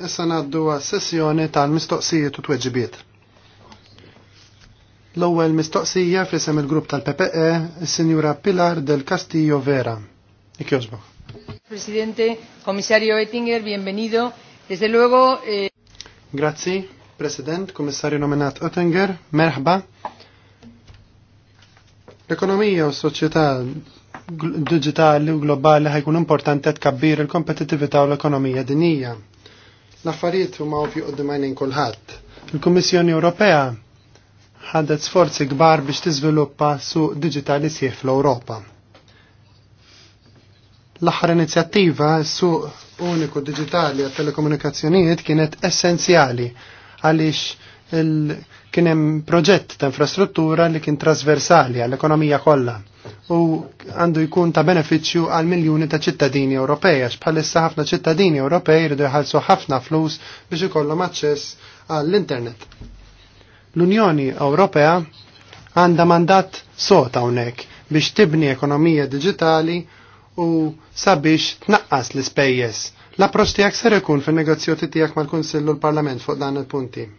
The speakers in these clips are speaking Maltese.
issa naddu sessjoni tal-mistoqsijiet u tweġibiet. L-ewwel mistoqsija f'isem il-grupp tal-PPE, is-Sinjura Pilar del Castillo Vera. Ikjosbu. Presidente, Komissario Ettinger, bienvenido. Desde luego... Eh... Grazzi, President, Komissarju nominat Oettinger, merħba. L-ekonomija u s-soċjetà digitali u globali ħajkun importanti tkabbir il-kompetitività u l-ekonomija dinija. L-affarijiet huma ovvju qudiem għajnejn kulħadd. Il-Kummissjoni Ewropea ħadet sforzi kbar biex tiżviluppa suq digitali sieħ fl-Ewropa. L-aħħar inizjattiva suq uniku diġitali għat telekomunikazzjonijiet kienet essenzjali għaliex il- kien hemm proġett ta' infrastruttura li kien trasversali għall-ekonomija kollha u għandu jkun ta' benefiċċju għal miljuni ta' ċittadini Ewropej għax bħalissa ħafna ċittadini Ewropej jridu jħallsu ħafna flus biex ikollhom aċċess għall-internet. L-Unjoni Ewropea għandha mandat sota hawnhekk biex tibni ekonomija diġitali u sabiex tnaqqas l-ispejjeż. L-approċċ tiegħek ser ikun fin-negozjati tiegħek mal-Kunsill u l-Parlament fuq dan il-punti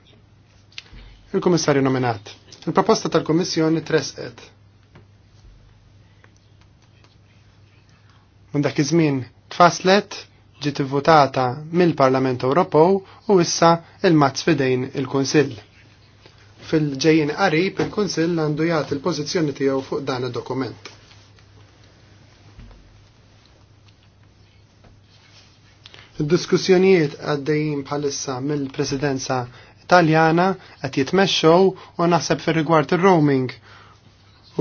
il-Kummissarju nominat. Il-proposta tal-Kummissjoni tresqet. Mun dak iż-żmien tfaslet ġiet votata mill-Parlament Ewropew u issa il-mazz fidejn il-Kunsill. Fil-ġejjin qarib il-Kunsill għandu jagħti il pożizzjoni tiegħu fuq dan id-dokument. Id-diskussjonijiet għaddejjin bħalissa mill-Presidenza Taljana qed jitmexxew u naħseb fir-rigward ir-roaming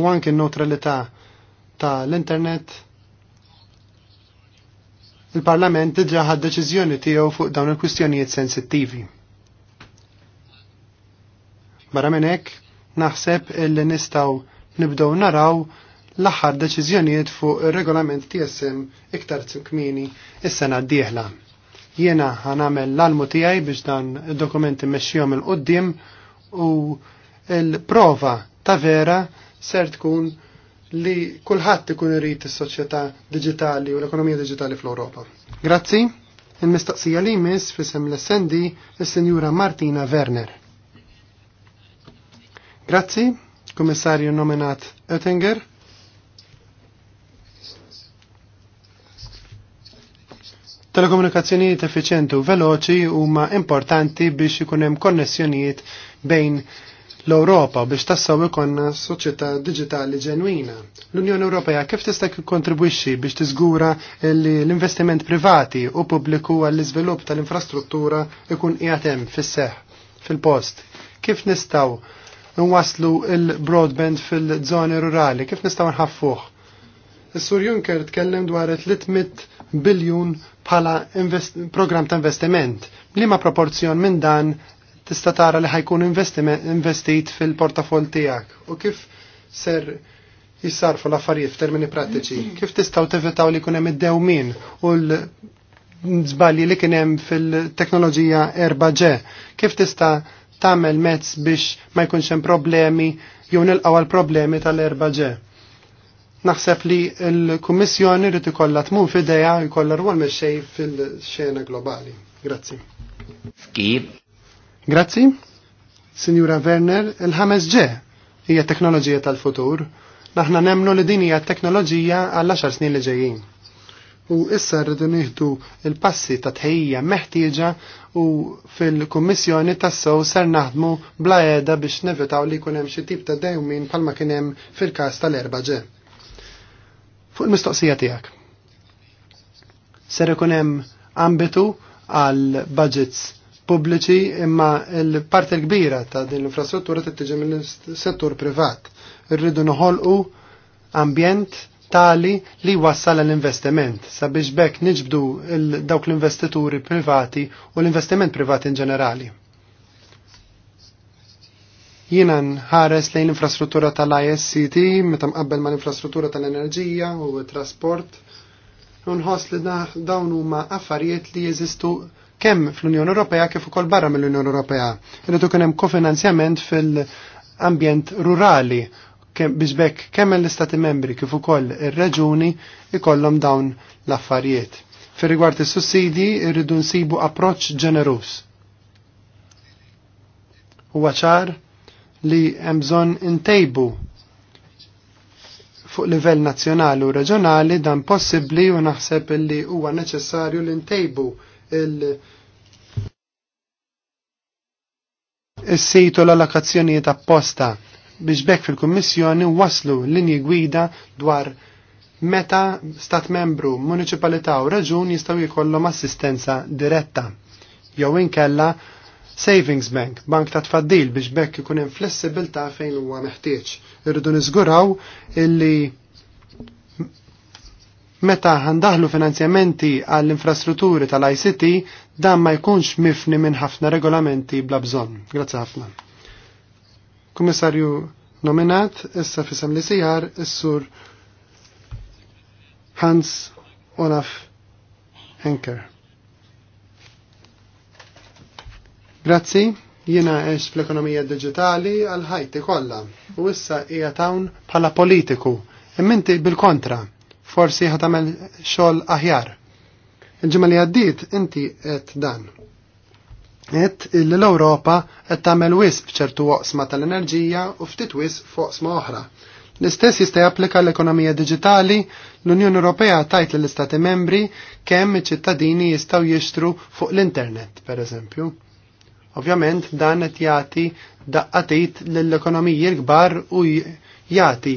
u anke n-neutralità tal-internet il-Parlament diġà ħad deċiżjoni tiegħu fuq dawn il-kwistjonijiet sensittivi. Barra minn hekk naħseb illi nistgħu nibdew naraw l-aħħar deċiżjonijiet fuq ir-regolament TSM iktar kmini is-sena d-dieħla. Jiena ħanamel l-almu tiegħi biex dan id-dokumenti meċxijom il-qudiem u l-prova ta' vera ser tkun li kulħadd ikun irrit is-soċjetà digitali u l-ekonomija Digitali fl-Ewropa. Grazzi. Il-mistaqsija li jmiss fisem l-essendi il-Senjura Martina Werner. Grazzi, komissarju nominat Oettinger. Telekomunikazzjonijiet effiċjenti u veloċi huma importanti biex ikun hemm konnessjonijiet bejn l-Ewropa biex tassaw ikonna soċjetà digitali ġenwina. L-Unjoni Ewropea kif tista' kontribwixxi biex tiżgura li l-investiment privati u pubbliku għall-iżvilupp tal-infrastruttura ikun qiegħed hemm fis-seħħ fil-post. Kif nistgħu nwaslu il-broadband fil-żoni rurali, kif nistgħu nħaffuh? Is-Sur Juncker tkellem dwar 300 biljun bħala program ta' investiment. Lima proporzjon minn dan tista' tara li ħajkun investit fil-portafol tiegħek u kif ser jissarfu l-affarijiet f'termini prattiċi. Kif tistaw tevitaw li kunem hemm id min u l zbalji li kien hemm fil-teknoloġija 4G? Kif tista' tagħmel mezz biex ma jkunx hemm problemi jew nilqgħu għal problemi tal-4G? Naħseb li l-Kummissjoni rrid ikollha tmur f'idea jkollha rwol mexxej fil-xena globali. Grazzi. Skib. Grazzi. Sinjura Werner, il-ħames ġe hija teknoloġija tal-futur. Naħna nemnu li din hija teknoloġija għal 10 snin li ġejjin u issa rridu nieħdu il-passi ta' tħejja meħtieġa u fil-Kummissjoni tassew ser naħdmu bla biex nevitaw li jkun hemm xi tip ta' dejmin bħalma kien hemm fil-każ tal-erba' ġe. Fuq il-mistoqsija tiegħek. Ser ikun hemm ambitu għal budgets pubbliċi imma l-parti l-kbira ta' din l-infrastruttura tittiġi mill-settur privat. Irridu noħolqu ambjent tali li wassal l-investiment sabiex bekk niġbdu dawk l-investituri privati u l-investiment privati in ġenerali. Jiena nħares lejn l-infrastruttura tal-ISCT meta mqabbel mal infrastruttura tal-enerġija u trasport. Unħoss li dawn huma affarijiet li jeżistu kemm fl-Unjoni Ewropea kif ukoll barra mill-Unjoni Ewropea. Irid ikun hemm kofinanzjament fil-ambjent rurali biex bekk kemm l-istati membri kif ukoll ir-reġuni ikollhom dawn l-affarijiet. Fir rigward is-sussidji irridu nsibu approċċ ġenerus. Huwa ċar li hemm bżonn intejbu fuq livell nazzjonali u reġjonali dan possibbli u naħseb li huwa neċessarju li ntejbu il- is-sejtu l-allokazzjonijiet apposta biex bekk fil-Kummissjoni waslu linji gwida dwar meta stat membru, municipalità u raġun jistgħu jkollhom assistenza diretta jew inkella Savings Bank, bank ta' tfaddil biex bekk ikun hemm flessibilità fejn huwa meħtieġ. Irridu niżguraw illi meta ħandaħlu finanzjamenti għall-infrastrutturi tal-ICT dan ma jkunx mifni minn ħafna regolamenti bla bżonn. Grazzi ħafna. Kummissarju nominat issa fisem li sijar is-sur Hans Olaf Henker. Grazzi, jiena għex fl-ekonomija digitali għal ħajti kollha u issa hija tawn bħala politiku. Imminti bil-kontra, forsi ħad tagħmel xogħol aħjar. Il-ġimgħa li għaddiet inti et dan. Et li l-Ewropa qed tagħmel wisq f'ċertu oqsma tal-enerġija u ftit wis f'oqsma oħra. L-istess jista' japplika l-ekonomija digitali, l-Unjoni Ewropea tajt lill istati membri kemm iċ-ċittadini jistgħu jixtru fuq l-internet, pereżempju. Ovvjament dan qed jagħti daqqatit lill-ekonomiji l-kbar u jagħti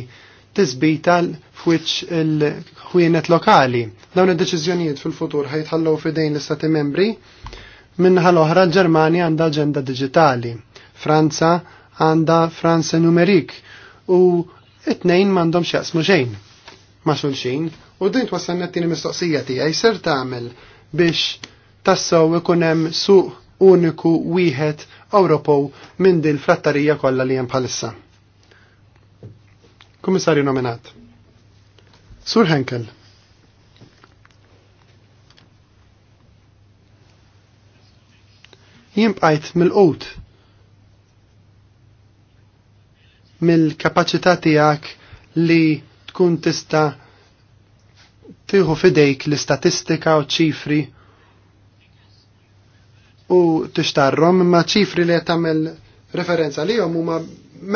tisbita f'wiċċ il-ħwienet lokali. Dawn id-deċiżjonijiet fil-futur ħajtħallew f'idejn l-Istati membri minħa l-oħra Ġermanja għandha aġenda diġitali, Franza għandha Franza Numerik u it-tnejn m'għandhom x'jaqsmu xejn ma' xulxin u din twassalna mistoqsija tiegħi ser tagħmel biex tassaw ikun hemm suq uniku wieħed Ewropew minn din frattarija kollha li hemm bħalissa. Kummissarju nominat. Sur Henkel. Jien bqajt mill-qut mill-kapaċità tiegħek li tkun tista' tieħu fidejk l-istatistika u ċifri u tixtarrom imma ċifri li qed tagħmel referenza lihom huma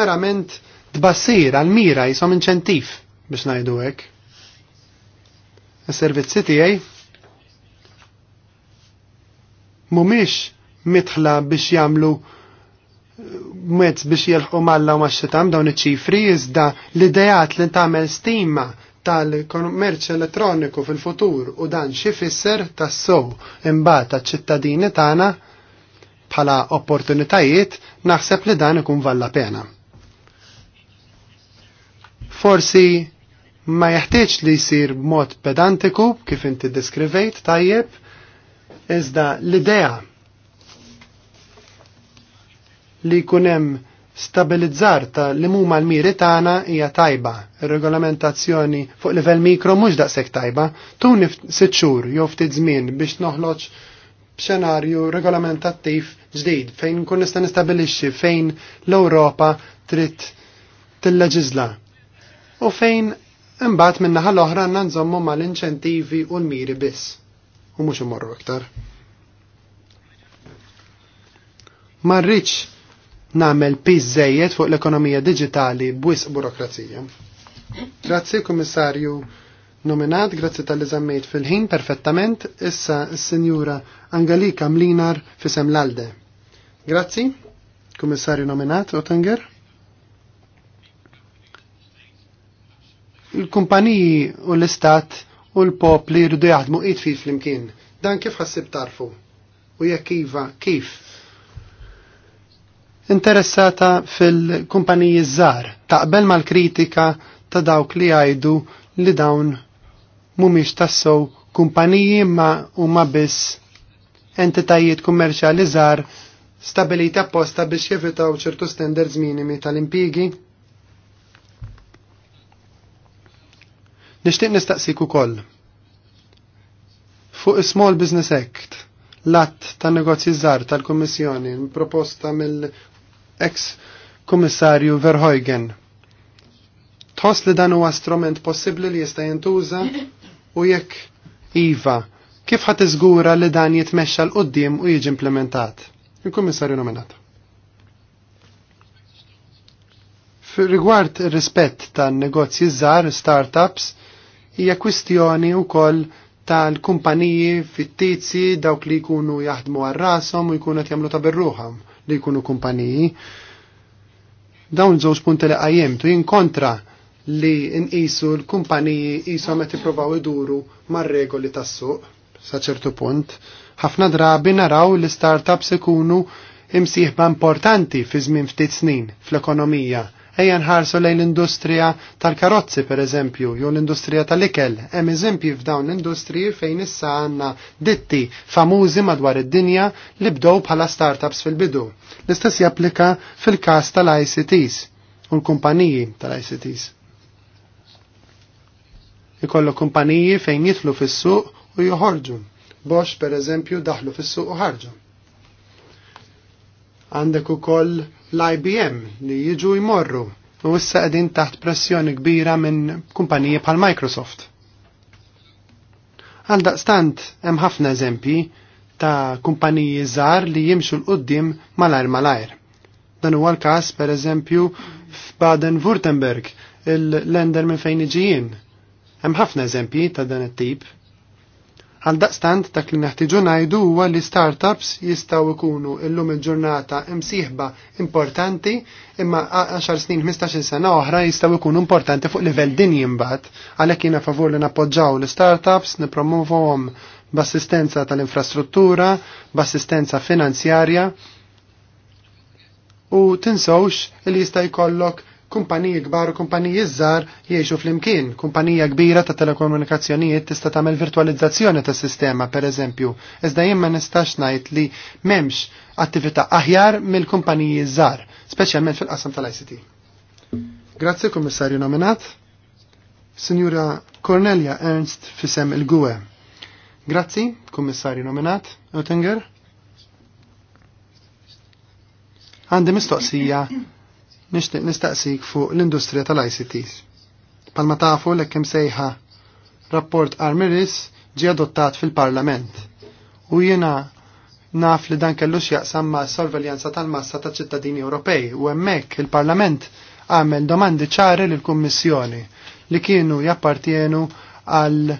merament tbassir għal-mira jisom inċentif biex ngħidu hekk. Is-servizzi tiegħi mhumiex mitħla biex jagħmlu mezz biex jelħu malla u maċċetam dawn iċ-ċifri iżda l-idejat li tagħmel stima tal-kommerċ elettroniku fil-futur u dan xi fisser tas-sow imbagħad taċ-ċittadini tagħna bħala opportunitajiet naħseb li dan ikun valla pena. Forsi ma jeħtieġ li jsir b'mod pedantiku kif inti deskrivejt tajjeb, iżda l-idea li jkun hemm stabilizzar ta' li muma l-miri tagħna hija tajba. Ir-regolamentazzjoni fuq livell mikro mhux daqshekk tajba. Tuni sitt xhur jew ftit żmien biex noħloġ xenarju regolamentattiv ġdid fejn nkun nista' nistabilixxi fejn l-Ewropa trid tilleġiżla. U fejn imbagħad min-naħa l-oħra għandna nżommu mal-inċentivi u l-miri biss. U mhux imorru iktar. Ma rridx namel pizzejiet fuq l-ekonomija digitali bwis burokrazija. Grazzi komissarju nominat, grazzi tal-li fil-ħin perfettament, issa s-senjura Angelika Mlinar fisem l-alde. Grazzi, komissarju nominat Ottinger. Il-kumpaniji u l-istat u l-popli rridu jaħdmu id fif fl-imkien. Dan kif ħassib tarfu? U jekk iva, kif? interessata fil-kumpaniji żgħar taqbel mal-kritika ta' dawk li jgħidu li dawn mhumiex tassew kumpaniji ma huma biss entitajiet kummerċjali żgħar stabiliti apposta biex jevitaw ċertu standards minimi tal-impigi? Nishtiq nistaqsik ukoll. Fuq Small Business Act, l-att ta' negozji żgħar tal-Kummissjoni proposta mill ex kummissarju Verheugen, Tħoss li dan huwa strument possibbli li jista' jintuża u jekk iva, kif ħadd iżgura li dan jitmexxa l qoddim u jiġi implementat? Il-Kummissarju nominat. Rigward ir-rispett tan-negozji żgħar, startups, hija kwistjoni wkoll tal-kumpaniji fittizji dawk li jkunu jaħdmu għar rashom u jkunu qed jagħmlu ta' berruħam li jkunu kumpaniji. Dawn żewġ punti li qajjem tu jinkontra li nqisu l-kumpaniji qishom qed jippruvaw iduru mar-regoli tas-suq sa ċertu punt. Ħafna drabi naraw li startups ikunu imsieħba importanti fi żmien ftit snin fl-ekonomija Ejja nħarsu lejn l-industrija tal-karozzi per eżempju, jew l-industrija tal-ikel. Hemm eżempji f'dawn l-industriji fejn issa għandna ditti famużi madwar id-dinja li bdow bħala startups fil-bidu. L-istess japplika fil-każ tal-ICTs u l-kumpaniji tal-ICTs. Ikollu kumpaniji fejn jitlu fis-suq u joħorġu. Bosch per eżempju daħlu fis-suq u ħarġu. Għandek ukoll koll l-IBM li jiġu jmorru u issa qegħdin taħt pressjoni kbira minn kumpaniji bħal Microsoft. Għal daqstant hemm ħafna eżempji ta' kumpaniji żgħar li jimxu l qudiem malajr malajr. Dan huwa l-każ pereżempju f'Baden-Württemberg, il-lender minn fejn iġijien. Hemm ħafna eżempji ta' dan it-tip Għal daqstant dak li neħtiġu ngħidu huwa li startups jistgħu jkunu illum il-ġurnata imsieħba importanti imma 10 snin 15 sena oħra jistgħu jkunu importanti fuq livell dinji imbagħad għalhekk jiena favur li nappoġġaw l-startups, nippromovhom b'assistenza tal-infrastruttura, b'assistenza finanzjarja u tinsawx li jista' jkollok kumpaniji kbar u kumpaniji żgħar jgħixu flimkien. Kumpanija kbira ta' telekomunikazzjonijiet tista' tagħmel virtualizzazzjoni tas sistema pereżempju, iżda jien ma nistax ngħid li m'hemmx attività aħjar mill-kumpaniji żgħar, speċjalment fil-qasam tal-ICT. Grazzi kummissarju nominat. Signora Cornelia Ernst fisem il-Gwe. Grazzi, kummissarju nominat, Oettinger. Għandi mistoqsija nixtieq nistaqsik fuq l-industrija tal-ICTs. Palma tafu l kemm sejħa rapport Armiris ġi adottat fil-Parlament u jiena naf li dan kellux jaqsam ma' sorveljanza tal-massa ta' ċittadini Ewropej u hemmhekk il-Parlament għamel domandi ċari lill kummissjoni li kienu jappartienu għal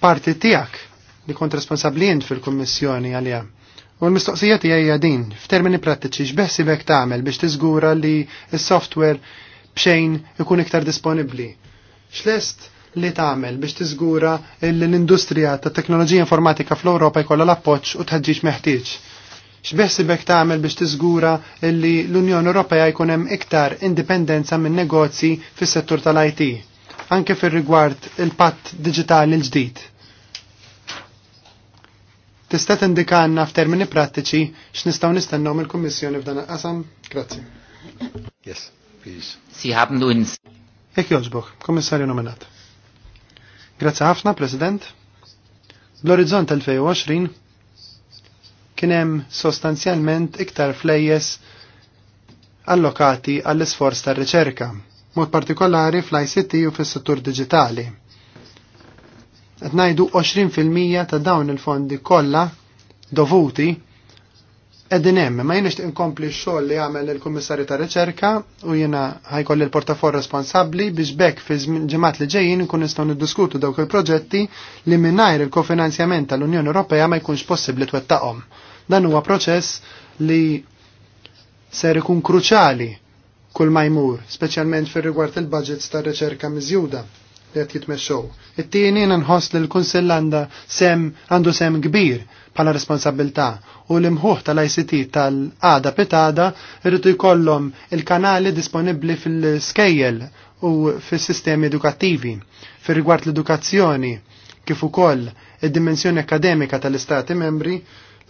parti tiegħek li kont responsabbli fil-Kummissjoni għalija U l-mistoqsija tiegħi hija din, f'termini prattiċi x'beħsibek tagħmel biex tiżgura li s-software b'xejn ikun iktar disponibbli. X'lest li tagħmel biex tiżgura l-industrija tat teknoloġija informatika fl-Ewropa jkollha l-appoġġ u tħaġġiġ meħtieġ. X'beħsibek tagħmel biex tiżgura li l-Unjoni Ewropea jkun hemm iktar indipendenza minn negozji fis-settur tal-IT, anke fir-rigward il-patt diġitali l-ġdid Tista' tindikanna f'termini prattiċi x'nistgħu nistennew mill-Kummissjoni f'dan il-qasam? Grazzi. Yes, please. Si ħabnu ins. Jekk jogħġbok, Kummissarju nominat. Grazzi ħafna, President. L-orizzont 2020 kien hemm sostanzjalment iktar flejjes allokati għall-isforz tar-riċerka, mod partikolari fl-ICT u fis-settur diġitali qed ngħidu 20% ta' dawn il-fondi kollha dovuti qegħdin hemm, ma jien nixtieq inkompli x-xogħol li għamel il-Kummissarju ta' Riċerka u jiena ħajkolli l-portafol responsabbli biex bekk fi ġimgħat li ġejjin nkun nistgħu niddiskutu dawk il-proġetti li mingħajr il-kofinanzjament tal-Unjoni Ewropea ma jkunx possibbli twettaqhom. Dan huwa proċess li ser ikun kruċali kull ma jmur, speċjalment fir rigward il-budgets tar-riċerka miżjuda li qed jitmexxew. It-tieni nħoss li l-Kunsill għandha sem għandu sem kbir bħala responsabilità u l-imħuħ tal-ICT tal-għada pitada irridu jkollhom il-kanali disponibbli fil-skejjel u fis-sistemi edukattivi fir-rigward l-edukazzjoni kif ukoll id-dimensjoni akademika tal-Istati membri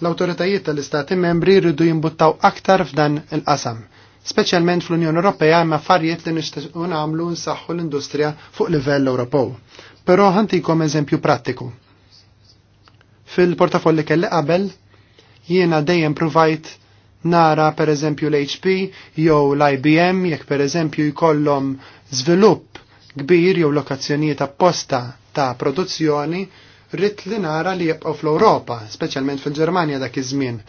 l-autoritajiet tal-Istati membri rridu jimbuttaw aktar f'dan il-qasam speċjalment fl-Unjoni Ewropea hemm affarijiet li nixtiequ nagħmlu nsaħħu l-industrija fuq livell Ewropew. Però ħantikom eżempju prattiku. Fil-portafolli kelli qabel jiena dejjem provajt nara per eżempju l-HP jew l-IBM jekk per eżempju jkollhom żvilupp kbir jew lokazzjonijiet apposta ta' produzzjoni rrit li nara li jibqgħu fl-Ewropa, speċjalment fil-Ġermanja dak iż-żmien.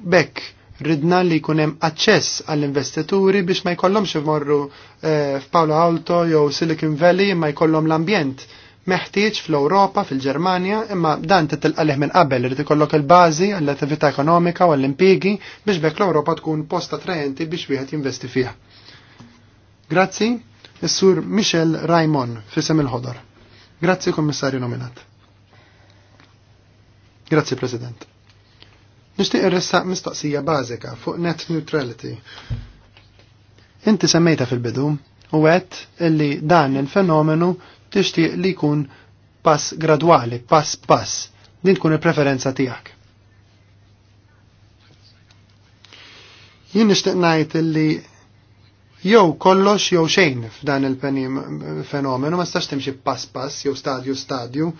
Bekk ridna li kunem aċċess għall-investituri biex ma jkollhomx imorru eh, f'Paolo Alto jew Silicon Valley ma jkollhom l-ambjent meħtieġ fl-Ewropa, fil-Ġermanja, imma dan titilqalih minn qabel irid ikollok il-bażi għall-attività ekonomika u għall-impjiegi biex bekk l-Ewropa tkun post attrajenti biex wieħed jinvesti fiha. Grazzi, is-sur Michel Raimon, fisem il-ħodor. Grazzi Kummissarju nominat. Grazzi President. Nixtieq irressaq mistoqsija bażika fuq net neutrality. Inti semmejta fil-bidu u għedt illi dan il-fenomenu tixtieq li jkun pass gradwali, pass pass. Din tkun il-preferenza tiegħek. Jien nixtieq ngħid illi jew kollox jew xejn f'dan il-fenomenu ma stax timxi pass pass jew stadju stadju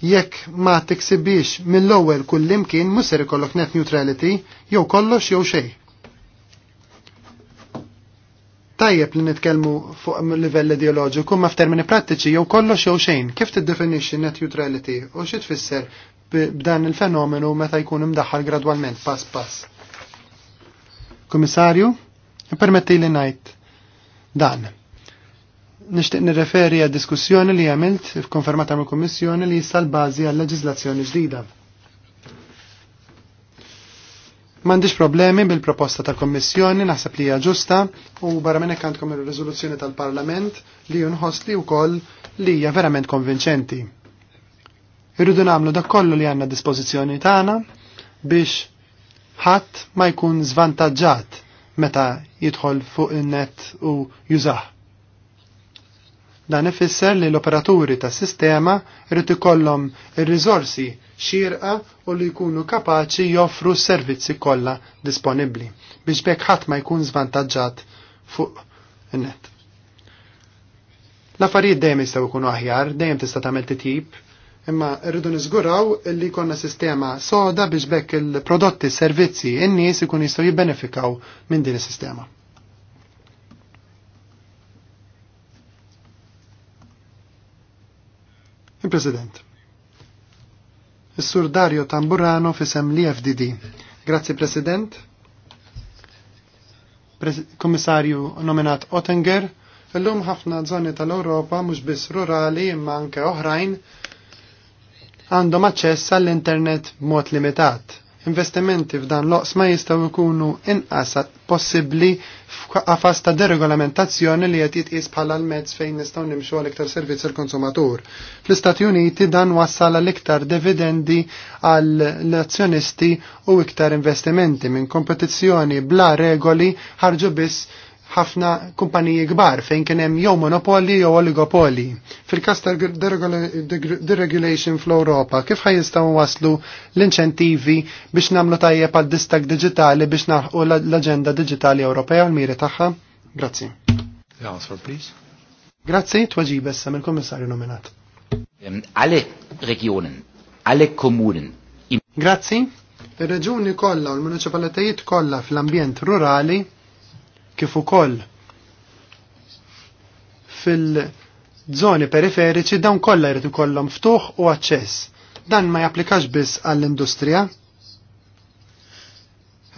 jekk ma tiksibix mill-ewwel kullimkien musser ikollok net neutrality jew kollox jew xejn. Tajjeb li nitkellmu fuq livell ideoloġiku ma f'termini prattiċi jew kollox jew xejn. Kif tiddefinixxi net neutrality u xi tfisser b'dan il-fenomenu meta jkun imdaħħal gradwalment pass pass. Komissarju, permetti li ngħid dan nishtiq nirreferi għad diskussjoni li għamilt f'konfermata mill kommissjoni li jissal bażi għal leġislazzjoni ġdida. M'għandix problemi bil-proposta tal-Kommissjoni naħseb li hija ġusta u barra minn hekk għandkom ir-riżoluzzjoni tal-Parlament li nħossli wkoll li hija verament konvinċenti. Irridu nagħmlu dak kollu li għandna dispożizzjoni tagħna biex ħadd ma jkun zvantaġġat meta jidħol fuq in-net u jużah Dan ifisser li l-operaturi tas sistema jrid ikollhom ir-riżorsi xirqa u li jkunu kapaċi joffru s-servizzi kollha disponibbli biex bekk ħadd ma jkun żvantaġġat fuq in-net. L-affarijiet dejjem jistgħu jkunu aħjar, dejjem tista' tagħmel titjib, imma rridu niżguraw li jkollna sistema soda biex bekk il-prodotti, s servizzi, in-nies ikun jistgħu jibbenefikaw minn din is-sistema. Il-President. Is-Sur Dario Tamburano fisem li FDD. Grazzi President. Komissarju nominat Ottinger. Illum ħafna żoni tal europa mhux biss rurali imma anke oħrajn għandhom aċċess għall-internet b'mod limitat investimenti f'dan loqs ma jistgħu jkunu inqas possibbli f'qafas ta' deregolamentazzjoni li qed jitqies bħala l-mezz fejn nistgħu nimxu għal iktar servizz il konsumatur Fl-Istati Uniti dan wassal għal iktar dividendi għall azzjonisti u iktar investimenti minn kompetizzjoni bla regoli ħarġu biss ħafna kumpaniji kbar fejn kien hemm jew monopoli jew oligopoli. Fil-każ ta' deregulation fl-Ewropa, kif ħaj jistgħu waslu l-inċentivi biex nagħmlu tajjeb għad distak diġitali biex naħqu l-aġenda diġitali Ewropea u l-miri tagħha? Grazzi. Grazzi, tweġib issa mill-Kummissarju nominat. Alle regjonen, alle komunen. Grazzi. Ir-reġuni kollha u l-municipalitajiet kollha fl-ambjent rurali kif ukoll fil-żoni periferiċi dawn kollha jrid ikollhom ftuħ u aċċess. Dan ma japplikax biss għall-industrija.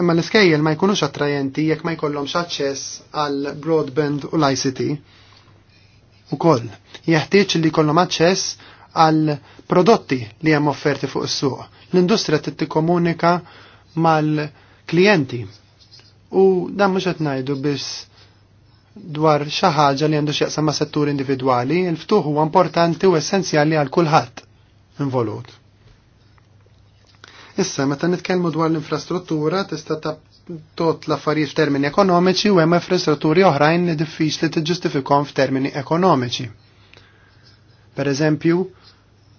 Imma l-iskejjel ma jkunux attrajenti jekk ma jkollhomx aċċess għall broadband u l-ICT. Ukoll, jeħtieġ li jkollhom aċċess għal prodotti li hemm offerti fuq is-suq. L-industrija tikkomunika mal-klijenti U dan mhux qed ngħidu biss dwar xi ħaġa li għandu x'jaqsam ma' settur individwali, il-ftuħ huwa importanti u essenzjali għal kulħadd involut. Issa, meta nitkellmu dwar l-infrastruttura, tista' tot l-affarijiet f'termini ekonomiċi u hemm infrastrutturi oħrajn li diffiċli tiġġustifikhom f'termini ekonomiċi. Per eżempju,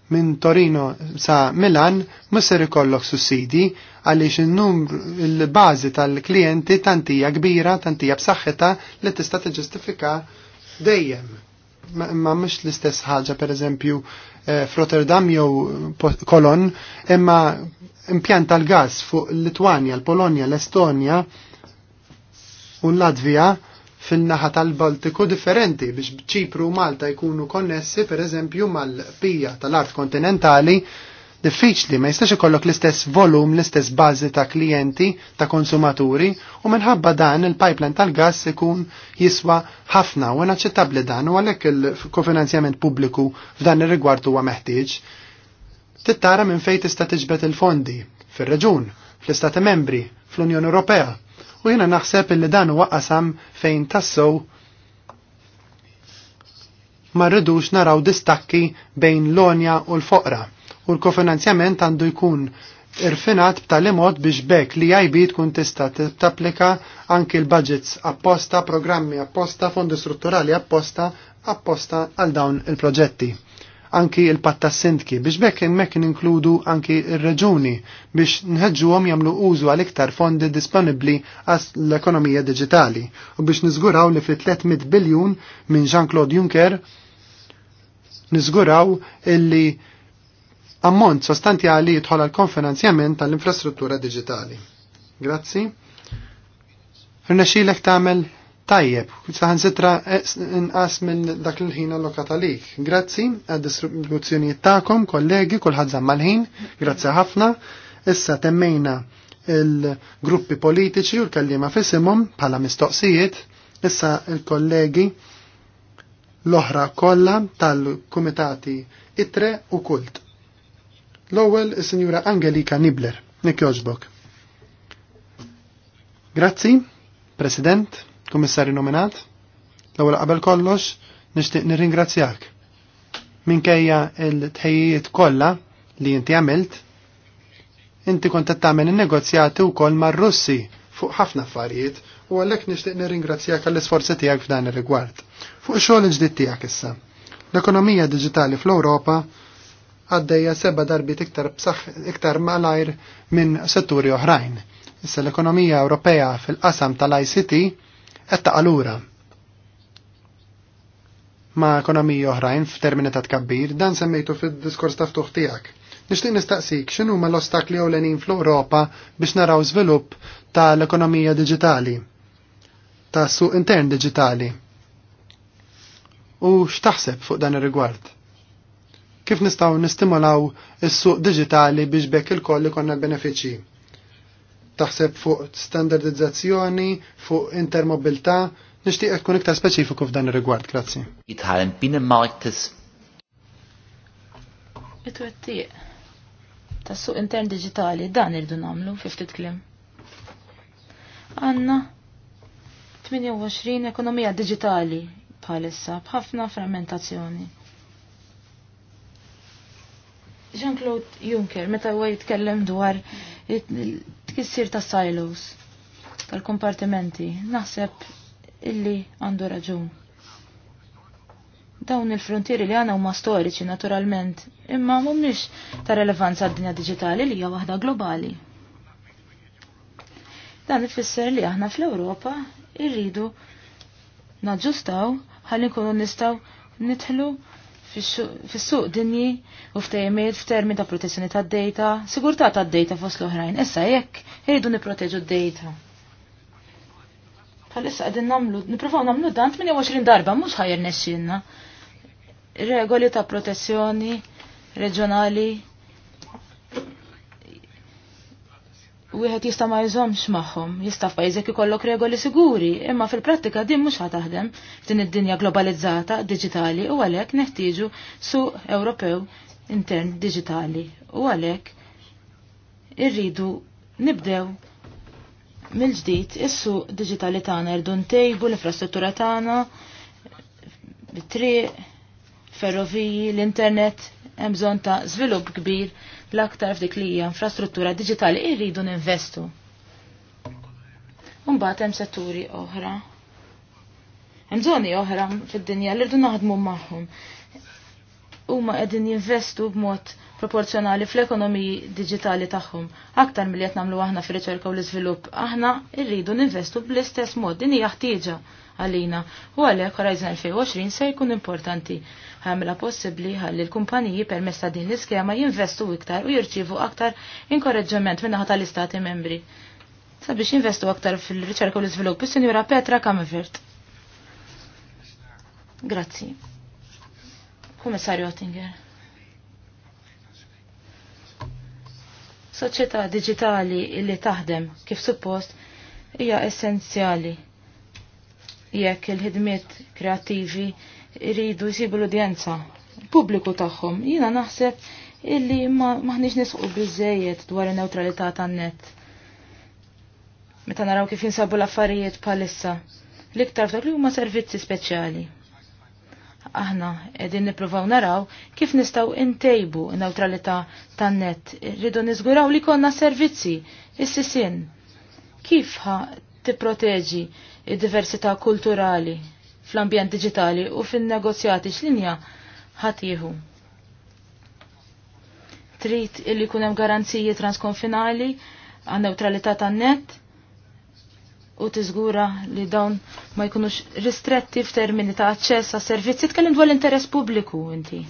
minn Torino sa Milan musser ikollok sussidi għaliex il-numru il-bażi tal-klijenti tantija kbira, tantija b'saħħitha li tista' tiġġustifika dejjem. Ma mhux l-istess ħaġa pereżempju f'Rotterdam eh, jew Kolon, imma impjant tal-gas fuq Litwanja, l-Polonja, l-Estonja u l-Latvija fin-naħa tal-Baltiku differenti biex ċipru u Malta jkunu konnessi per eżempju mal-pija tal-art kontinentali diffiċli ma jistax ikollok l-istess volum, l-istess bażi ta' klijenti, ta' konsumaturi u minħabba dan il-pipeline tal-gas ikun jiswa ħafna u inaċċettabbli dan u għalhekk il-kofinanzjament pubbliku f'dan ir-rigward huwa meħtieġ. Tittara minn fejn tista' tiġbed il-fondi fir-reġun, fl-Istati Membri, fl-Unjoni Ewropea u jiena naħseb il dan danu waqqasam fejn tassow ma rridux naraw distakki bejn l-onja u l-foqra u l-kofinanzjament għandu jkun irfinat b'tali mod biex bekk li IB tkun tista t-applika anki l-budgets apposta, programmi apposta, fondi strutturali apposta, apposta għal dawn il-proġetti anki il-patta sindki biex bekk hemmhekk ninkludu anki il reġuni biex nħeġġuhom jagħmlu użu għal iktar fondi disponibbli għas l-ekonomija diġitali u biex niżguraw li fil-300 biljun minn Jean-Claude Juncker nizguraw illi ammont sostanzjali jidħol għal konfinanzjament tal-infrastruttura digitali. Grazzi. Rnexxilek tagħmel Tajjeb, saħan sitra inqas eh, minn dak il-ħin allokata lik. Grazzi għad distribuzzjonijiet tagħkom, kollegi, kulħadd mal-ħin, grazzi ħafna. Issa temmejna il-gruppi politiċi u l-kallima fisimhom bħala mistoqsijiet. Issa il-kollegi l-oħra kollha tal-kumitati itre u kult. L-ewwel is-Sinjura Angelika Nibler, Nick Grazzi, President. Kummissari nominat, l-ewwel qabel kollox nixtieq nirringrazzjak minkejja l-tħejjiet kollha li inti għamilt, inti kont qed tagħmel in-negozjati wkoll mar-Russi fuq ħafna affarijiet u għalhekk nixtieq nirringrazzjak għall-isforzi tiegħek f'dan ir-rigward. Fuq xogħol ġdid tiegħek issa. L-ekonomija diġitali fl-Ewropa għaddejja seba darbit iktar iktar malajr minn setturi oħrajn. Issa l-ekonomija Ewropea fil-qasam tal-ICT Etta għalura. lura. Ma' ekonomiji oħrajn f'termini ta' tkabbir dan semmejtu fid-diskors ta' ftuħ tiegħek. Nixtieq nistaqsik xinu ma l-ostakli ewlenin fl-Ewropa biex naraw żvilupp tal-ekonomija diġitali, tas suq intern diġitali. U x'taħseb fuq dan ir-rigward? Kif nistgħu nistimolaw is-suq diġitali biex bekk il-koll konna benefiċċji? taħseb fuq standardizzazzjoni, fuq intermobilità, nixtieq tkun iktar speċifiku f'dan ir-rigward, grazzi. Itħalem binnenmarktes. It-twettiq. Tas-suq intern digitali dan irdu nagħmlu fi ftit kliem. 28 ekonomija digitali bħalissa b'ħafna frammentazzjoni. Jean-Claude Juncker, meta huwa jitkellem dwar jissir ta' silos, tal-kompartimenti, naħseb illi għandu raġun. Dawn il-frontieri li għana huma storiċi naturalment, imma mhumiex ta' relevanza għad-dinja diġitali li hija waħda globali. Dan ifisser li aħna fl-Ewropa irridu naġġustaw ħalli nkunu nistgħu nidħlu fis-suq dinji u ftejmiet f'termi ta' protezzjoni tad-data, sigurtà tad-data fost l-oħrajn. Issa jekk irridu nipproteġu d-data. issa qegħdin nagħmlu, nippruvaw nagħmlu dan 28 darba mhux ħajr nesċinna. Regoli ta' protezzjoni reġjonali wieħed jista' ma jżomx magħhom, jista' f'pajjiżek ikollok regoli siguri, imma fil-prattika din mhux taħdem f'din id-dinja globalizzata, diġitali u għalhekk neħtieġu suq Ewropew intern diġitali u għalhekk irridu nibdew mill-ġdid is-suq diġitali tagħna irdu ntejbu l-infrastruttura tagħna bit-triq, ferroviji, l-internet, hemm bżonn ta' żvilupp kbir l-aktar f'dik li hija infrastruttura diġitali irridu ninvestu. Mbagħad hemm setturi oħra. Hemm żoni oħra fid-dinja li rridu naħdmu magħhom. Huma qegħdin jinvestu b'mod proporzjonali fl-ekonomiji diġitali tagħhom. Aktar milli qed nagħmlu aħna fir-riċerka u l-iżvilupp, aħna rridu ninvestu bl-istess mod din hija ħtieġa għalina u għalhekk Horizon 2020 se jkun importanti. Għamla possibbli ħalli l-kumpaniji permessa ta' din l-iskema jinvestu iktar u jirċivu aktar inkoraġġament minnaħa tal-istati membri. Sabiex jinvestu aktar fil-riċerka u l-iżvilupp, is-Sinjura Petra Kamvert. Grazzi. Kummissarju Ottinger. Soċjetà digitali li taħdem kif suppost hija essenzjali jekk il-ħidmiet kreattivi jridu jsibu l-udjenza pubbliku tagħhom. Jiena naħseb illi maħniex nisqu biżejjed dwar in-newtralità tan-net. Meta naraw kif jinsabu l-affarijiet bħalissa. L-iktar f'dak li huma servizzi speċjali aħna edin niprofaw naraw kif nistaw intejbu neutralità tan-net. Rridu niżguraw li konna servizzi, issisin. Kif ħa tipproteġi id-diversità kulturali fl-ambjent digitali u fin-negozjati x'linja ħatiħu. Trid illi jkun hemm garanziji transkonfinali għan neutralità tan-net u tiżgura li dawn ma jkunux ristretti f'termini ta' aċċess għas servizzi tkellim dwar l-interess pubbliku inti.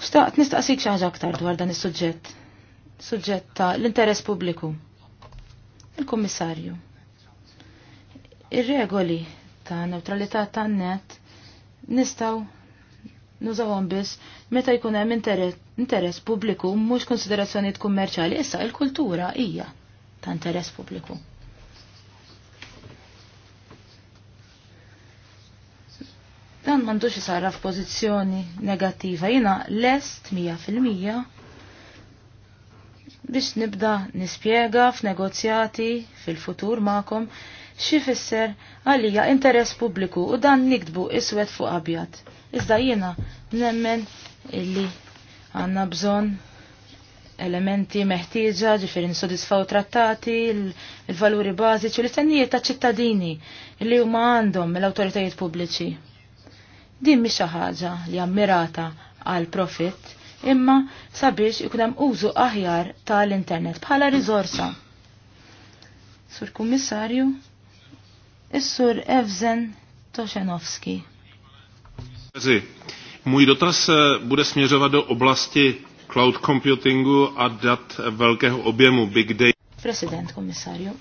Xtaqt nistaqsik xi ħaġa aktar dwar dan is-suġġett. Suġġett ta' l-interess pubbliku. Il-Kummissarju. Ir-regoli ta' neutralità tan-net nistaw nużawhom biss meta jkun hemm interess pubbliku mhux konsiderazzjonijiet kummerċjali issa il-kultura hija ta' interess pubbliku. Dan m'għandux isara f'pożizzjoni negattiva jiena lest mija fil-mija biex nibda nispjega f'negozjati fil-futur ma'kom xi fisser għalija interess pubbliku u dan nikdbu iswed fuq abjad. Iżda jiena nemmen illi għanna bżon elementi meħtieġa ġifieri nisodisfaw trattati, il-valuri bażiċi u l-istennijiet ta' ċittadini li huma għandhom mill-awtoritajiet pubbliċi. Din mhix xi ħaġa li ammirata għal profit imma sabiex ikun hemm użu aħjar tal-internet bħala riżorsa. Sur Kummissarju, Is-sur Evzen Toshenovski. Můj dotaz bude směřovat do oblasti cloud computingu a dat velkého objemu Big Data. President Komissarju.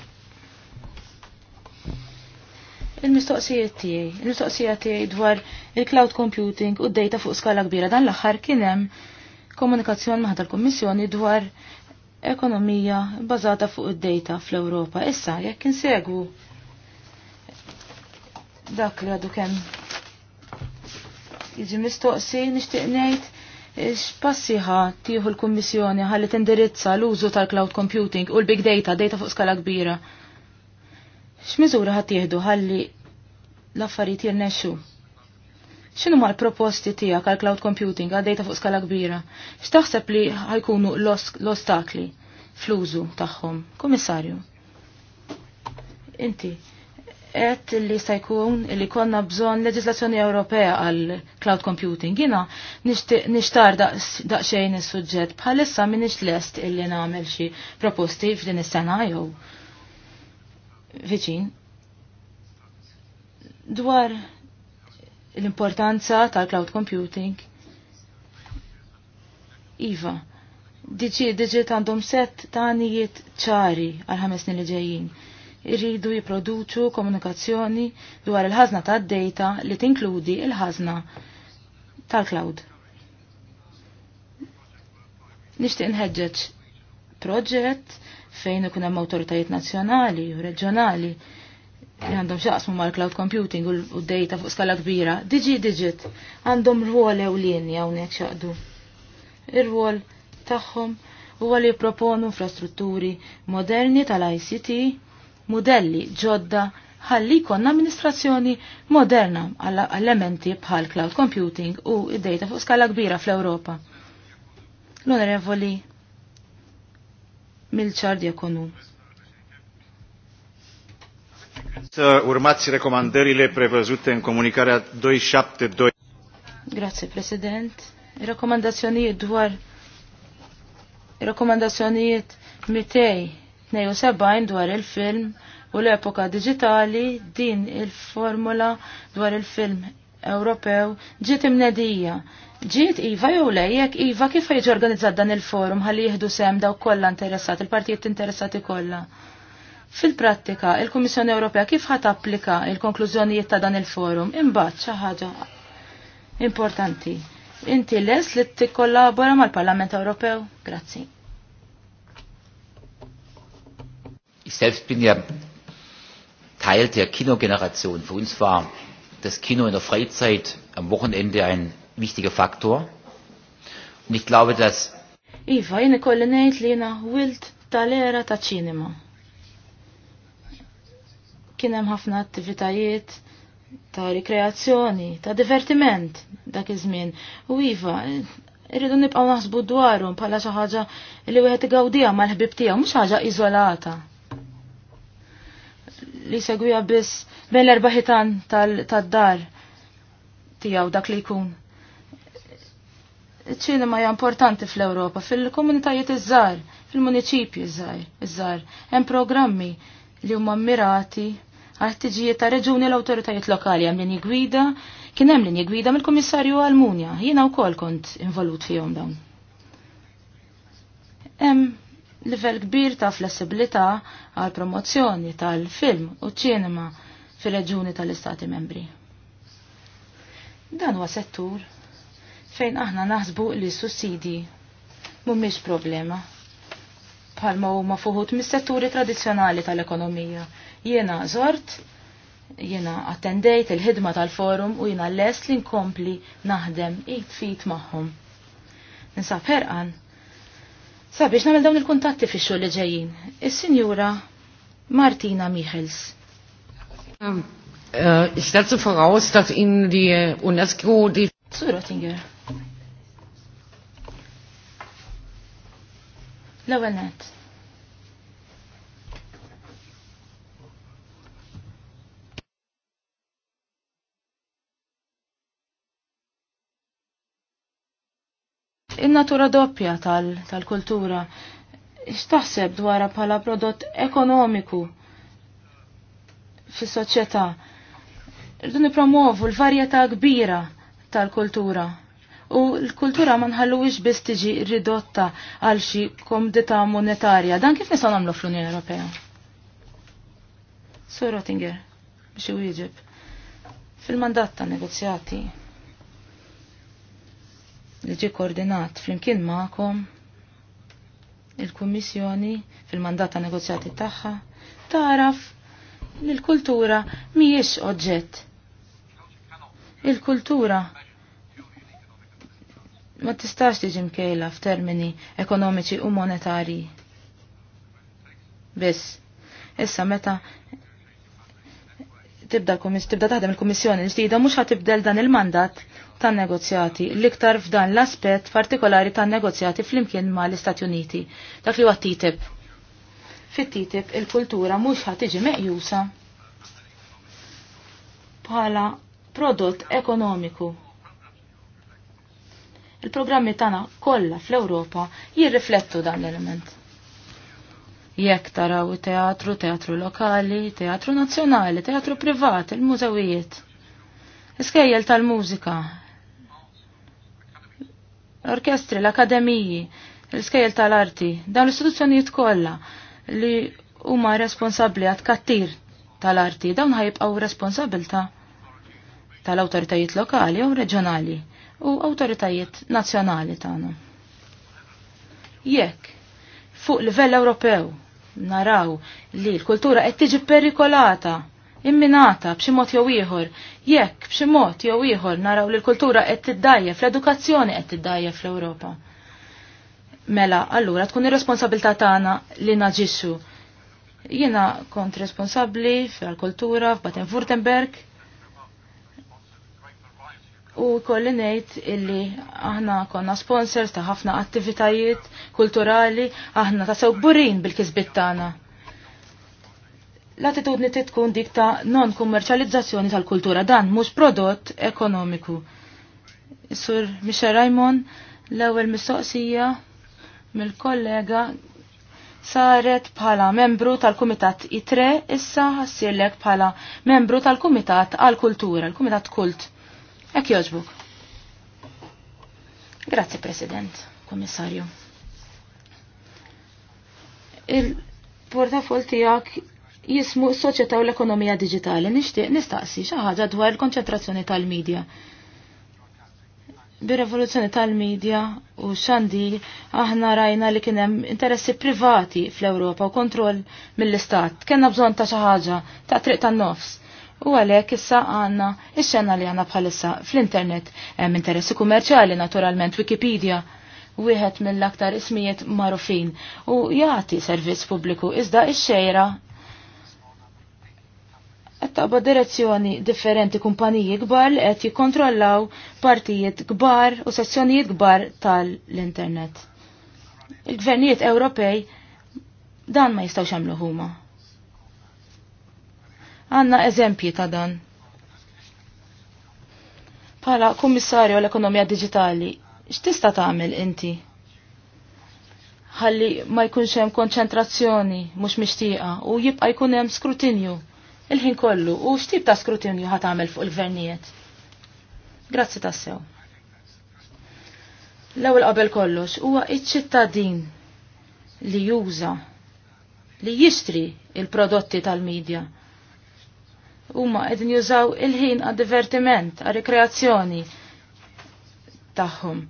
Il-mistoqsijiet tiegħi, il-mistoqsijiet tiegħi dwar il-cloud computing u data fuq skala kbira dan l-aħħar kien hemm komunikazzjoni maħad maħdar kummissjoni dwar ekonomija bażata fuq id-data fl-Ewropa. Issa jekk insegwu dak li għadu kemm. Iġi mistoqsi nixtieq ngħid x'passiħa tieħu l-Kummissjoni ħalli tindirizza l-użu tal-cloud computing u l-big data, data fuq skala kbira. X'miżura ħad tieħdu ħalli l-affarijiet jirnexxu? X'inhu ma l-proposti tiegħek għal cloud computing għal data fuq skala kbira? X'taħseb li ħajkunu l-ostakli fl-użu tagħhom? Kummissarju. Inti, qed li se jkun li konna bżonn leġislazzjoni Ewropea għal cloud computing. Jiena nixtar daqsxejn is-suġġett bħalissa m'iniex lest illi nagħmel xi proposti f'din is-sena jew viċin. Dwar l-importanza tal-cloud computing. Iva, diġi diġi għandhom set tanijiet ċari għal ħames snin li ġejjin irridu jiproduċu komunikazzjoni dwar il-ħazna ta' data li tinkludi il-ħazna tal-cloud. Nixtieq nħedġeċ proġett fejn ikun hemm awtoritajiet nazzjonali u reġjonali li għandhom xaqsmu mal-cloud computing u d-data fuq skala kbira. Digi Digit għandhom rwol ewlieni hawnhekk xaqdu. Ir-rwol tagħhom huwa li jipproponu infrastrutturi moderni tal-ICT modelli ġodda ħalli kon amministrazzjoni moderna għall elementi bħal cloud computing u id-data fuq skala kbira fl-Ewropa. L-onorevoli Milċard Jakonu. Urmazzi rekomandările prevăzute în comunicarea 272. Grazie, President. Rekomandazzjonijiet dwar rekomandazzjonijiet mitej 72 dwar il-film u l-epoka digitali din il-formula dwar il-film Ewropew ġiet imnedija. Ġiet Iva jew lejjek Iva kif jiġi organizzat dan il-forum ħalli jieħdu sem daw kollha interessati, il-partijiet interessati kollha. Fil-prattika, il-Kummissjoni Ewropea kif ħat applika il-konklużjonijiet ta' dan il-forum? Imbagħad xi ħaġa importanti. Inti les li tikkollabora mal-Parlament Ewropew? Grazzi. Ich selbst bin ja Teil der Kinogeneration. Für uns war das Kino in der Freizeit am Wochenende ein wichtiger Faktor. Und ich glaube, dass... Iva, jene kolli nejt li jena wilt tal-era ta' ċinema. Kienem ħafna attivitajiet ta' rikreazzjoni, ta' divertiment dak iż-żmien. U iva, irridu nibqgħu naħsbu dwarhom bħala xi ħaġa li wieħed igawdiha mal-ħbib tiegħu, mhux ħaġa iżolata li segwija biss bejn l-erbaħitan tad-dar tiegħu dak li jkun. Iċ-ċinema hija importanti fl-Ewropa, fil-komunitajiet iż-żgħar, fil-muniċipji iż-żgħar, hemm programmi li huma mirati għal-ħtiġijiet ta' reġuni l-awtoritajiet lokali hemm linji gwida, kien hemm linji gwida mill-Kummissarju Almunja, jiena wkoll kont involut fihom dawn. Hemm livell kbir ta' flessibilità għal promozzjoni tal-film u ċinema fir-reġuni tal-Istati membri. Dan huwa settur fejn aħna naħsbu li sussidi mhumiex problema bħalma huma fuħut mis-setturi tradizzjonali tal-ekonomija. Jiena żort, jiena attendejt il-ħidma tal-forum u jiena lest li nkompli naħdem id fit magħhom. Ninsab ħerqan sabiex namel dawn il kontatti fi xogħol li ġejjin. Is-Sinjura Martina Michels. Ähm, äh, ich setze voraus, dass Ihnen die äh, UNESCO die... Zu Rottinger. l natura doppja tal-kultura. Tal X'taħseb dwara bħala prodott ekonomiku fis-soċjetà. Irdu nipromovu l-varjetà kbira tal-kultura. U l-kultura ma nħalluwix biss tiġi ridotta għal xi komdita monetarja. Dan kif nisa nagħmlu fl-Unjoni Ewropea? Sur Rottinger, biex wieġeb. Fil-mandat ta' negozjati li ġi koordinat flimkien ma'kom il-Kummissjoni fil-mandat ta' negozjati tagħha taraf li l-kultura mhijiex oġġett. Il-kultura ma tistax tiġi mkejla f'termini ekonomiċi u monetari. Biss, issa meta tibda tibda taħdem il-Kummissjoni l-ġdida mhux ħatibdel dan il-mandat tan negozjati l-iktar f'dan l-aspett partikolari tan negozjati flimkien ma l-Istati Uniti, dak li huwa TTIP. Fit-TTIP il-kultura mhux ħatiġi tiġi meqjusa bħala prodott ekonomiku. Il-programmi tagħna kollha fl-Ewropa jirriflettu dan l-element. Jekk taraw teatru, teatru lokali, teatru nazzjonali, teatru privat, il-mużewijiet. Iskejjel tal-mużika, l-orkestri, l-akademiji, l skajl tal-arti, dawn l-istituzzjonijiet kollha li huma responsabbli għat kattir tal-arti, dawn ħajibqgħu responsabilta tal-awtoritajiet lokali u reġjonali u awtoritajiet nazzjonali tagħna. Jekk fuq livell Ewropew naraw li l-kultura qed tiġi perikolata imminata b'xi mod jew ieħor, jekk b'xi mod jew ieħor naraw li l-kultura qed tiddajjef, l-edukazzjoni qed tiddajjef fl-Ewropa. Mela, allura tkun ir-responsabilità tagħna li naġixxu. Jiena kont responsabbli fil-kultura f'Baden-Württemberg u kolli ngħid illi aħna konna sponsors ta' ħafna attivitajiet kulturali, aħna ta' sewburin bil-kisbit tagħna l-attitudni trid tkun dik ta' non kummerċjalizzazzjoni tal-kultura dan mhux prodott ekonomiku. Sur Michel Raymond l-ewwel mistoqsija mill-kollega saret bħala membru tal-Kumitat ITRE issa ħassirlek bħala membru tal-Kumitat għal-Kultura, l-Kumitat Kult. Ek joġbuk. Grazie, President, Komissarju. Il-portafol tijak jismu s-soċjetà u l-ekonomija digitali nixtieq nistaqsi xi ħaġa dwar il-konċentrazzjoni tal-medja. Bir-revoluzzjoni tal-medja u xandi aħna rajna li kien hemm interessi privati fl-Ewropa u kontroll mill-istat. Kenna bżonn ta' xi ħaġa ta' triq tan-nofs. U għalhekk issa għandna x xena li għandna bħalissa fl-internet hemm interessi kummerċjali naturalment Wikipedia wieħed mill-aktar ismijiet marufin u jagħti servizz pubbliku iżda ix-xejra qed taqba direzzjoni differenti kumpaniji kbar li qed jikkontrollaw partijiet kbar u sessjonijiet kbar tal-internet. Il-gvernijiet Ewropej dan ma jistgħux jagħmlu huma. Għandna eżempji ta' dan. Bħala kummissarju l-ekonomija diġitali, x'tista' tagħmel inti? Ħalli ma jkunx hemm konċentrazzjoni mhux mixtieqa u jibqa' jkun hemm skrutinju il-ħin kollu u x'tip ta' skrutinju ħat għamil fuq il-gvernijiet. Grazzi tassew. L-ewwel qabel kollox huwa iċ-ċittadin li juża li jixtri il-prodotti tal-medja. Huma qegħdin jużaw il-ħin għad divertiment, għal rekreazzjoni tagħhom.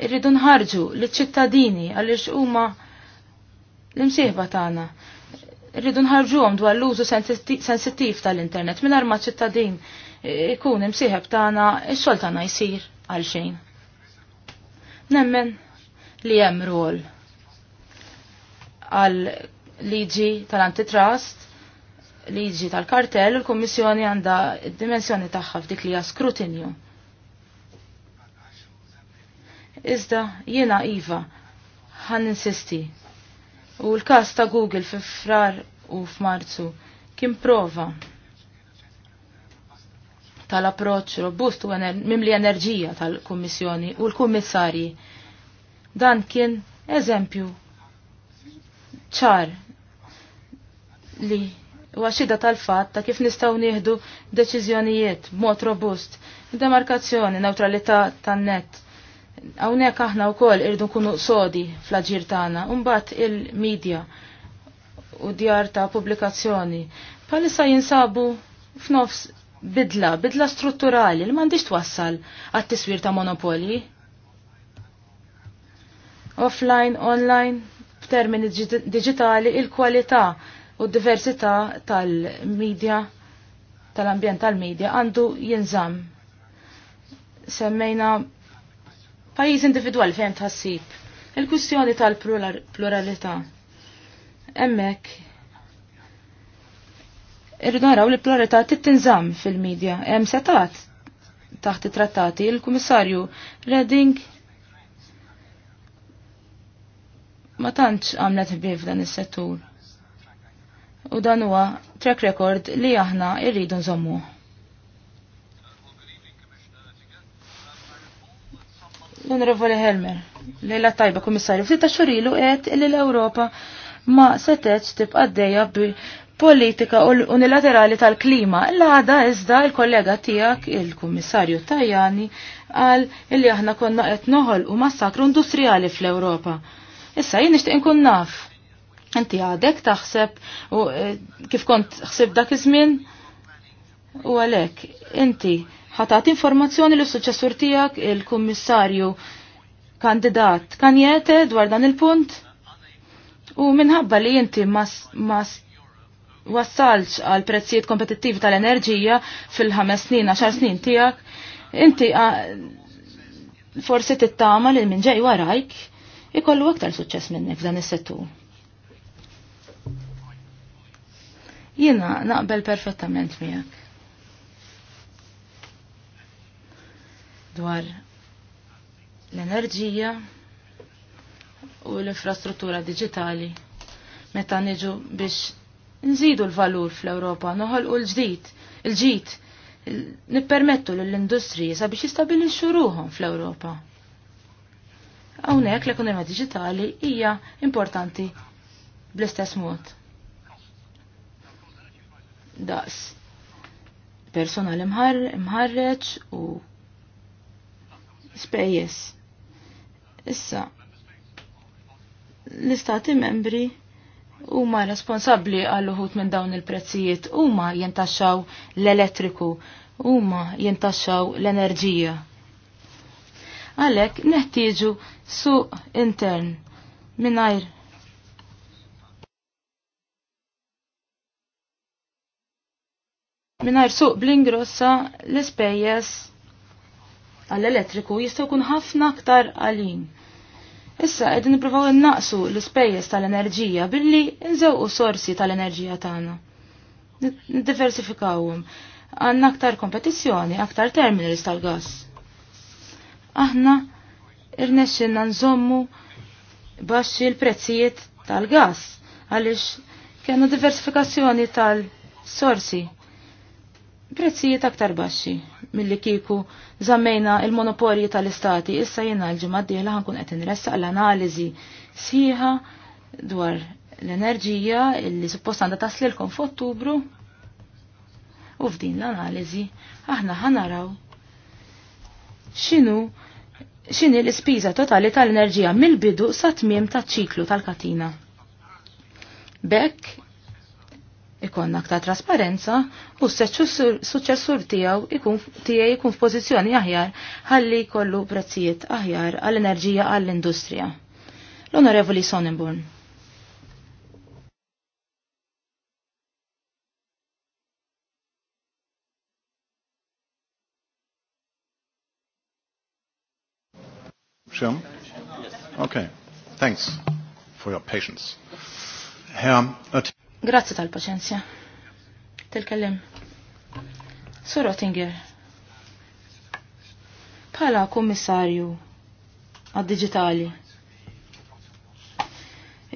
Irridu nħarġu liċ ċittadini għaliex huma l-imsieħba tagħna rridu nħarġuhom dwar l-użu sensittiv tal-internet mingħajr arma ċittadin e, ikun imsiħeb tagħna x-xogħol tagħna jsir għal xejn. Nemmen li hemm rol għal liġi tal-antitrust, liġi tal-kartell, il-Kummissjoni għandha d-dimensjoni tagħha f'dik li skrutinju. Iżda jiena iva ħan insisti U l-kas ta' Google fi frar u f'Marzu kien prova tal-approċ robust u mimli enerġija tal-Kummissjoni u l-Kummissarji. Dan kien eżempju ċar li waxida tal-fat ta' kif nistaw nieħdu deċiżjonijiet mod robust, demarkazzjoni, neutralità tan-net Hawnhekk aħna wkoll irdu nkunu sodi fl-aġir tagħna, imbagħad il-medja u djar ta' pubblikazzjoni bħalissa jinsabu f'nofs bidla, bidla strutturali li m'għandix twassal għat-tiswir ta' monopoli. Offline, online, f'termini digitali, il-kwalità u d-diversità tal-medja, tal-ambjent tal-medja għandu jinżamm. Semmejna pajjiż individwal fejn tħassib. Il-kwistjoni tal-pluralità. Hemmhekk irridu naraw li pluralità tittinżamm fil-medja. Hemm setat taħt it-trattati il-Kummissarju Redding ma tantx għamlet ħbieb dan is-settur. U dan huwa track record li aħna rridu nżommuh. L-Onorevole Helmer, lejla tajba komissarju, ftit xurilu qed li l-Ewropa ma setetx tibqa' dejja bi politika unilaterali tal-klima. L-għada iżda il-kollega tiegħek il-Kummissarju Tajani qal illi aħna konna qed noħolqu massakru industrijali fl-Ewropa. Issa jien nixtieq inkun naf. Inti għadek taħseb u eh, kif kont xseb dak iż-żmien u għalek, inti ħatat informazzjoni l suċessur tijak il-kummissarju kandidat kanjete dwar dan il-punt u minħabba li jinti ma wassalx għal prezzijiet kompetittivi tal-enerġija fil-ħames snin, għaxar snin tijak, inti forsi tittama li minn ġej warajk ikollu aktar suċċess minnek f'dan is-settur. Jiena naqbel perfettament miegħek. dwar l-enerġija u l-infrastruttura digitali. Meta niġu biex nżidu l-valur fl-Ewropa, u l-ġdid, l ġid nippermettu l-industriji sabiex jistabilixxu ruhom fl-Ewropa. Hawnhekk l-ekonomija digitali hija importanti bl-istess mod. Daqs personal imħarreċ u spejjeż. Issa, l-istati membri huma responsabbli għal uħut minn dawn il-prezzijiet, huma jintaxxaw l-elettriku, huma jintaxxaw l-enerġija. Għalhekk neħtieġu suq intern mingħajr Minar suq blingrossa l ispejjeż għall-elettriku jistgħu jkun ħafna aktar għalin. Issa qegħdin nippruvaw innaqsu l-ispejjeż tal-enerġija billi nżewqu sorsi tal-enerġija tagħna. Niddiversifikawhom. Għandna aktar kompetizzjoni, aktar terminals tal-gass. Aħna irnexxinna nżommu baxxi l-prezzijiet tal-gass għaliex kienu diversifikazzjoni tal-sorsi. Prezzijiet aktar baxxi milli kieku zammejna il-monopolji tal-istati. Issa jena l-ġimgħa d-dieħla ħankun qed inressaq l-analiżi sħiħa dwar l-enerġija illi suppost għandha taslilkom f'Ottubru u f'din l-analiżi aħna ħanaraw x'inhu x'inhi l-ispiża totali tal-enerġija mill-bidu sa tmiem taċ-ċiklu tal-katina. Bekk ikonna aktar trasparenza u s-suċessur tijaw tijaj ikun f-pozizjoni aħjar għalli kollu prezzijiet aħjar għall-enerġija għall-industrija. L-Onorevoli Sonnenborn. Okay. Thanks for your patience. Herr Oettinger. Grazzi tal-paċenzja. Tilkellim. Sur Rottinger, Bħala kummissarju għad-digitali.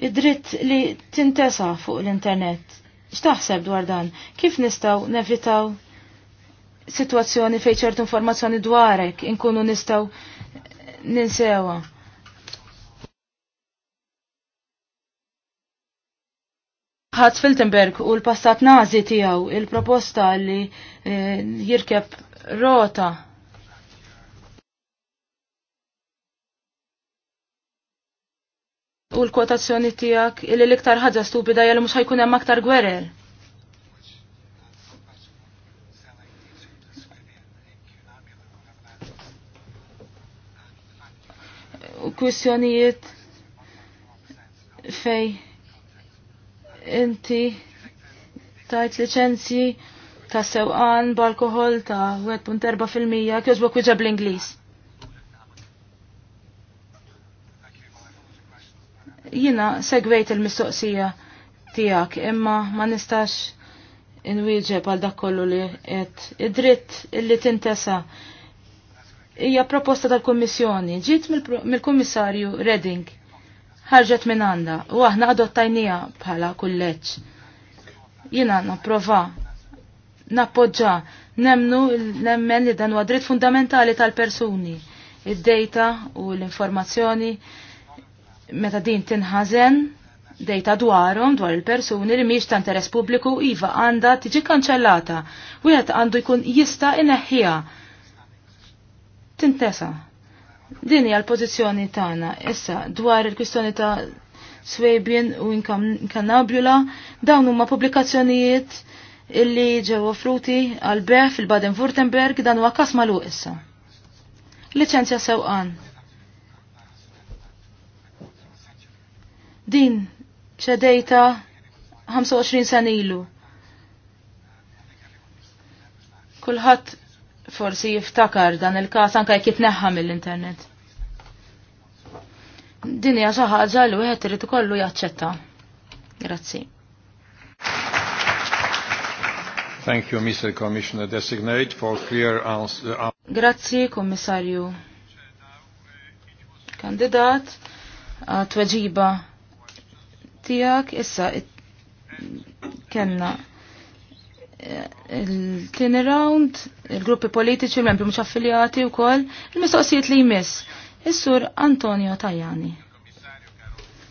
Id-dritt li tintesa fuq l-internet. X'taħseb dwar dan? Kif nistaw nevitaw situazzjoni fejn ċertu informazzjoni dwarek inkunu nistaw ninsewa? Ħadd Filtenberg u l-passat nazi tiegħu il-proposta li eh, jirkeb rota u l-kwotazzjoni tijak illi l-iktar ħaġa stupida jgħal mux ħajkun hemm aktar gwerer. U kwistjonijiet fej inti tajt licenzji ta' sewqan b'alkohol ta' 1.4% kjożbok wieġa bl-Ingliż. Jina segwejt il-mistoqsija tiegħek imma ma nistax inwieġeb għal dak kollu li qed id-dritt illi tintesa hija proposta tal-Kummissjoni. Ġiet mill-Kummissarju Reding ħarġet minn għanda u aħna għadottajnija bħala kulleċ. Jina napprova, nappoġġa, nemnu nemmen li dan huwa dritt fundamentali tal-persuni. Id-data u l-informazzjoni meta din tinħazen, dejta dwarhom dwar il-persuni li miex ta' interess pubbliku iva għandha tiġi kanċellata. Wieħed għandu jkun jista' ineħħiha. Tintesa' Din hija l-pożizzjoni tagħna issa dwar il-kwistjoni ta' Swabian u Inkanabula dawn huma pubblikazzjonijiet illi ġew offruti għal beħ fil-Baden-Württemberg dan huwa kas magħluq issa. Liċenzja sewqan. Din ċedejta 25 sena ilu. Kulħadd forsi jiftakar dan il-kas anka jek jitneħħa mill-internet. Din hija xi ħaġa li wieħed irid ikollu jaċċetta. Grazzi. Thank you, Mr. Commissioner Designate, for clear answer. Uh, Grazzi, Kommissarju. Kandidat, uh, tweġiba tijak, issa, kenna il-tini round, il-gruppi politiċi, il-membri mux affiljati u koll, il-mistoqsijiet li jmiss. Is-sur Antonio Tajani.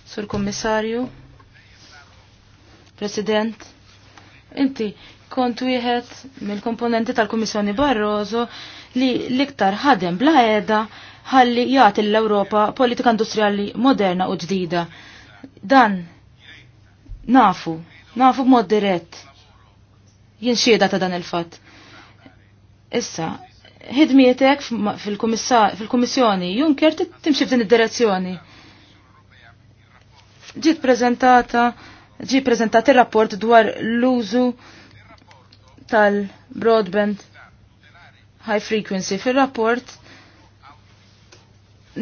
Sur Kommissarju, President, inti kont wieħed mill-komponenti tal-Kummissjoni Barroso li l-iktar ħadem bla edha ħalli jagħti l-Ewropa politika industrijali moderna u ġdida. Dan nafu, nafu b'mod dirett jinxieda ta' dan il-fatt. Issa, hidmietek fil-Kummissjoni Junker timxi f'din id-direzzjoni. Ġiet preżentata, ġi preżentat ir-rapport dwar l-użu tal-broadband high frequency fil-rapport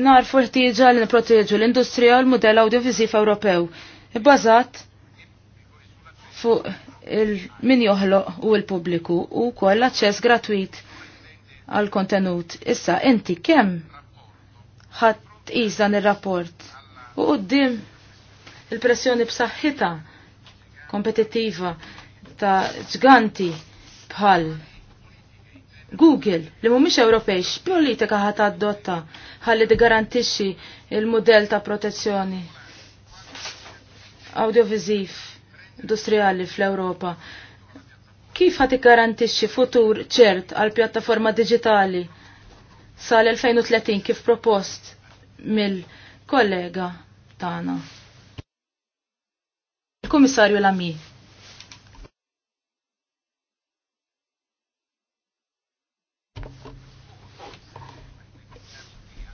nar fortiġa li nipproteġu l-industrija u l-modell audiovisiv Ewropew, bbażat fuq min joħloq u l-pubbliku u koll aċċess gratuit għal kontenut. Issa inti kemm ħadd dan ir-rapport u qudiem il-pressjoni b'saħħita kompetittiva ta' ġganti bħal Google li mhumiex Ewropej x'politika ħadd adotta ħalli tigarantixxi il-mudell ta' protezzjoni audiovisiv industrijali fl-Ewropa. Kif ħati garantixxi futur ċert għal pjattaforma digitali sal-2030 kif propost mill-kollega tagħna? Il-Kummissarju Lami.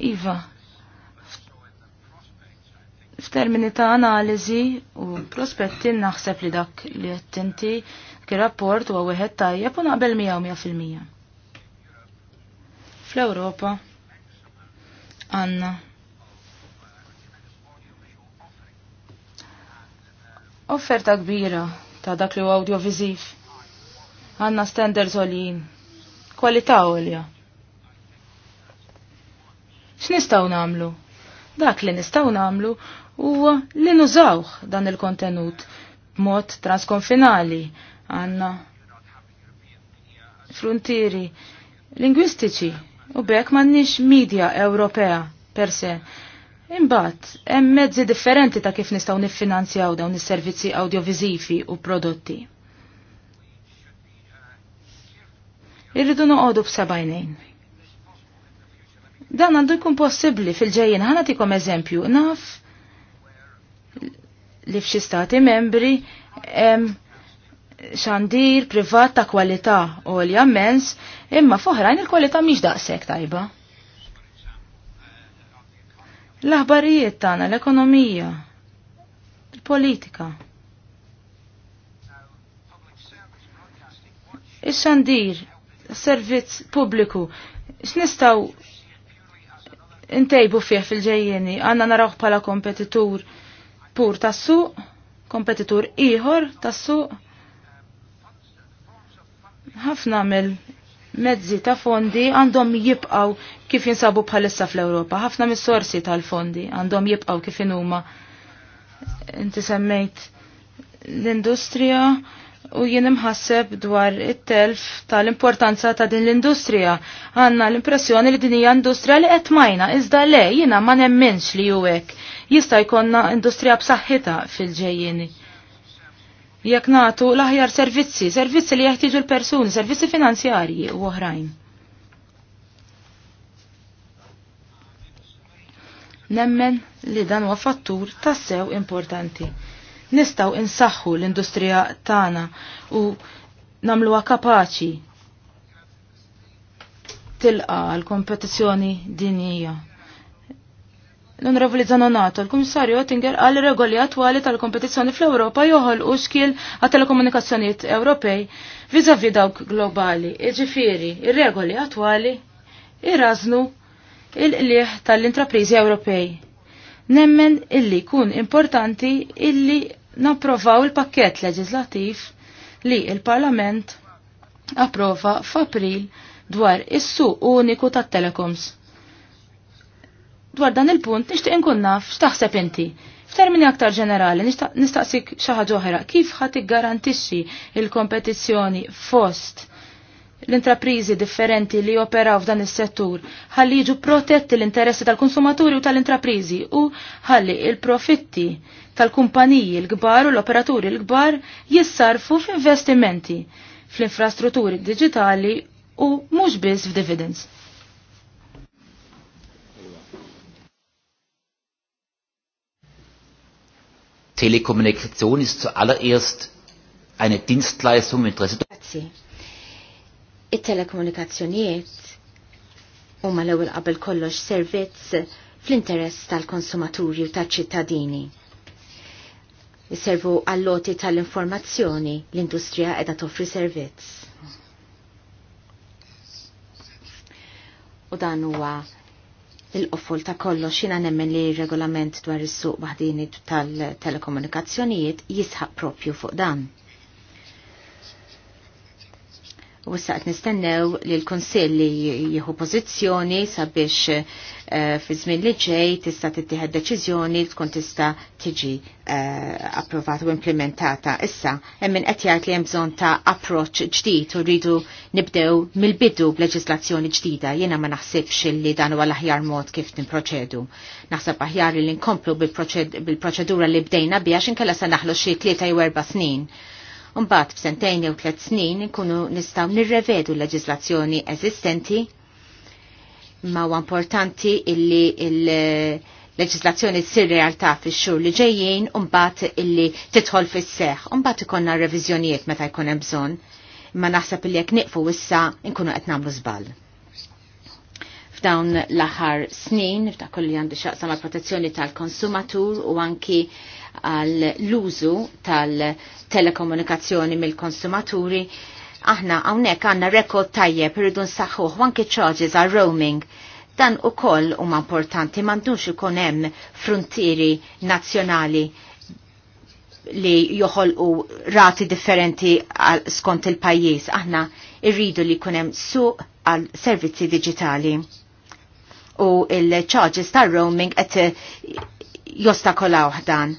Iva, F'termini ta' analiżi u prospetti naħseb li dak li qed inti rapport huwa wieħed tajjeb u naqbel miegħu mija fil-mija. Fl-Ewropa għandna offerta kbira ta' dak li huwa audiovisiv. Għandna standards għolin, kwalità għolja. X'nistgħu nagħmlu? Dak li nistgħu nagħmlu huwa li nużawh dan il-kontenut b'mod transkonfinali għandna frontieri lingwistiċi u bekk m'għandniex media Ewropea per se. Imbagħad hemm mezzi differenti ta' kif nistgħu niffinanzjaw dawn is-servizzi audiovizifi u prodotti. Irridu noqogħdu b'sebajnejn. Dan għandu jkun possibbli fil-ġejjin ħanatikom eżempju naf li f'xi stati membri hemm xandir privat ta' kwalità għolja mens, imma f'oħrajn il-kwalità mhix daqshekk tajba. L-aħbarijiet tagħna, l-ekonomija, il-politika. Ix-xandir, servizz pubbliku, x'nistgħu intejbu fih fil-ġejjeni, għandna narawh bħala kompetitur pur tassu, kompetitur ieħor tas-suq. Ħafna mill mezzi ta' fondi għandhom jibqaw kif jinsabu bħalissa fl-Ewropa. Ħafna mis-sorsi tal-fondi għandhom jibqaw kif inuma. Inti semmejt l-industrija u jien imħasseb dwar it-telf tal-importanza ta' din l-industrija. Għanna l-impressjoni li din hija industrija li qed majna, iżda le jiena ma nemminx li hu hekk jista' jkollna industrija b'saħħitha fil-ġejjieni. Jekk nagħtu l-aħjar servizzi, servizzi li jeħtieġu l-persuni, servizzi finanzjarji u oħrajn. Nemmen li dan huwa fattur tassew importanti. Nistaw insaħħu l-industrija tagħna u namluha kapaċi tilqa l-kompetizzjoni dinjija. L-Onorevoli Zanonato, l-Kummissarju Oettinger għal regoli attwali tal-kompetizzjoni fl-Ewropa joħol u xkil għat telekomunikazzjonijiet Ewropej vizavi dawk globali, iġifiri, il regoli attwali irraznu il-liħ tal-intraprizi Ewropej. Nemmen illi kun importanti illi napprovaw il-pakket leġislativ li il-Parlament approva f'April dwar is-suq uniku tat-telekoms dwar dan il-punt nixtieq inkun naf x'taħseb inti. F'termini aktar ġenerali, nistaqsik xi ħaġa oħra, kif ħadd iggarantixxi il-kompetizzjoni fost l-intraprizi differenti li operaw f'dan is-settur ħalli jiġu protetti l-interessi tal-konsumaturi u tal-intraprizi u ħalli il-profitti tal-kumpaniji l-kbar u l-operaturi l-kbar jissarfu f'investimenti fl-infrastrutturi digitali u mhux biss f'dividends. Telekommunikation ist zuallererst eine Dienstleistung mit Interesse. Grazie. Il-telekomunikazzjonijiet huma l-ewwel qabel kollox servizz fl-interess tal-konsumaturi u tal-ċittadini. Is-servu għall-loti tal-informazzjoni l-industrija edha toffri servizz. U dan huwa il-qoffol ta' kollox xina nemmen li regolament dwar is-suq waħdini tal-telekomunikazzjonijiet jisħaq propju fuq dan. U issa qed nistennew li l-Kunsill li jieħu pożizzjoni sabiex eh, fi żmien li ġej tista' tittieħed deċiżjoni tkun tista' tiġi eh, approvata u implementata. Issa hemm min qed li hemm bżonn ta' approċċ ġdid u rridu nibdew mill-bidu b'leġislazzjoni ġdida. Jiena ma naħsibx li dan huwa l-aħjar mod kif nimproċedu. Naħseb aħjar li nkomplu bil-proċedura li bdejna biha inkella se naħlu xi tlieta jew erba' snin Umbat b'sentejn jew tliet snin nkunu nistgħu nirrevedu l-leġislazzjoni eżistenti ma huwa importanti illi il-leġislazzjoni ssir realtà fix-xhur li ġejjin u mbagħad illi tidħol fis-seħħ u mbagħad ikollna reviżjonijiet meta jkun hemm bżonn. Imma naħseb illi jekk nieqfu issa nkunu qed nagħmlu żball f'dawn l-aħħar snin, f'da kolli għandu xaqsam għall protezzjoni tal-konsumatur u anki għal l-użu tal-telekomunikazzjoni mill-konsumaturi, aħna hawnhekk għandna rekord tajjeb irridu nsaħħuh anke charges għal roaming. Dan ukoll huma importanti m'għandux ikun hemm frontieri nazzjonali li joħolqu rati differenti skont il-pajjiż. Aħna irridu li jkun hemm suq għal servizzi diġitali. U il-charges tal roaming qed jostakolaw dan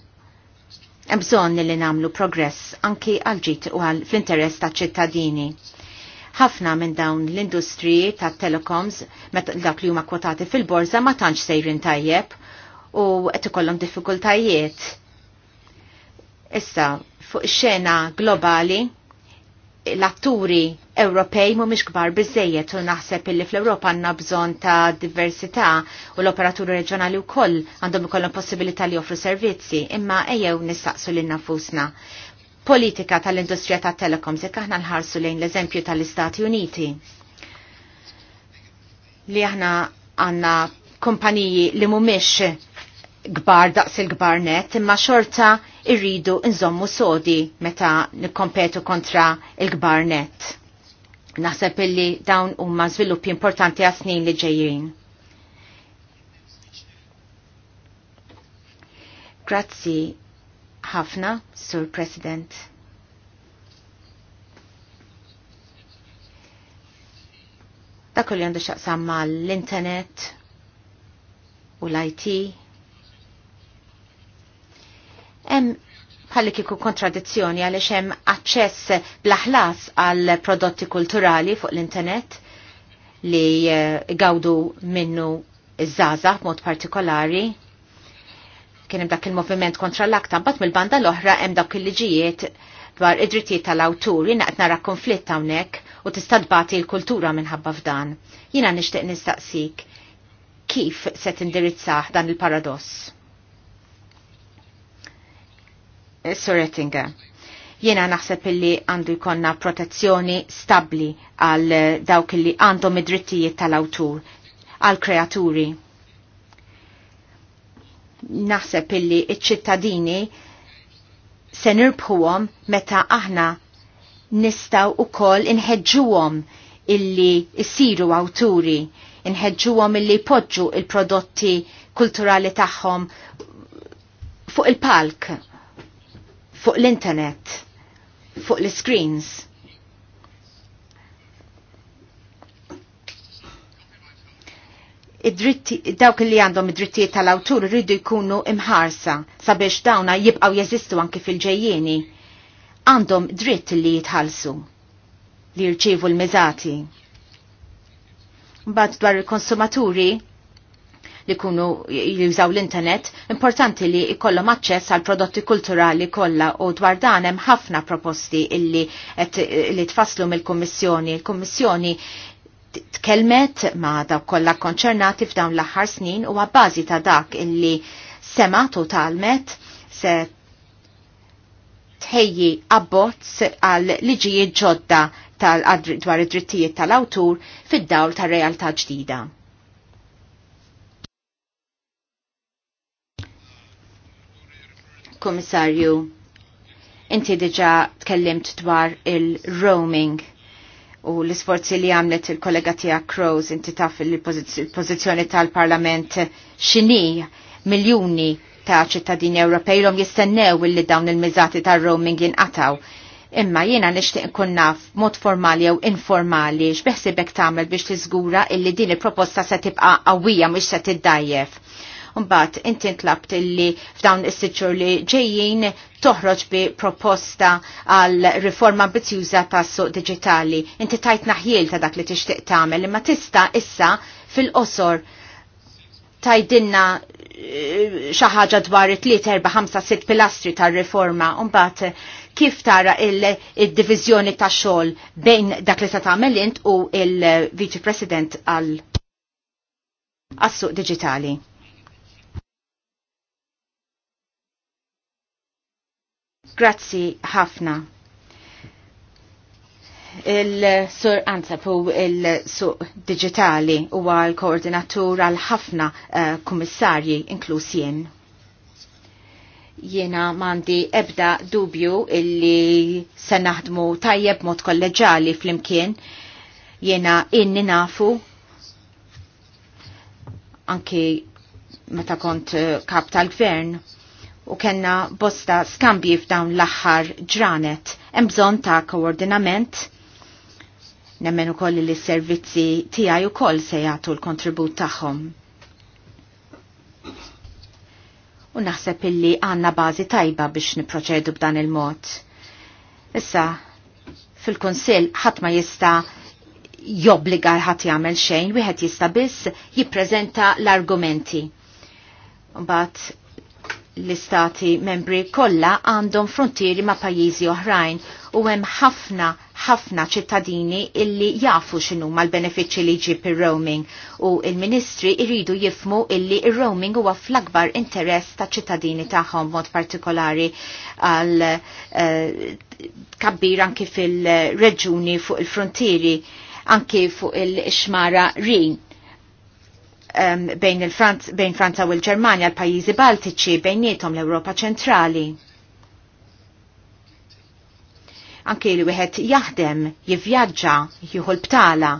bżonn li namlu progress anki għal u għal fl-interess ta' ċittadini. Ħafna minn dawn l-industriji ta' telecoms dak li huma kwotati fil-borza ma tantx sejrin tajjeb u qed ikollhom diffikultajiet. Issa, fuq xena globali, l-atturi Ewropej mhumiex kbar bizzejiet u naħseb illi fl-Ewropa għandna bżonn ta' diversità u l-operaturi reġjonali wkoll għandhom ikollhom possibilità li joffru servizzi, imma ejjew nistaqsu lil nafusna. Politika tal-industrija tat telekom se aħna nħarsu lejn l-eżempju tal-Istati Uniti. Li aħna għandna kumpaniji li mhumiex gbar daqs il-gbar net, imma xorta irridu nżommu sodi meta nikkompetu kontra il-kbar net. Naħseb illi dawn huma żviluppi importanti għas snin li ġejjin. Grazzi ħafna, Sur President. Dak li għandu xaqsam mal l-internet u l-IT Hemm bħalli kiku kontradizzjoni għaliex hemm aċċess blaħlas għal prodotti kulturali fuq l-internet li eh, gawdu minnu iż-żaza b'mod partikolari. Kien hemm dak il-moviment kontra l-akta, bat mill-banda l-oħra hemm dawk il-liġijiet dwar id-drittijiet tal-awtur, jiena qed nara konflitt hawnhekk u tista' tbagħti l-kultura minħabba f'dan. Jiena nixtieq nistaqsik kif se tindirizzah dan il-paradoss. Eh, Sir Ettinger. Jena naħseb illi għandu jkonna protezzjoni stabli għal eh, dawk illi għandhom id-drittijiet tal-awtur, għal kreaturi. Naħseb illi iċ-ċittadini se nirbħuhom meta aħna nistaw ukoll inħeġġuhom illi jsiru awturi, inħeġġuhom illi jpoġġu il-prodotti kulturali tagħhom fuq il-palk fuq l-internet, fuq l-screens. dawk li għandhom id-drittijiet tal-awtur rridu jkunu imħarsa sabiex dawna jibqaw jeżistu anki fil-ġejjieni. Għandhom dritt li jitħalsu li jirċivu l-mizati. Mbagħad dwar il-konsumaturi li kunu jużaw l-internet, importanti li jkollhom aċċess għal prodotti kulturali kollha u dwar dan hemm ħafna proposti illi et, li tfasslu mill-Kummissjoni. Il-Kummissjoni tkellmet ma' dawk kollha konċernati f'dawn l-aħħar snin u għabbażi ta' dak illi semat u talmet se tħejji abbozz għal liġijiet ġodda tal dwar id-drittijiet tal-awtur fid-dawl tar-realtà ġdida. Komissarju, inti diġa tkellimt dwar il-roaming u l-isforzi li għamlet il-kollega tijak Kroos inti taf il-pozizjoni tal-parlament xini miljoni ta' ċittadini Ewropej l-om jistennew illi dawn il-mizati tal-roaming jinqataw imma jiena nixtieq nkun naf mod formali jew informali x'beħsibek tagħmel biex tiżgura illi din il-proposta se tibqa' qawwija mhux se tiddajjef. Mbagħad inti ntlabt illi f'dawn is-siġġur li ġejjin toħroġ bi proposta għal riforma ambizjuża tas-suq diġitali. Inti tajt naħjel ta' dak li tixtieq tagħmel imma tista' issa fil-qosor tajdinna eh, xi ħaġa dwar it-tliet erba' ħamsa sitt pilastri tar-riforma mbagħad kif tara il-divizjoni ta' xogħol bejn dak li se tagħmel int u il-Viċi President għal assuq digitali. Grazzi ħafna. Il-sur Ansab u il-suq digitali u għal-koordinatur għal-ħafna eh, kummissarji inklus jien. Jiena mandi ebda dubju illi se naħdmu tajjeb mod kolleġali fl-imkien jena inni nafu anki meta kont eh, kap tal-gvern u kenna bosta skambji f'dawn l-aħħar ġranet. Hemm bżonn ta' koordinament nemmen ukoll li s-servizzi tiegħi ukoll se jagħtu l-kontribut tagħhom. U naħseb illi għandna bażi tajba biex niproċedu b'dan il-mod. Issa, fil-Kunsill ħadd ma jista' jobbliga ħadd jagħmel xejn, wieħed jista' biss jippreżenta l-argumenti. Mbagħad l-istati membri kollha għandhom frontieri ma' pajjiżi oħrajn u hemm ħafna ħafna ċittadini illi jafu x'inhu mal-benefiċċji li jġib ir-roaming u il-ministri jridu jifmu illi ir-roaming huwa fl-akbar interess ta' ċittadini tagħhom mod partikolari għal eh, kabbir anki fil-reġuni fuq il-frontieri anki fuq il-xmara Rin um, bejn, -Franz, bejn Franza u l-Ġermanja, l-pajjiżi Baltiċi, bejnietom l-Ewropa ċentrali. Anke li wieħed jaħdem, jivvjaġġa, jieħu l-btala.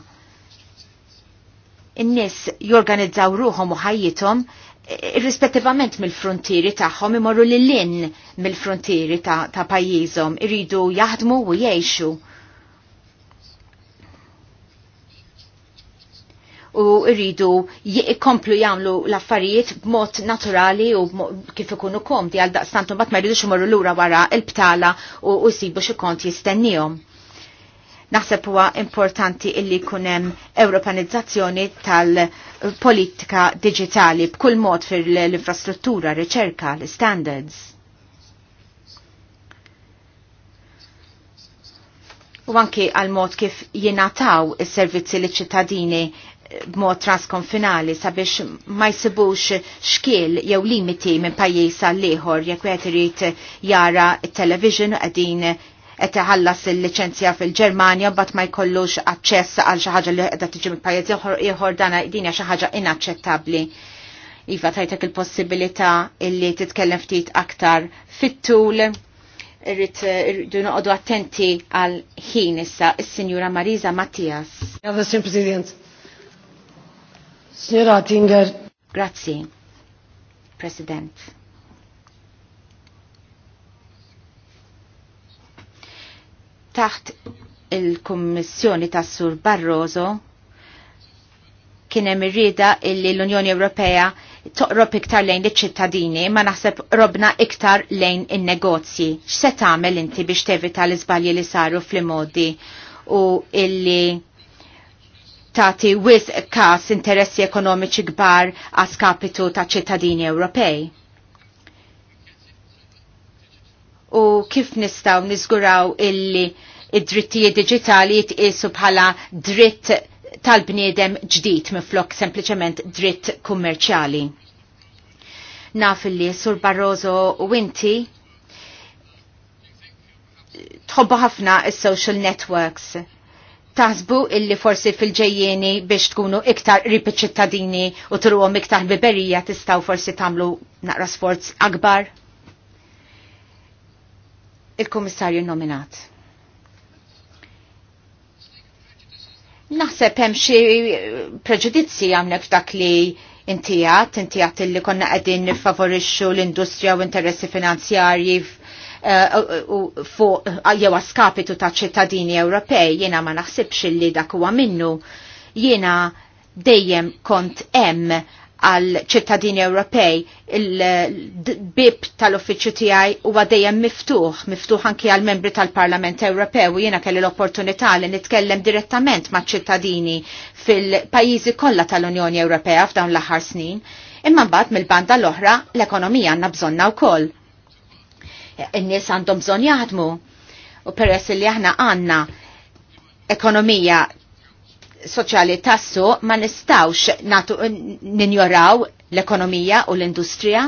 In-nies jorganizzaw ruħhom u ħajjithom e, irrispettivament mill-frontieri tagħhom imorru lil lin mill-frontieri ta', ta pajjiżhom iridu jaħdmu u jgħixu u rridu jikomplu jamlu l-affarijiet b'mod naturali u kif ikunu komdi għal daqstantum bat ma jridux l lura wara il-btala u jsibu xi kont jistennijom. Naħseb huwa importanti illi kunem europanizzazzjoni tal-politika digitali b'kull mod fir l infrastruttura riċerka, l-standards. U anki għal mod kif jenataw is-servizzi li ċittadini b'mod transkonfinali sabiex ma jsibux xkiel jew limiti minn pajjiż għal ieħor jekk qed irid jara t-television qegħdin qed iħallas il-liċenzja fil-Ġermanja mbagħad ma jkollux aċċess għal xi ħaġa li qiegħda tiġi minn pajjiż ieħor dan din hija xi ħaġa inaċċettabbli. Iva tajtek il-possibilità illi titkellem ftit aktar fit-tul irrit irridu noqogħdu attenti għal ħin issa is-Sinjura Marisa Mattias. Grazzi President. Signora Attinger. Grazzi, President. Taħt il-Kommissjoni tas Sur Barroso kien hemm irrieda illi l-Unjoni Ewropea toqrob iktar lejn iċ-ċittadini ma naħseb robna iktar lejn in-negozji. X'se tagħmel inti biex tevita l-iżbalji li saru fl-modi u illi tati wis kas interessi ekonomiċi gbar għas kapitu ta' ċittadini Ewropej. U kif nistaw nizguraw illi id-drittijiet digitali jitqisu bħala dritt tal-bniedem ġdid miflok sempliċement dritt kummerċjali. Naf illi Sur Barroso u inti tħobbu ħafna is-social networks taħsbu illi forsi fil-ġejjeni biex tkunu iktar ripi ċittadini u turuhom iktar biberija tistaw forsi tamlu naqra sforz akbar? Il-komissarju nominat. Naħseb hemm xi preġudizzi għamlek dak li intijat, intijat illi konna qegħdin nifavorixxu l-industrija u interessi finanzjarji Uh, uh, uh, fuq jew għaskapitu ta' ċittadini Ewropej, jiena ma naħsibx li dak huwa minnu. Jiena dejjem kont hemm għal ċittadini Ewropej il-bib tal-uffiċċju tiegħi huwa dejjem miftuħ, miftuħ anki għal membri tal-Parlament Ewropew u jiena kelli l-opportunità li nitkellem direttament ma' ċittadini fil-pajjiżi kollha tal-Unjoni Ewropea f'dawn l-aħħar snin. Imma mbagħad mill-banda l-oħra l-ekonomija għandna bżonna wkoll n-nies għandhom bżonn jaħdmu. U peress li aħna għandna ekonomija soċjali tassu ma nistawx ninjoraw l-ekonomija u l-industrija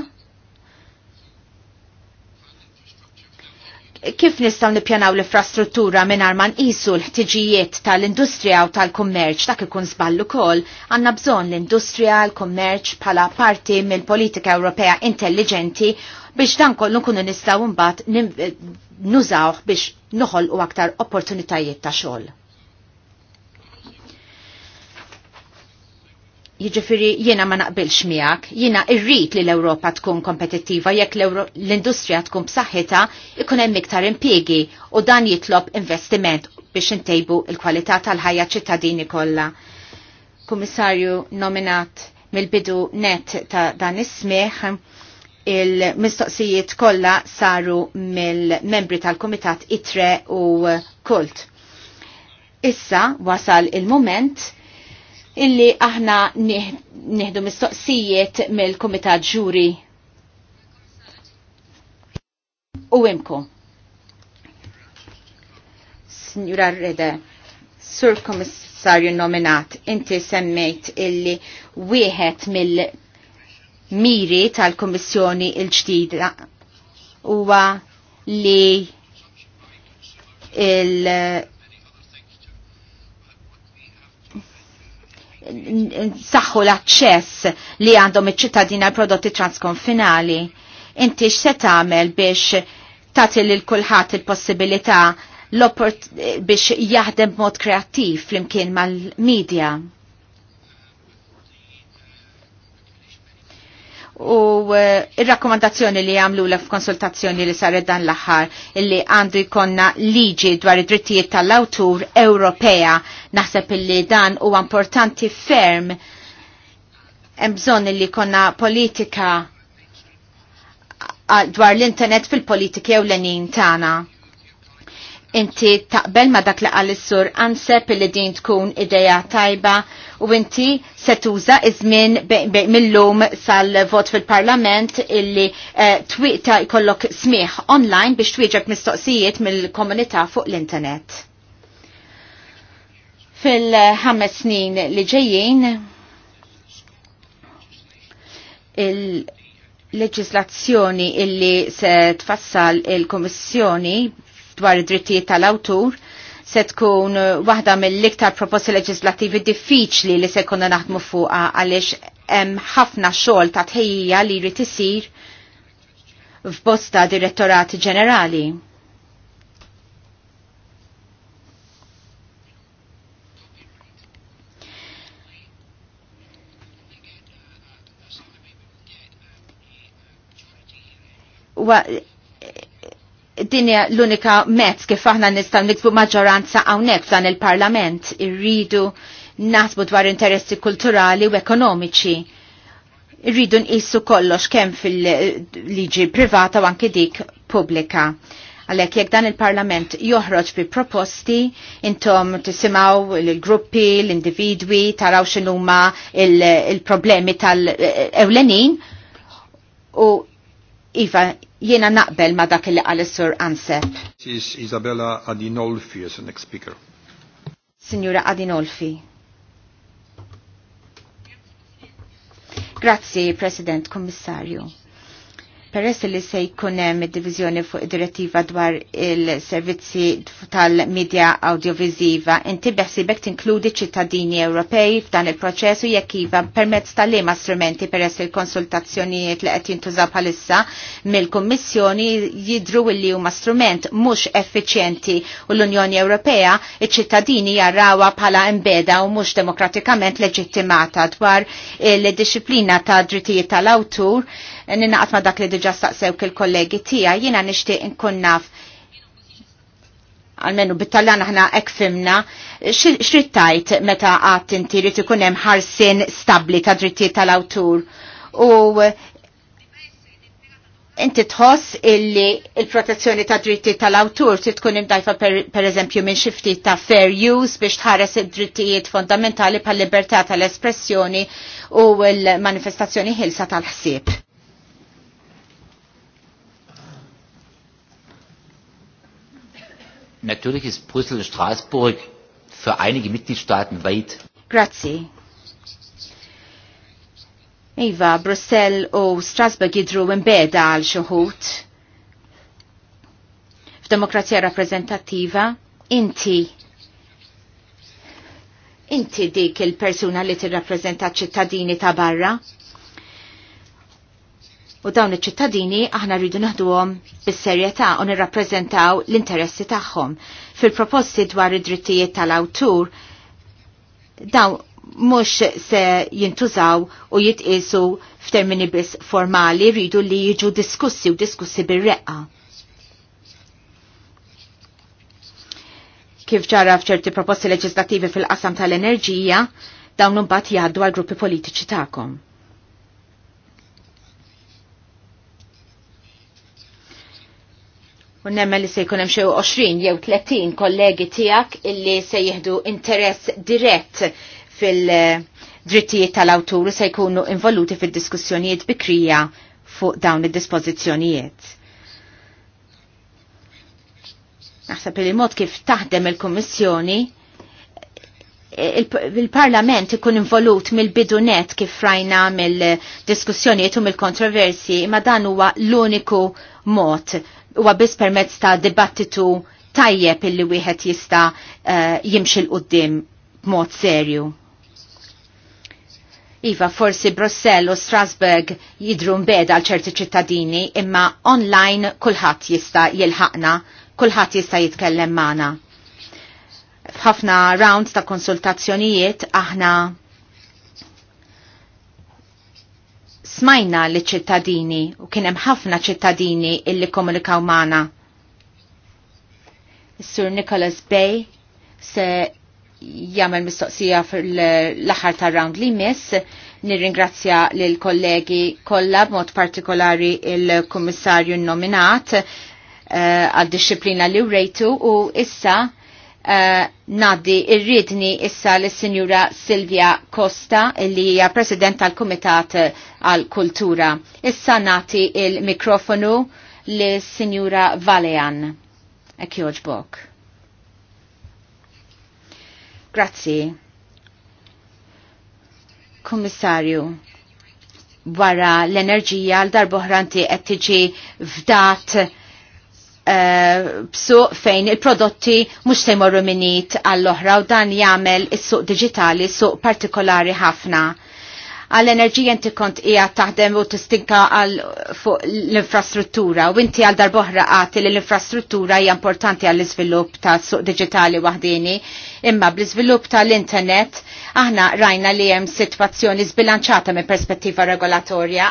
kif nistaw nipjanaw l-infrastruttura minn arman isu l-ħtiġijiet tal-industrija u tal-kummerċ dak ikun sballu kol, għanna bżon l-industrija, l-kummerċ pala parti mill-politika Ewropea intelligenti biex dan kollu kunu nistaw mbagħad nużawh biex u aktar opportunitajiet ta' xogħol. Jiġifieri jiena ma naqbilx miegħek, jiena irrid li l-Ewropa tkun kompetittiva jekk l-industrija tkun b'saħħitha ikun hemm iktar impjiegi u dan jitlob investiment biex intejbu il-kwalità tal-ħajja ċittadini kollha. Kummissarju nominat mill-bidu net ta' dan is-smieħ il-mistoqsijiet kollha saru mill-membri tal-Kumitat ITRE u KULT. Issa wasal il-moment illi aħna nieħdu mistoqsijiet mill-Kumitat Ġuri u imku. Signora Rede, Sur Komissarju nominat, inti semmejt illi wieħed mill-miri tal-Kommissjoni il-ġdida huwa li il- saħħu l-aċċess li għandhom iċ-ċittadina prodotti transkonfinali. Inti x'se tagħmel biex tagħti lil kulħadd il-possibilità biex jaħdem b'mod kreattiv flimkien mal-medja? u eh, il-rakkomandazzjoni li għamlu l konsultazzjoni li saret dan l-axar illi għandu jkonna liġi dwar id-drittijiet tal-awtur Ewropea naħseb illi dan u importanti ferm bżon illi konna politika dwar l-internet fil politika u l-enin tana inti taqbel ma dak li is sur ansep li din tkun ideja tajba u inti se tuża iż-żmien mill-lum sal-vot fil-parlament illi eh, twiqta jkollok smieħ online biex twieġeb mistoqsijiet mill-komunità fuq l-internet. Fil-ħames snin li ġejjin il-leġislazzjoni illi se tfassal il-Komissjoni dwar id-drittijiet tal-awtur se tkun uh, waħda mill-iktar proposti leġislattivi diffiċli li se konna naħdmu fuqa għaliex hemm ħafna xogħol ta' tħejjija li jrid isir f'bosta direttorati ġenerali dinja l-unika mezz kif aħna nistaw niksbu maġġoranza hawnhekk f'dan il-Parlament irridu nasbu dwar interessi kulturali u ekonomiċi. Irridu nqissu kollox kemm fil-liġi privata u anke dik pubblika. Għalhekk jekk dan il-Parlament joħroġ bi proposti, intom tisimgħu il gruppi l-individwi, taraw x'inhuma il-problemi tal-ewlenin u iva Jiena naqbel ma dak li għal sur Ansep. Is Isabella Adinolfi as the next speaker. Signora Adinolfi. Grazie, President, Commissario. Peress li se jkun hemm id-diviżjoni fuq id-direttiva dwar il-servizzi tal-medja audiovisiva, inti beħsibek tinkludi ċittadini Ewropej f'dan il-proċess u jekk iva permezz tal-liema strumenti peress il-konsultazzjonijiet li qed jintużaw bħalissa mill-Kummissjoni jidru li huma strument mhux effiċjenti u l-Unjoni Ewropea iċ-ċittadini jarrawa bħala embeda u mhux demokratikament leġittimata dwar il-disciplina ta' drittijiet tal-awtur ninaqat ma dak li diġa staqsew kil-kollegi tija, jina nishtiq nkun naf għalmenu bit ħna aħna ekfimna, xrittajt meta għat inti rrit ikunem ħarsin stabli ta' drittijiet tal-awtur. U inti tħoss illi il-protezzjoni ta' drittijiet tal-awtur ti tkun imdajfa per, eżempju minn xifti ta' fair use biex tħares id-drittijiet fondamentali pal libertà tal-espressjoni u l-manifestazzjoni ħilsa tal-ħsieb. Natürlich ist Brüssel und Straßburg für einige Mitgliedstaaten weit. Grazie. Iva, Brüssel u Strasbourg jidru imbeda għal xuħut. F'demokrazija rappresentativa, inti inti dik il-persuna li tirrappreżenta ċittadini ta' barra? U dawn iċ-ċittadini aħna rridu naħduhom bis-serjetà u nirrappreżentaw l-interessi tagħhom. Fil-proposti dwar id-drittijiet tal-awtur dawn mhux se jintużaw u jitqisu f'termini biss formali rridu li jiġu diskussi u diskussi bir-reqqa. Kif ġara f'ċerti proposti leġislattivi fil-qasam tal-enerġija, dawn imbagħad jgħaddu għal gruppi politiċi tagħkom. U li se jkun hemm xi 20 jew 30 kollegi tiegħek illi se jieħdu interess dirett fil-drittijiet tal-awtur u se jkunu involuti fid-diskussjonijiet bikrija fuq dawn id-dispożizzjonijiet. Naħseb li mod kif taħdem il-Kummissjoni il-parlament ikun involut mill-bidunet kif rajna mill-diskussjonijiet u mill-kontroversi, ma dan huwa l-uniku mod huwa biss permezz ta' dibattitu tajjeb illi wieħed jista' uh, jimxi l-qudiem b'mod serju. Iva, forsi Brussell u Strasburg jidru mbeda għal ċerti ċittadini, imma online kulħadd jista' jilħaqna, kulħadd jista' jitkellem magħna. F'ħafna rounds ta' konsultazzjonijiet aħna smajna li ċittadini u kienem ħafna ċittadini illi komunikaw maħna. Sur Nicholas Bay se jagħmel mistoqsija fl-aħħar tar round li mis, Nirringrazzja l kollegi kollha b'mod partikolari il-kummissarju nominat eh, għad disciplina li rejtu u issa Uh, naddi irridni issa l sinjura Silvia Costa li hija President tal-Kumitat eh, għal-Kultura. Issa nati il-mikrofonu l sinjura Valean. Ek joġbok. Grazzi. Kommissarju, wara l-enerġija l-darbohranti qed tiġi fdat Eh, b'suq fejn il-prodotti mhux se jmorru minit għall-oħra u dan jagħmel is-suq diġitali suq partikolari ħafna. Għall-enerġija inti kont hija taħdem u tistinka għal fuq l-infrastruttura u inti għal darboħra għati li l-infrastruttura hija importanti għall iżvilupp ta' suq diġitali waħdini imma bl-iżvilupp tal-internet Aħna rajna li hemm sitwazzjoni zbilanċata minn perspettiva regolatorja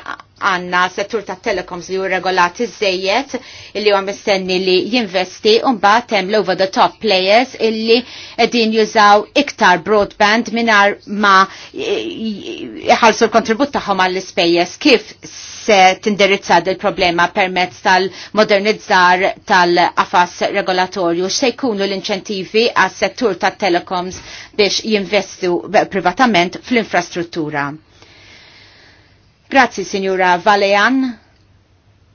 għanna settur ta' telecoms li u regolati zzejiet illi għam mistenni li jinvesti unba tem l over the top players illi edin jużaw iktar broadband minar ma jħalsu l-kontribut tagħhom għall-spejjes kif se tindirizza il problema permezz tal-modernizzar tal afas regolatorju. Se jkunu l-inċentivi għas settur tat telecoms biex jinvestu privatament fl-infrastruttura. Grazzi, Signora Valean,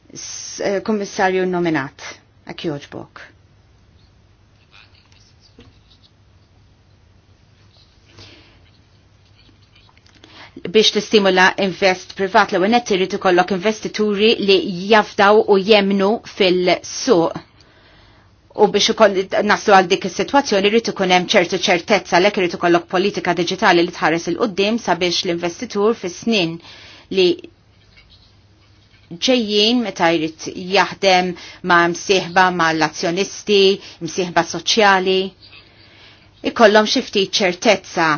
eh, komissarju nominat. Akjoġbok. biex tistimula invest privat l għenet irrid ikollok investituri li jafdaw u jemnu fil-suq. U biex naslu għal dik is-sitwazzjoni rrid ikun hemm ċertu ċertezza lek irid ikollok politika digitali li tħares il qudiem sabiex l-investitur fis-snin li ġejjin meta jrid jaħdem ma' msieħba ma' l-azzjonisti, msieħba soċjali. Ikollhom xi ftit ċertezza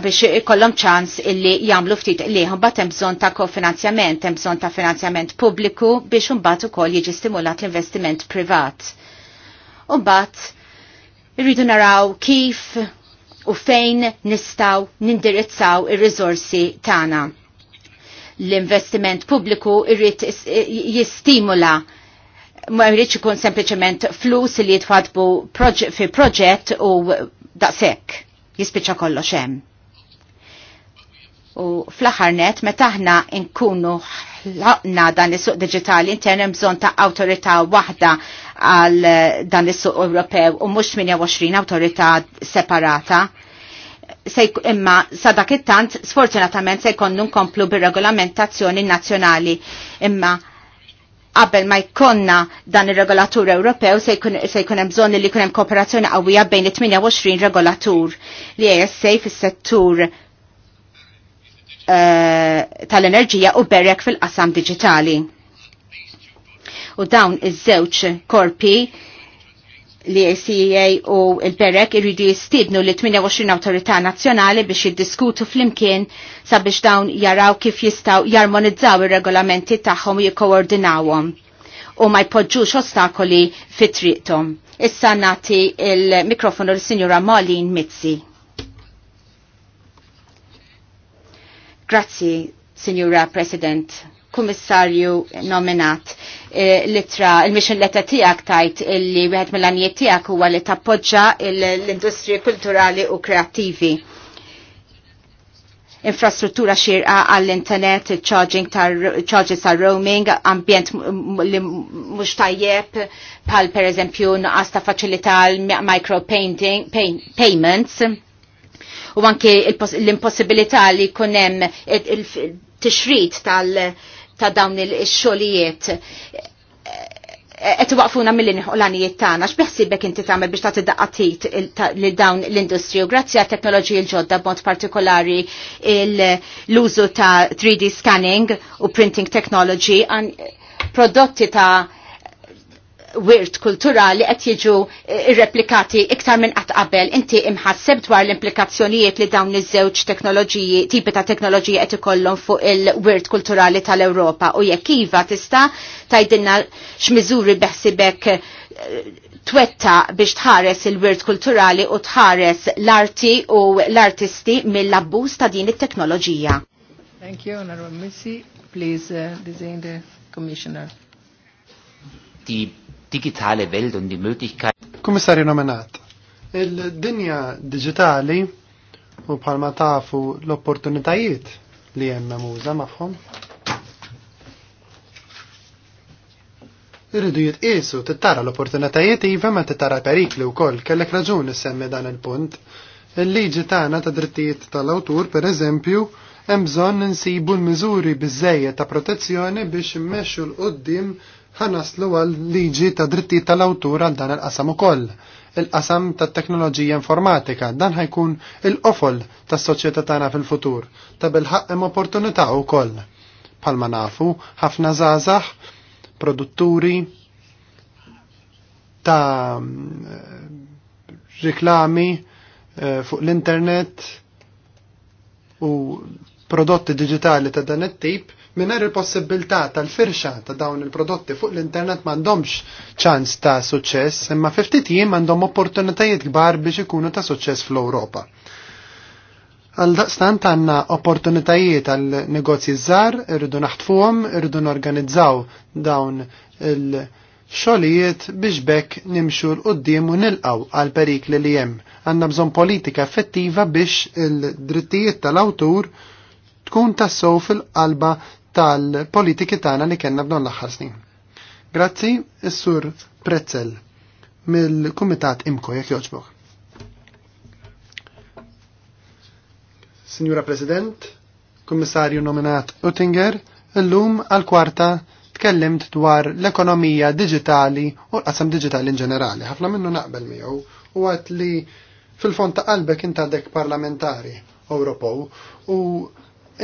biex ikollhom ċans illi jagħmlu ftit li mbagħad hemm bżonn ta' kofinanzjament, hemm bżonn ta' finanzjament pubbliku biex imbagħad ukoll jiġi stimulat l-investiment privat. Imbagħad irridu naraw kif u fejn nistaw nindirizzaw ir rizorsi tagħna. L-investiment pubbliku irrit jistimula ma jridx ikun sempliċement flus li jitfadbu fi proġett u daqshekk jispiċċa kollox hemm. U fl-aħħar meta aħna nkunu ħlaqna dan is-suq digitali intern hemm bżonn ta' awtorità waħda għal dan is-suq Ewropew u mhux 28 awtorità separata. Se imma sadak it-tant sfortunatament se jkollnu nkomplu bir-regolamentazzjoni nazzjonali imma qabel ma jkonna dan il-regolatur Ewropew se jkun hemm bżonn li jkun hemm kooperazzjoni qawwija bejn it-28 regolatur li ESA fis-settur Eh, tal-enerġija u berek fil-qasam digitali. U dawn iż-żewġ korpi li ACA e u il-Berek irridu jistibnu li 28 autorità nazjonali biex jiddiskutu fl-imkien sabiex dawn jaraw kif jistaw jarmonizzaw il-regolamenti tagħhom u jikkoordinawhom u ma jpoġġux ostakoli fit-triqtom. Issa nati il-mikrofonu l-Sinjura Molin Mizzi. Grazzi, Signora President, Kummissarju nominat. E, litra, il-mission letta tijak tajt li wieħed mill-għaniet tijak huwa li tappoġġa l-industri kulturali u kreativi infrastruttura xirqa għall-internet, charging tar, charges tar roaming, ambjent li mhux tajjeb, pal per eżempju naqas ta' faċilità l-micro payments u anke l-impossibilità li kunem il-tixrit tal- ta' dawn il-xolijiet qed waqfuna mill nħolanijiet tagħna x'beħsibek inti tagħmel biex t daqqatit li dawn l-industriju grazzi għat teknoloġiji l-ġodda b'mod partikolari l-użu ta' 3D scanning u printing technology għan prodotti ta' wirt kulturali qed jiġu eh, irreplikati iktar minn qatt qabel inti imħasseb dwar l-implikazzjonijiet li dawn iż-żewġ teknoloġiji tipi ta' teknoloġija qed ikollhom fuq il-wirt kulturali tal-Ewropa u jekk iva tista' tgħidilna x'miżuri beħsibek eh, twetta biex tħares il-wirt kulturali u tħares l-arti u l-artisti mill-abbuż ta' din it-teknoloġija. Thank you, Honorable Missy. Please uh, design the commissioner. The digitale Welt und die Möglichkeit. Kommissarju nominat, il-dinja digitali u bħalma tafu l-opportunitajiet li hemm muża magħhom. Irridu jitqisu tittara l-opportunitajiet iva ma tittara perikli wkoll kellek raġun semmi dan il-punt. Il-liġi tagħna ta' drittijiet tal-awtur pereżempju hemm bżonn insibu l-miżuri biżejjed ta' protezzjoni biex immexxu l qoddim ħanaslu għal liġi ta' dritti tal-awtur għal dan il-qasam ukoll, il-qasam ta' teknoloġija informatika, dan ħajkun il-qofol tas soċjetà tagħna fil-futur, ta' bil-ħaq opportunita' opportunità koll. Palma nafu, ħafna żgħażagħ, produtturi ta' riklami eh, fuq l-internet u prodotti digitali ta' dan it-tip Minar il-possibilità tal-firxa ta' dawn il-prodotti fuq l-internet m'għandhomx ċans ta' suċċess, imma fiftit jiem għandhom opportunitajiet kbar biex ikunu ta' suċċess fl-Ewropa. Għal daqstant għanna opportunitajiet għal negozji zzar, irridu naħtfuhom, irridu norganizzaw dawn il-xogħlijiet biex bekk nimxu l-qoddim u nilqaw għal perikli li hemm. Għanna bżonn politika effettiva biex il-drittijiet tal-awtur tkun tassow fil-qalba tal-politiki tagħna li kellna b'dan l-aħħar snin. Grazzi, is-sur Prezzel mill-Kumitat Imko jekk joġbok. Signora President, Kummissarju nominat Uttinger, illum għal-kwarta tkellimt dwar l-ekonomija digitali u l-qasam digitali in ġenerali. Ħafna minnu naqbel miegħu u għat li fil-fond ta' qalbek inta dek parlamentari Ewropew u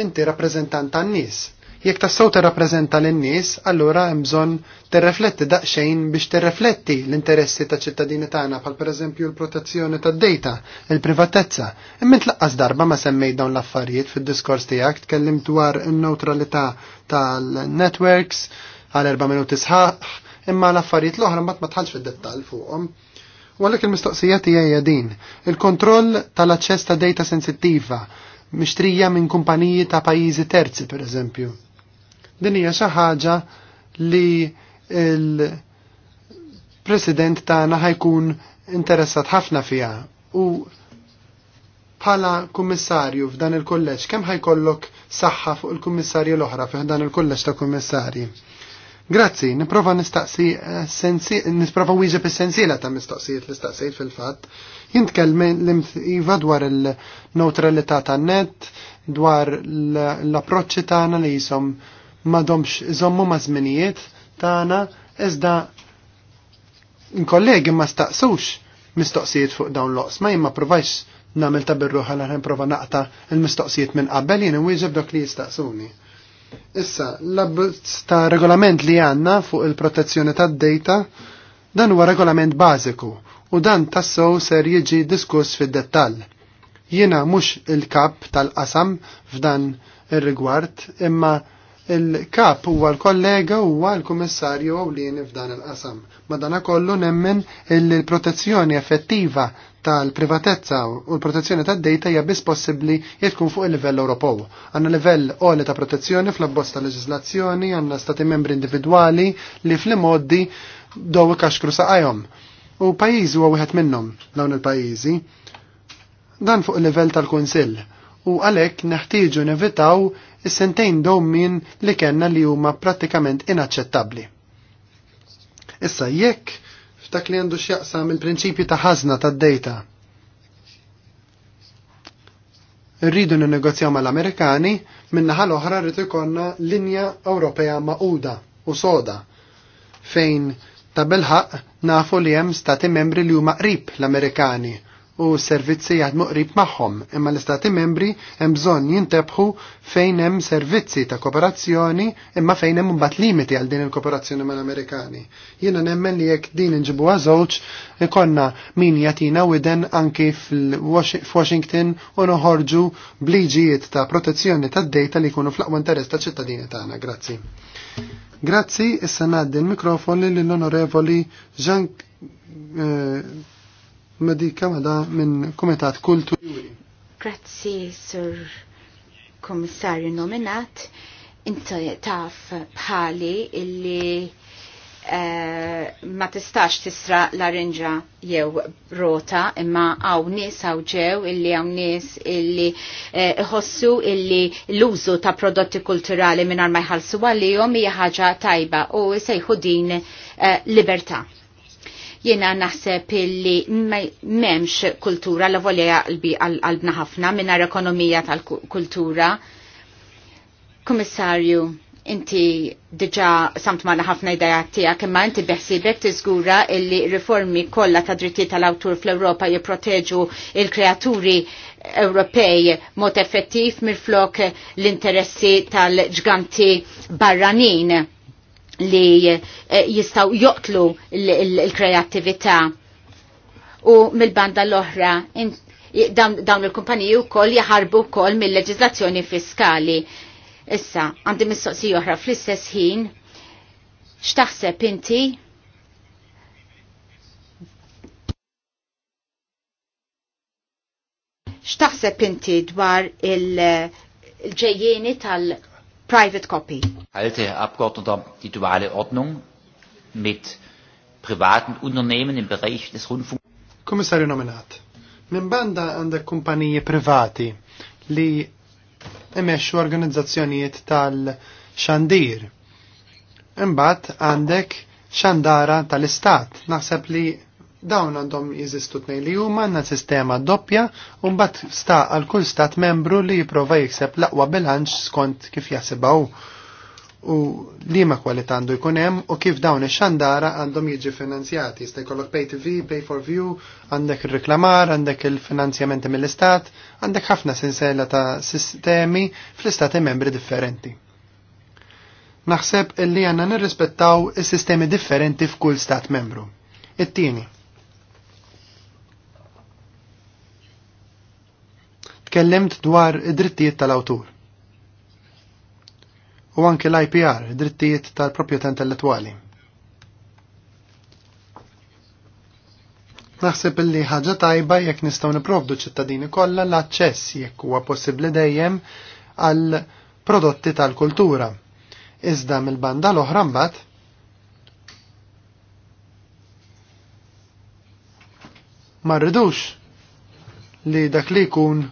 inti rappreżentant tan-nies Jekk tassaw tirrappreżenta lin-nies, allura hemm bżonn tirrefletti daqsxejn biex tirrefletti l-interessi ta' ċittadini tagħna bħal pereżempju l-protezzjoni tad-dejta, il-privatezza. Imma tlaqqas darba ma semmej dawn l-affarijiet fid-diskors tiegħek tkellim dwar in-neutralità tal-networks għal erba' minuti sħaħ, imma l-affarijiet l-oħra mbagħad ma tħallx fid-dettall fuqhom. U għalhekk il-mistoqsija tijaj din, il-kontroll tal-aċċess ta' data sensittiva, mixtrija minn kumpaniji ta' pajizi terzi, per eżempju. Din hija xi ħaġa li il-President tagħna ħajkun interessat ħafna fiha u bħala kummissarju f'dan il kolleġġ kemm ħajkollok saħħa fuq il-kummissarju l-oħra fih dan il kolleġġ ta' kummissarji. Grazzi, niprofa nistaqsi eh, sensi, niprofa wieġeb essenzjela ta' mistoqsijiet li staqsijiet fil-fatt. Jintkellem l-imtiva dwar il-neutralità tan net, dwar l-approċċi tagħna li jisom madomx iżommu ma' żminijiet tagħna iżda n-kollegi ma staqsux mistoqsijiet fuq dawn loqs ma jimma provajx namel ta' birruħa l prova naqta il-mistoqsijiet minn qabel jien wieġeb dok li jistaqsuni. Issa, l abbuz ta' regolament li għanna fuq il-protezzjoni ta' data dan huwa regolament bażiku u dan tassow ser jiġi diskuss fid-dettall. Jiena mhux il-kap tal-qasam f'dan ir-rigward imma il-kap huwa l-kollega huwa l-kummissarju għawlini f'dan il-qasam. Madana kollu nemmen il-protezzjoni effettiva tal-privatezza u l-protezzjoni tad data hija biss possibbli tkun fuq il-livell Ewropew. Għanna livell għoli ta' protezzjoni fl abbost ta' leġislazzjoni, għandna stati membri individwali li fl-imoddi dowi kaxkru saqajhom. U pajjiżi huwa wieħed minnhom dawn il-pajjiżi. Dan fuq il-livell tal-Kunsill. U għalhekk neħtieġu nevitaw is-sentejn min li kellna li huma prattikament inaċċettabbli. Issa jekk f'dak li għandu x'jaqsam il-prinċipju ta' ħażna tad-dejta rridu ninnegozjaw mal-Amerikani, minnaħa l-oħra rrid ikollna linja Ewropea maquda u soda fejn ta' bilħaq nafu li hemm stati membri li huma qrib l-Amerikani u servizzi jaħdmu qrib magħhom, imma l-Istati membri hemm bżonn jintebħu fejn hemm servizzi ta' kooperazzjoni imma fejn hemm mbagħad limiti għal din il-kooperazzjoni mal-Amerikani. Jiena nemmen li jekk din inġibuha żewġ ikonna min jatina widen anki f'Washington u noħorġu bliġijiet ta' protezzjoni tad-dejta li jkunu fl-aqwa interess ta' ċittadini tagħna. Grazzi. Grazzi, issa ngħaddi l-mikrofon lill-Onorevoli Jean eh, medika mada mela minn Komitat Kulturi. Grazzi, Sur Komissarju nominat. Inti taf bħali illi eh, ma tistax tisra rinġa jew rota imma għaw nis għaw ġew illi għaw nis illi eh, iħossu illi l-użu ta' prodotti kulturali minn ma jħalsu għalijom hija ħaġa tajba u sejħu din eh, libertà. Jena naħseb illi memx kultura la volja għalbna ħafna minna ekonomija tal-kultura. Komissarju, inti diġa samt maħna ħafna ideja tija imma inti beħsibek tiżgura illi riformi kollha ta' drittijiet tal-awtur fl-Ewropa jipproteġu il-kreaturi Ewropej mod effettiv mir flok l-interessi tal-ġganti barranin li eh, jistaw joqtlu l-kreativita u mill-banda l-oħra dawn il-kumpaniji u koll jaharbu koll mill-leġizlazzjoni fiskali. Issa, għandi mistoqsi oħra fl-istess ħin, xtaħseb inti xtaħseb inti dwar il-ġejjeni tal- private copy. Alte Abgeordnete, die duale Ordnung mit privaten Unternehmen im Bereich des Rundfunks. Kommissario nominat, minn banda għandek kumpaniji privati li emesċu organizzazzjonijiet tal-xandir. Imbat għandek xandara tal-istat. Naħseb li dawn għandhom jizistu tnejn li huma għandna sistema doppja u mbagħad sta għal kull stat membru li jipprova jikseb l-aqwa bilanċ skont kif jaħsibgħu u li ma kwalità għandu jkun hemm u kif dawn ix-xandara għandhom jiġi finanzjati. Jista' jkollok pay TV, pay for view, għandek ir-reklamar, għandek il-finanzjamenti mill-istat, għandek ħafna sinsela ta' sistemi fl-istati membri differenti. Naħseb illi għandna nirrispettaw is-sistemi differenti f'kull stat membru. It-tieni, tkellimt dwar id-drittijiet tal-awtur. U anke l-IPR, drittijiet tal-proprjetà intellettwali. Naħseb illi ħaġa tajba jekk nistgħu niprovdu ċittadini kollha l-aċċess jekk huwa possibbli dejjem għal prodotti tal-kultura. Iżda mill-banda l-oħra mbagħad ma rridux li dak li jkun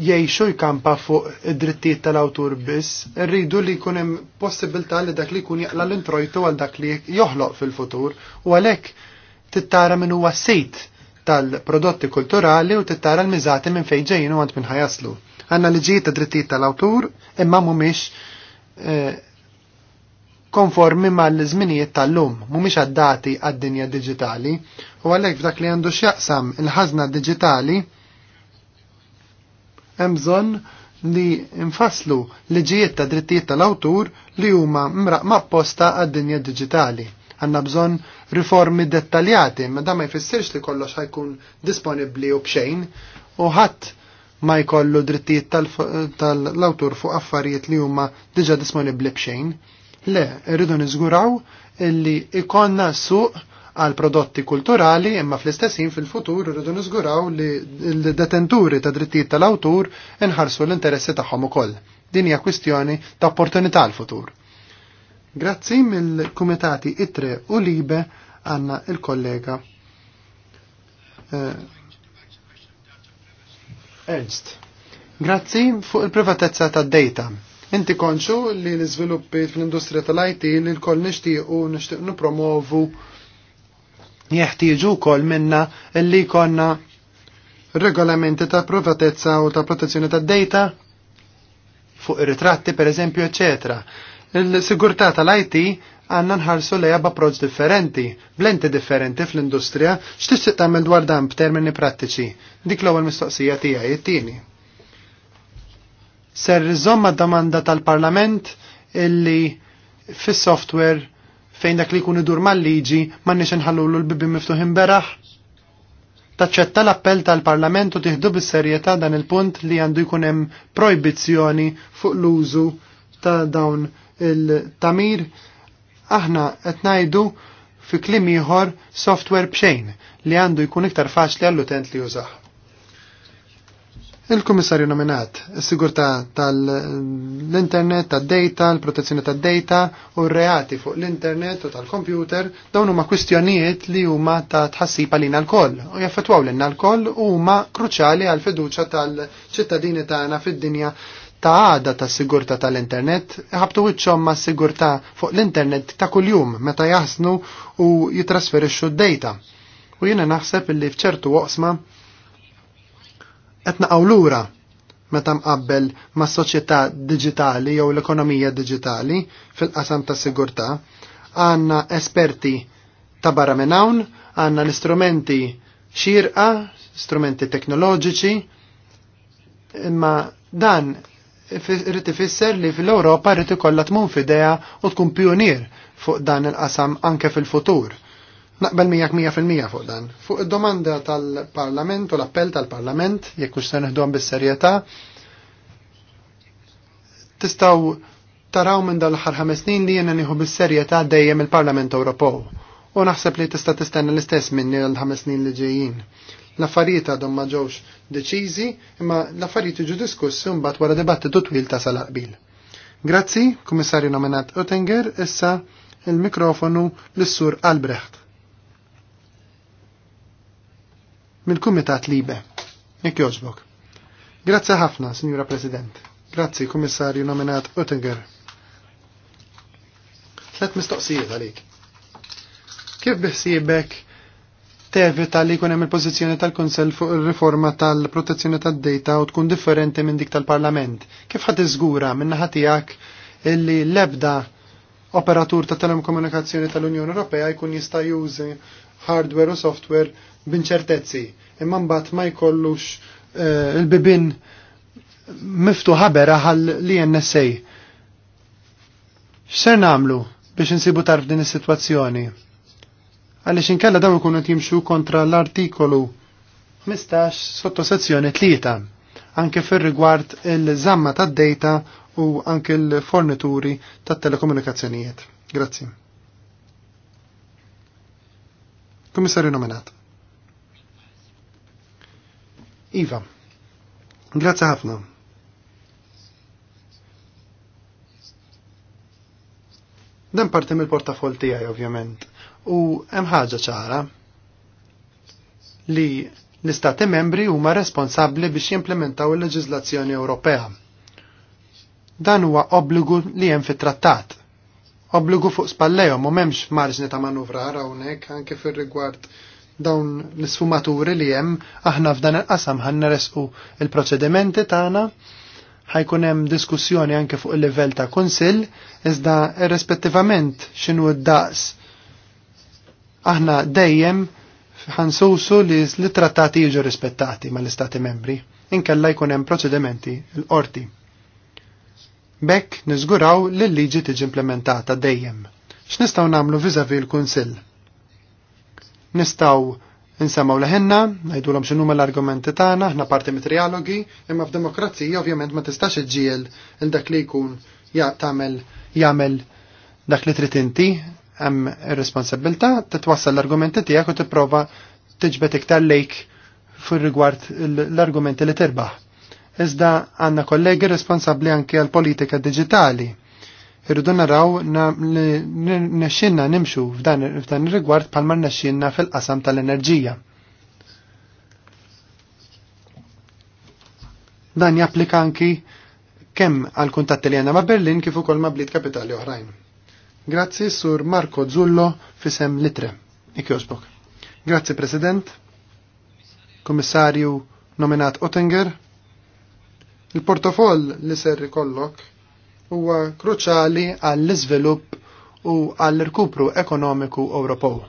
jiexu jkampa fuq id-drittijiet tal-awtur biss, rridu li jkun hemm possibilità li dak li jkun jaqla l-introjtu għal dak li joħloq fil-futur u għalhekk tittara minn huwa sejt tal-prodotti kulturali u tittara l-miżati minn fejn ġejjin u għand minn ħajaslu. Għandna liġijiet id drittijiet tal-awtur imma mhumiex eh, konformi mal-żminijiet tal-lum, mhumiex għaddati għad-dinja diġitali u għalhekk f'dak li għandu x'jaqsam il-ħażna diġitali hemm bżonn li nfasslu liġijiet ta' drittijiet tal-awtur li huma mraqma apposta għad-dinja digitali. Għanna bżonn riformi dettaljati, ma da ma jfissirx li kollox ħajkun disponibli u bxejn u ħadd ma jkollu drittijiet tal-awtur fuq affarijiet li huma diġa disponibli bxejn. Le, rridu niżguraw illi ikonna suq għal prodotti kulturali imma fl-istessin fil-futur rridu niżguraw li l-detenturi ta' drittijiet tal-awtur inħarsu l-interessi tagħhom ukoll. Din hija kwistjoni ta' opportunità l-futur. Grazzi mill-Kumitati Itre u Libe għanna il-kollega eh, Ernst. Grazzi fuq il-privatezza ta' data. Inti konċu li l-izviluppi fl-industrija tal-IT li l-koll nishtiqu nishtiq nipromovu jeħtieġu wkoll minna illi konna regolamenti ta' privatezza u ta' protezzjoni ta' data fuq ritratti per eżempju, eccetera. Il-sigurtà tal-IT għanna nħarsu lejha b'approċċ differenti, blenti differenti fl-industrija, x'tixtieq tagħmel dwar dan b'termini prattiċi. Dik l-ewwel mistoqsija tiegħi it-tieni. Ser riżomma domanda tal-Parlament illi fis-software fejn dak li jkun idur mal-liġi m'għandniex inħallulu l-bibi miftuħin beraħ? Taċċetta l-appell tal-Parlament u tieħdu bis-serjetà dan il-punt li għandu jkun hemm projbizzjoni fuq l-użu ta' dawn il-tamir. Aħna qed ngħidu fi kliem ieħor software b'xejn li għandu jkun iktar faċli għall-utent li jużaħ. Il-Kummissarju nominat, s-sigurta tal-internet, tad-data, l-protezzjoni tad-data u r-reati fuq l-internet u tal-kompjuter dawn huma kwistjonijiet li huma ta' tħassib għalina l-koll u jaffetwaw l l-koll u huma kruċali għal fiduċa tal-ċittadini tagħna fid-dinja ta' għada ta' sigurta tal-internet, ħabtu wiċċom ma' sigurta fuq l-internet ta' kuljum meta jaħsnu u jitrasferixxu d-data. U jiena naħseb li fċertu waqsma' qed naqgħu lura meta mqabbel ma' soċjetà diġitali jew l-ekonomija diġitali fil-qasam ta' sigurtà għandna esperti ta' barra minn hawn, għandna l-istrumenti xirqa, strumenti teknoloġiċi, imma dan irid ifisser li fil-Ewropa rrid ikollha tmun f'idea u tkun pionier fuq dan il-qasam anke fil-futur Naqbel mija fil-mija fuq dan. Fuq id-domanda tal-Parlament u l-appell tal-Parlament, jekk mhux se neħduhom bis-serjetà, tistgħu taraw minn dal-aħħar ħames snin li jenna nieħu bis-serjetà dejjem il-Parlament Ewropew. U naħseb li tista' tistenna l-istess minni l-ħames snin li ġejjin. L-affarijiet għadhom ma ġewx deċiżi, imma l-affarijiet jiġu diskussi mbagħad wara dibattitu twil ta' sal-qbil. Grazzi, Kummissarju nominat Oettinger, issa il-mikrofonu l-Sur Albrecht. mill-Kumitat Libe. Jekk joġbok. Grazzi ħafna, Signora President. Grazzi, Kummissarju nominat Oettinger. Tlet mistoqsijiet għalik. Kif biħsiebek tevita li kunem il-pozizjoni tal-Konsell fuq il-riforma tal-protezzjoni tad-data u tkun differenti minn dik tal-Parlament. Kif ħad iżgura minn ħatijak illi lebda operatur ta' telekomunikazzjoni tal-Unjoni Ewropea jkun jista' jużi hardware u software b'inċertezzi, imma mbagħad ma jkollux eh, il-bibin miftu ħabera għal li NSA. X'ser nagħmlu biex insibu tarf din is-sitwazzjoni? Għaliex inkella dawn ikunu jimxu kontra l-artikolu 15 sezzjoni 3 anke fir-rigward il-żamma tad-data u anke l-fornituri tat-telekomunikazzjonijiet. Grazzi. Komissarju nominat. Iva, grazzi ħafna. Dan parti mill-portafol tiegħi ovvjament. U hemm ħaġa ċara li l-istati membri huma responsabbli biex jimplementaw il-leġiżlazzjoni Ewropea. Dan huwa obbligu li hemm fit-trattat. Obbligu fuq spallejhom u m'hemmx marġni ta' manuvra hawnhekk anke fir-rigward dawn l-sfumaturi li hemm aħna f'dan il-qasam ħan neresqu il-proċedimenti tagħna ħajkun hemm diskussjoni anke fuq il-livell ta' kunsill iżda irrispettivament xinu d-daqs aħna dejjem ħansusu li l-trattati jiġu rispettati mal-Istati membri inkella jkun hemm proċedimenti l-qorti. Bekk niżguraw li l-liġi tiġi implementata dejjem. X'nistgħu nagħmlu viżavi l-Kunsill? nistaw Insemaw leħenna, najdulom xinu l-argumenti tagħna, ħna parti mit-trialogi, imma f'demokrazija ovvjament ma tistax iġġiel il-dak li jkun jgħamil jagħmel dak li trid inti hemm ir-responsabilità titwassal l-argumenti tiegħek u tipprova tiġbed iktar lejk fur rigward l-argumenti li terbaħ. Iżda għandna kollegi responsabbli anke għal politika digitali Irridu naraw li nimxu f'dan ir-rigward palma nexxinna fil-qasam tal-enerġija. Dan japplika anki kemm għal kuntatti li għanna ma' Berlin kif ukoll ma' blit kapitali oħrajn. Grazzi sur Marco Zullo fisem Litre. Ikjosbok. Grazzi President, Komissarju nominat Ottinger, il portofoll li serri kollok huwa kruċali għall-iżvilupp u għall-irkupru ekonomiku Ewropew.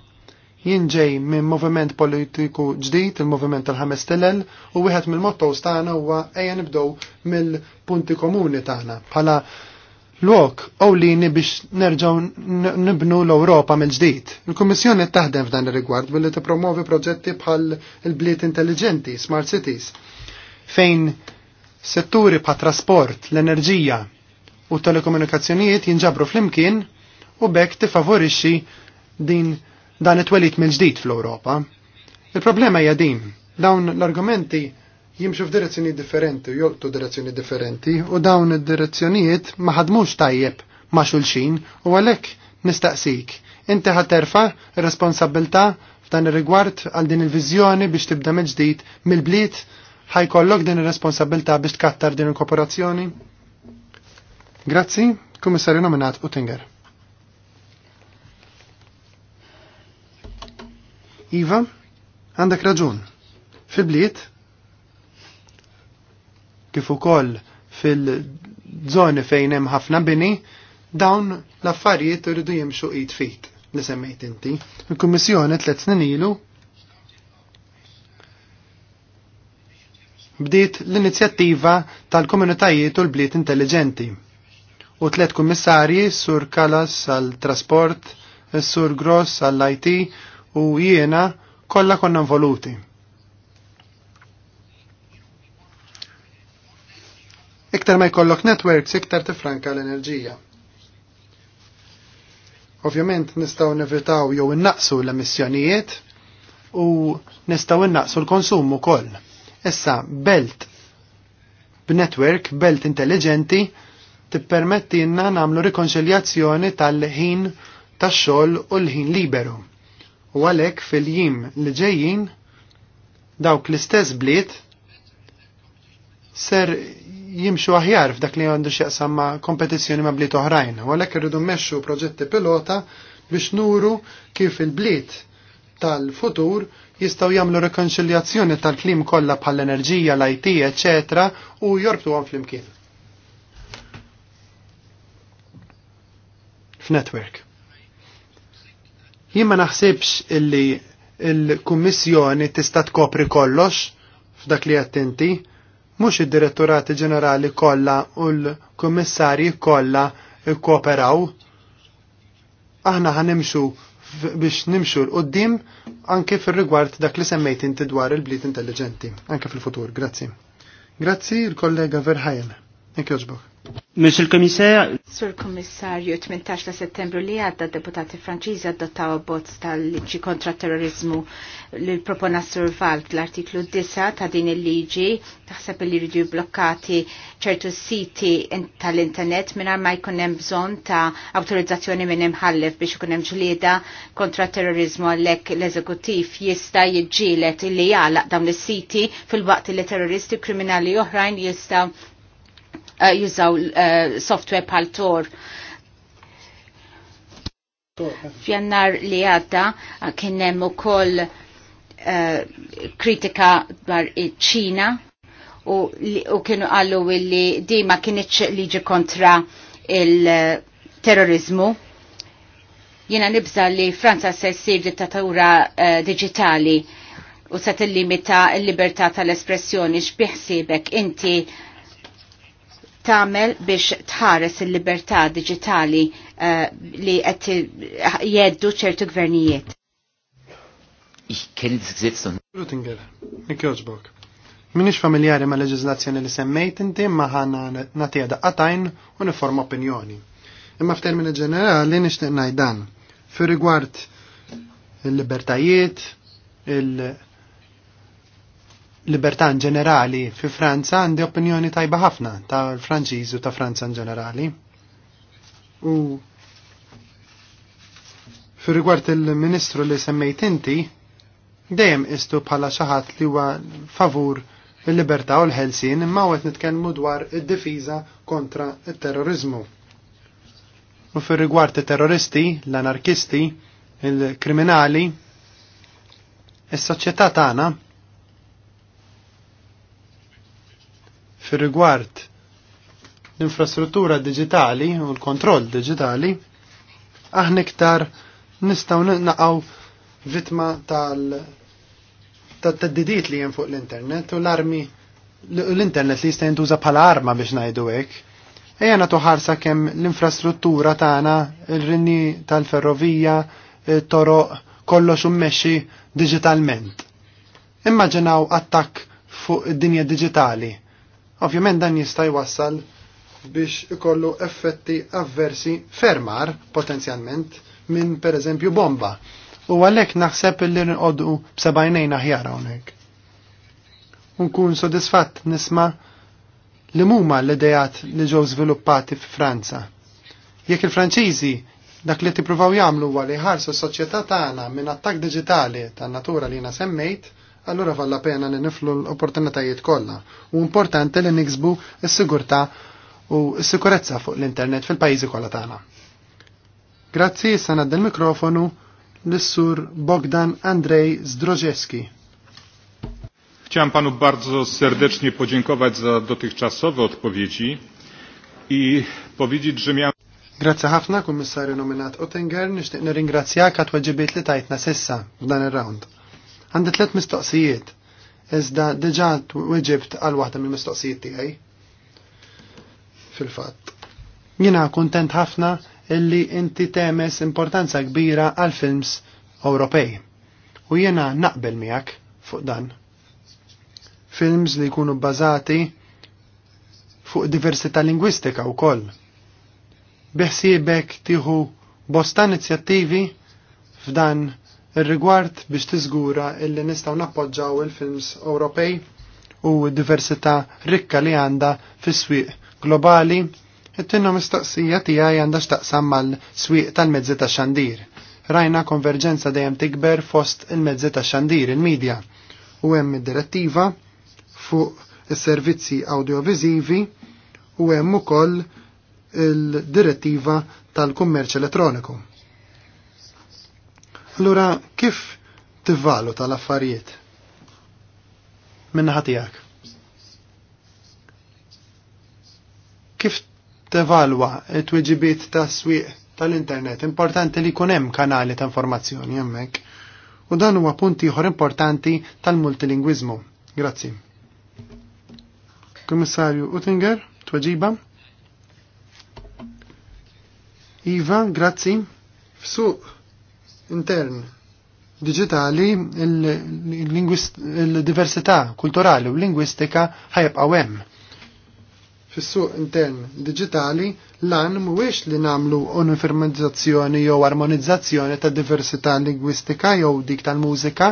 Jien ġej minn moviment politiku ġdid, il-moviment tal-ħames Tilel, u wieħed mill-mottos tagħna huwa ejja nibdew mill-punti komuni tagħna bħala luok owlini biex nerġaw nibnu l-Europa mill ġdid Il-Kommissjoni taħdem f'dan ir-rigward billi tippromovi proġetti bħal il-bliet intelligenti, smart cities, fejn setturi bħal trasport, l-enerġija, u telekomunikazzjonijiet jinġabru flimkien u bekk tifavorixxi din dan it-twelit mill-ġdid fl-Ewropa. Il-problema hija din, dawn l-argumenti jimxu f'direzzjoni differenti u joqtu direzzjoni differenti u dawn id-direzzjonijiet ma ħadmux tajjeb ma' xulxin u għalhekk nistaqsik. Inti ħaterfa r-responsabilità f'dan ir-rigward għal din il-viżjoni biex tibda mill-ġdid mill-bliet ħajkollok din ir-responsabilità biex tkattar din il-kooperazzjoni? Grazzi, Kummissarju nominat Uttinger. Iva, għandek raġun. Fil-bliet, kif ukoll fil-żoni fejn hemm ħafna bini, dawn l-affarijiet irridu jimxu id fit li semmejt inti. Il-Kummissjoni tliet snin ilu bdiet l-inizjattiva tal-komunitajiet u l-bliet intelligenti u tlet kummissarji sur Kalas għal trasport, sur Gross għall IT u jiena kollha konna involuti. Iktar ma jkollok networks, iktar tifranka l-enerġija. Ovvjament nistgħu nevitaw jew innaqsu l-emissjonijiet u nistgħu innaqsu l-konsum ukoll. Issa belt b'network, belt intelligenti, tippermetti inna namlu rikonċiljazzjoni tal-ħin tax-xogħol u l-ħin liberu. U għalhekk fil jim li ġejjin dawk l-istess bliet ser jimxu aħjar f'dak li għandu x'jaqsam ma' kompetizzjoni ma' bliet oħrajn. U għalhekk irridu mmexxu proġetti pilota biex nuru kif il-bliet tal-futur jistaw jamlu rekonċiljazzjoni tal-klim kollha bħall-enerġija, l-IT, eċetera, u jorbtu għan fl-imkien. f'network. Jien ma naħsibx illi il-Kummissjoni tista' tkopri kollox f'dak li qed inti, mhux id-Diretturati Ġenerali kollha u l-Kummissarji kollha ikkooperaw. Aħna ħanimxu biex nimxu l-qoddim anke fil-rigward dak li semmejt inti dwar il-bliet intelligenti, anke fil-futur. Grazzi. Grazzi il-kollega Verhajem. Ekk joġbok. Monsieur il-Komissar. Sur Komissarju, 18 settembru li għadda deputati franċiżi adottaw abbozz tal-liġi kontra terrorizmu li propona survalt l-artiklu 9 ta' din il-liġi taħseb li jridu blokkati ċertu siti tal-internet minn ma jkun hemm bżonn ta' awtorizzazzjoni minn imħallef biex ikun hemm ġlieda kontra terrorizmu għalhekk l-eżekuttiv jista' jiġġielet li jgħalaq dawn is-siti fil-waqt li terroristi kriminali oħrajn jista' Eh, jużaw eh, software pal Tor. Fjannar li għadda eh, kien hemm ukoll kritika dwar iċ-Ċina u kienu għallu li di ma kienieċ liġi kontra il-terrorizmu. Jena nibza li Franza se ssir dittatura uh, digitali u se tillimita l-libertà tal-espressjoni x'biħsibek inti Tamel biex tħares il-libertà diġitali uh, eh, li qed jeddu ċertu gvernijiet? Ich Rutinger, Minix familjari ma' leġizlazzjoni li semmejt inti ma' ħana natija qatajn u niforma opinjoni. Imma f'termini ġenerali nixtieq ngħid dan. Fir rigward il-libertajiet, il-libertajiet libertà in ġenerali fi Franza għandi opinjoni tajba ħafna ta' Franċiż u ta' Franza in generali. U fi rigward il-Ministru li semmejt inti, dejjem istu bħala xi ħadd li huwa favur il-libertà u l-ħelsin imma qed nitkellmu dwar id-difiża kontra il terrorizmu U fi rigward it-terroristi, l-anarkisti, il-kriminali, is-soċjetà tagħna fir rigward l-infrastruttura digitali u l-kontroll digitali, aħna iktar nistaw naqaw vitma tal tad-teddidiet li jen fuq l-internet u l-armi l-internet li jista' jintuża bħala arma biex ngħidu hekk. Ejja nagħtu ħarsa kemm l-infrastruttura tagħna, il-rinni tal-ferrovija, il-toroq, kollox ummexxi diġitalment. Immaġinaw attakk fuq id-dinja digitali Ovvjament dan jista' jwassal biex ikollu effetti avversi fermar potenzjalment minn pereżempju bomba. U għalhekk naħseb li nqogħdu b'sebajnejn aħjar hawnhekk. Unkun sodisfatt nisma' li huma l-idejat li ġew żviluppati f'Franza. Jekk il-Franċiżi dak li tippruvaw jagħmlu huwa li ħarsu s-soċjetà tagħna minn attak diġitali tan-natura li jiena semmejt, allura valla pena li niflu l-opportunitajiet kollha. U importanti li niksbu s-sigurtà u s-sikurezza fuq l-internet fil-pajjiżi kollha tagħna. Grazzi, issa ngħaddi mikrofonu l-sur Bogdan Andrej Zdrożewski. Chciałem panu bardzo serdecznie podziękować za dotychczasowe odpowiedzi i powiedzieć, że miałem... Grazie ħafna, kummissarju nominat Ottinger, nishtiq nirringrazzjak għat waġibiet li tajtna sissa f'dan ir-round. Għandi tliet mistoqsijiet, iżda diġà weġibt għal waħda mill-mistoqsijiet tiegħi. Fil-fatt. Jiena kuntent ħafna illi inti temes importanza kbira għal films Ewropej. U jiena naqbel miegħek fuq dan. Films li jkunu bbażati fuq diversità lingwistika wkoll. Beħsiebek tieħu bosta inizjattivi f'dan ir-rigward biex tiżgura illi nistgħu nappoġġaw il-films Ewropej u d-diversità rikka li għandha fis-swieq globali it-tinnu mistaqsija tiegħi għandha x'taqsam mal-swieq tal-mezzi ta' xandir. Rajna konverġenza dejjem tikber fost il-mezzi ta' xandir il-medja. U hemm id-direttiva fuq is-servizzi audiovisivi u hemm ukoll il-direttiva tal-kummerċ elettroniku. Allura kif tivvalu tal-affarijiet? Minna ħatijak. Kif tevalwa it-tweġibiet ta' swieq tal-internet? Importanti li kunem kanali ta' informazzjoni jemmek. U dan huwa punti ieħor importanti tal-multilingwiżmu. Grazzi. Kummissarju Uttinger, tweġiba. Iva, grazzi. Fsuq intern digitali il-diversità kulturali u lingwistika ħajbqaw hemm. Fis-suq intern digitali lan mhuwiex li nagħmlu uniformizzazzjoni jew armonizzazzjoni ta' diversità lingwistika jew dik tal-mużika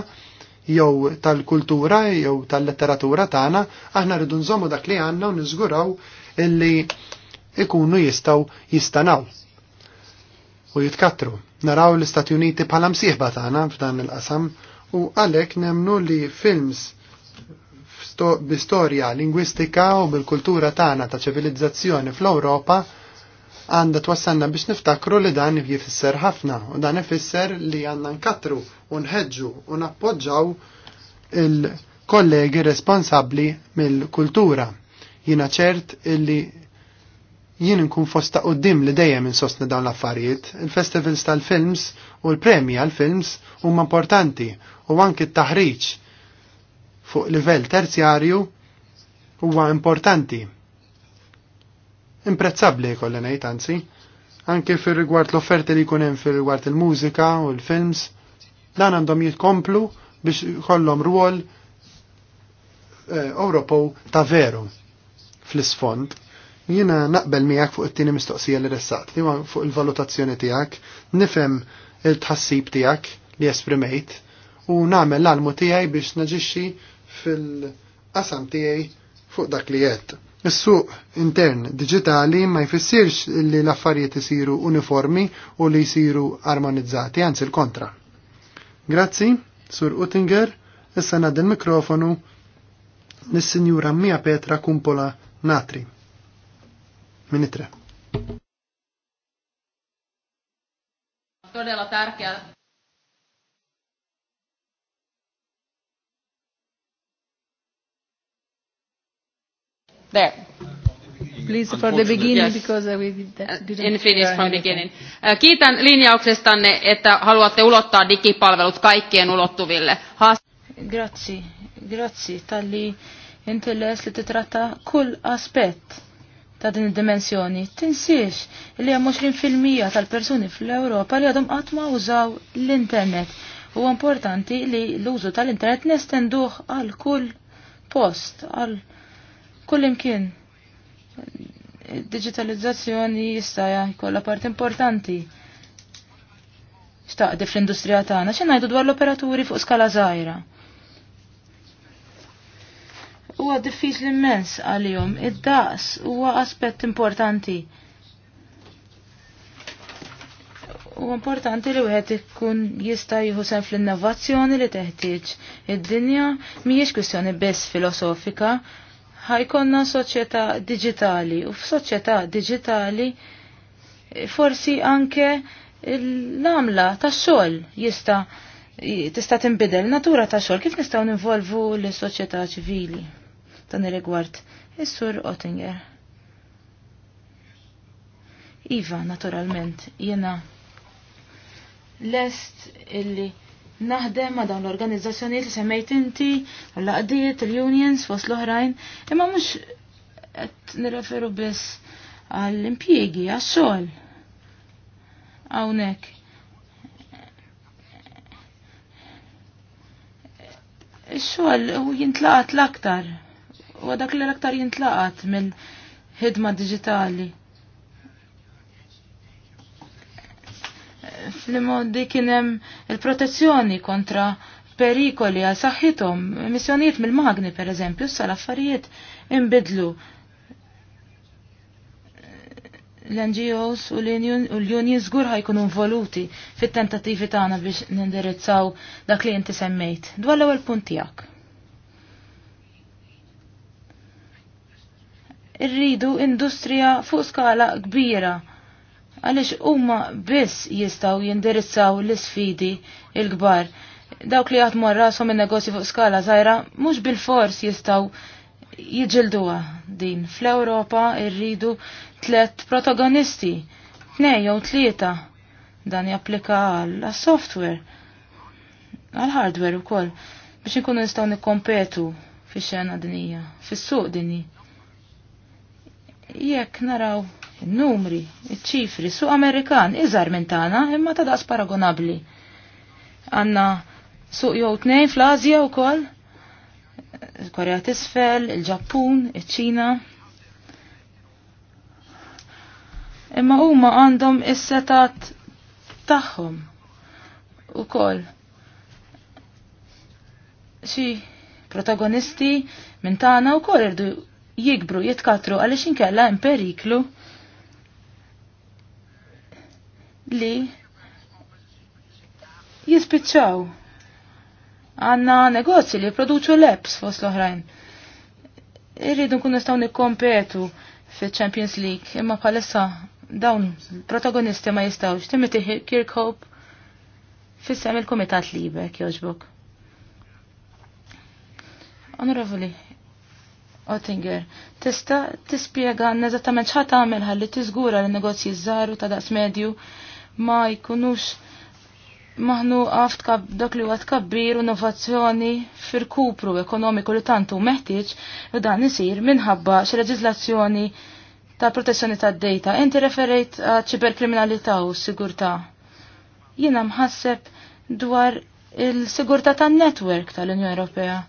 jew tal-kultura jew tal-letteratura tagħna, aħna rridu nżommu dak li għandna u niżguraw illi ikunu jistaw jistanaw u jitkattru naraw l-Istati Uniti bħala msieħba tagħna f'dan il-qasam u għalhekk nemnu li films bi-storja lingwistika u bil-kultura tagħna ta' ċivilizzazzjoni fl-Ewropa għandha twassanna biex niftakru li dan jifisser ħafna u dan ifisser li għandna nkatru u nħedġu u nappoġġaw il-kollegi responsabli mill-kultura. Jina ċert illi jien nkun fost ta' qoddim li dejjem insostni dawn l-affarijiet. Il-festivals tal-films u l-premji għal-films huma importanti u anki t-taħriġ fuq livell terzjarju huwa importanti. Imprezzabbli jkolli ngħid anzi, anke fir-rigward l-offerti li jkun hemm fir-rigward il-mużika u l-films, dan għandhom jitkomplu biex kollhom rwol eh, Ewropew ta' veru fl-isfond Jiena naqbel miegħek fuq it-tieni mistoqsija li ressaqt li fuq il-valutazzjoni tiegħek, nifhem il-tħassib tiegħek li esprimejt u nagħmel l-almu tiegħi biex naġixxi fil-qasam tiegħi fuq dak li qed. Is-suq intern diġitali ma jfissirx li l-affarijiet isiru uniformi u li jsiru armonizzati, anzi l-kontra. Grazzi, Sur Uttinger, issa nad il-mikrofonu lis-Sinjura Mia Petra Kumpola Natri. Min itre. There. Please for the beginning yes. because we did that. Uh, didn't In Finnish from beginning. Uh, kiitän linjauksestanne, että haluatte ulottaa digipalvelut kaikkien ulottuville. Haast Grazie. Grazie. Tali inti les li titratta kull ta' din id-dimensjoni. Tinsiex li hemm 20% tal-persuni fl-Ewropa li għadhom qatt ma użaw l-internet. Huwa importanti li l-użu tal-internet nestenduh għal kull post, għal kull imkien. Digitalizzazzjoni jista' jkollha part importanti. Xtaqdi fl-industrija tagħna ngħidu dwar l-operaturi fuq skala żgħira huwa diffiċli immens għalihom. Id-daqs huwa aspett importanti. U importanti li wieħed ikun jista' jieħu sen fl-innovazzjoni li teħtieġ. Id-dinja mhijiex kwistjoni biss filosofika, ħajkonna soċjetà diġitali u f'soċjetà diġitali forsi anke l-għamla tax-xogħol jista' tista' tinbidel natura ta' xogħol kif nistgħu nivolvu l-soċjetà ċivili dan ir-rigward. Is-sur Ottinger. Iva, naturalment, jena lest illi naħdem ma dawn l-organizzazzjonijiet li semmejt inti, l-laqdiet, l-unions, fos l-oħrajn, imma mux qed nirreferu biss għall-impjiegi, għax-xogħol. Hawnhekk. Xol, u jintlaqat l-aktar u dak li l-aktar jintlaqat mill-ħidma digitali. Fl-modi kienem il-protezzjoni kontra perikoli għal saħħithom, missjonijiet mill-magni per eżempju, sa l-affarijiet imbidlu l-NGOs u l-Union żgur ħajkunu involuti fit-tentattivi tagħna biex nindirizzaw dak li inti semmejt. Dwar l-ewwel punt tiegħek. irridu industrija fuq skala kbira għaliex huma biss jistgħu jindirizzaw l-isfidi il-kbar. Dawk li għatmu rasom il-negozju fuq skala zaħira, mhux bil-fors jistgħu jiġilduha din. fl ewropa rridu tlet protagonisti, tnej jew tlieta. Dan japplika għal software għal hardware koll, biex inkunu nistgħu nikkompetu fix-xena dinija, fis-suq dinji jekk naraw numri, ċifri, su Amerikan, iżar minn tagħna imma ta' daqs paragonabli. Għanna suq jew tnejn fl-Azja wkoll, Korea tisfel, il-Ġappun, iċ-Ċina. Imma huma għandhom is-setat tagħhom ukoll. Xi protagonisti minn tagħna wkoll irdu jikbru, jitkatru, għalix inkella hemm periklu li jispiċċaw. Għanna negozji li jipproduċu leps fost l-oħrajn. Irridu nkunu nistgħu nikkompetu fil-Champions League, imma palessa dawn protagonisti ma jistawx. Timothy Kirkhope fissem il-Komitat Libe, kjoġbok. Onorevoli, Ottinger, tista tispiega għanna eżattament xħat għamil ħalli tiżgura li negozji żgħar ta' daqs medju ma jkunux maħnu għaft dak li għat kabbir innovazzjoni fir-kupru ekonomiku li tantu meħtieġ u dan isir minħabba xi leġiżlazzjoni ta' protezzjoni ta' data. Inti referejt għat-ċiber ċiberkriminalità u s-sigurtà. Jiena mħasseb dwar il-sigurtà tan-netwerk tal-Unjoni Ewropea.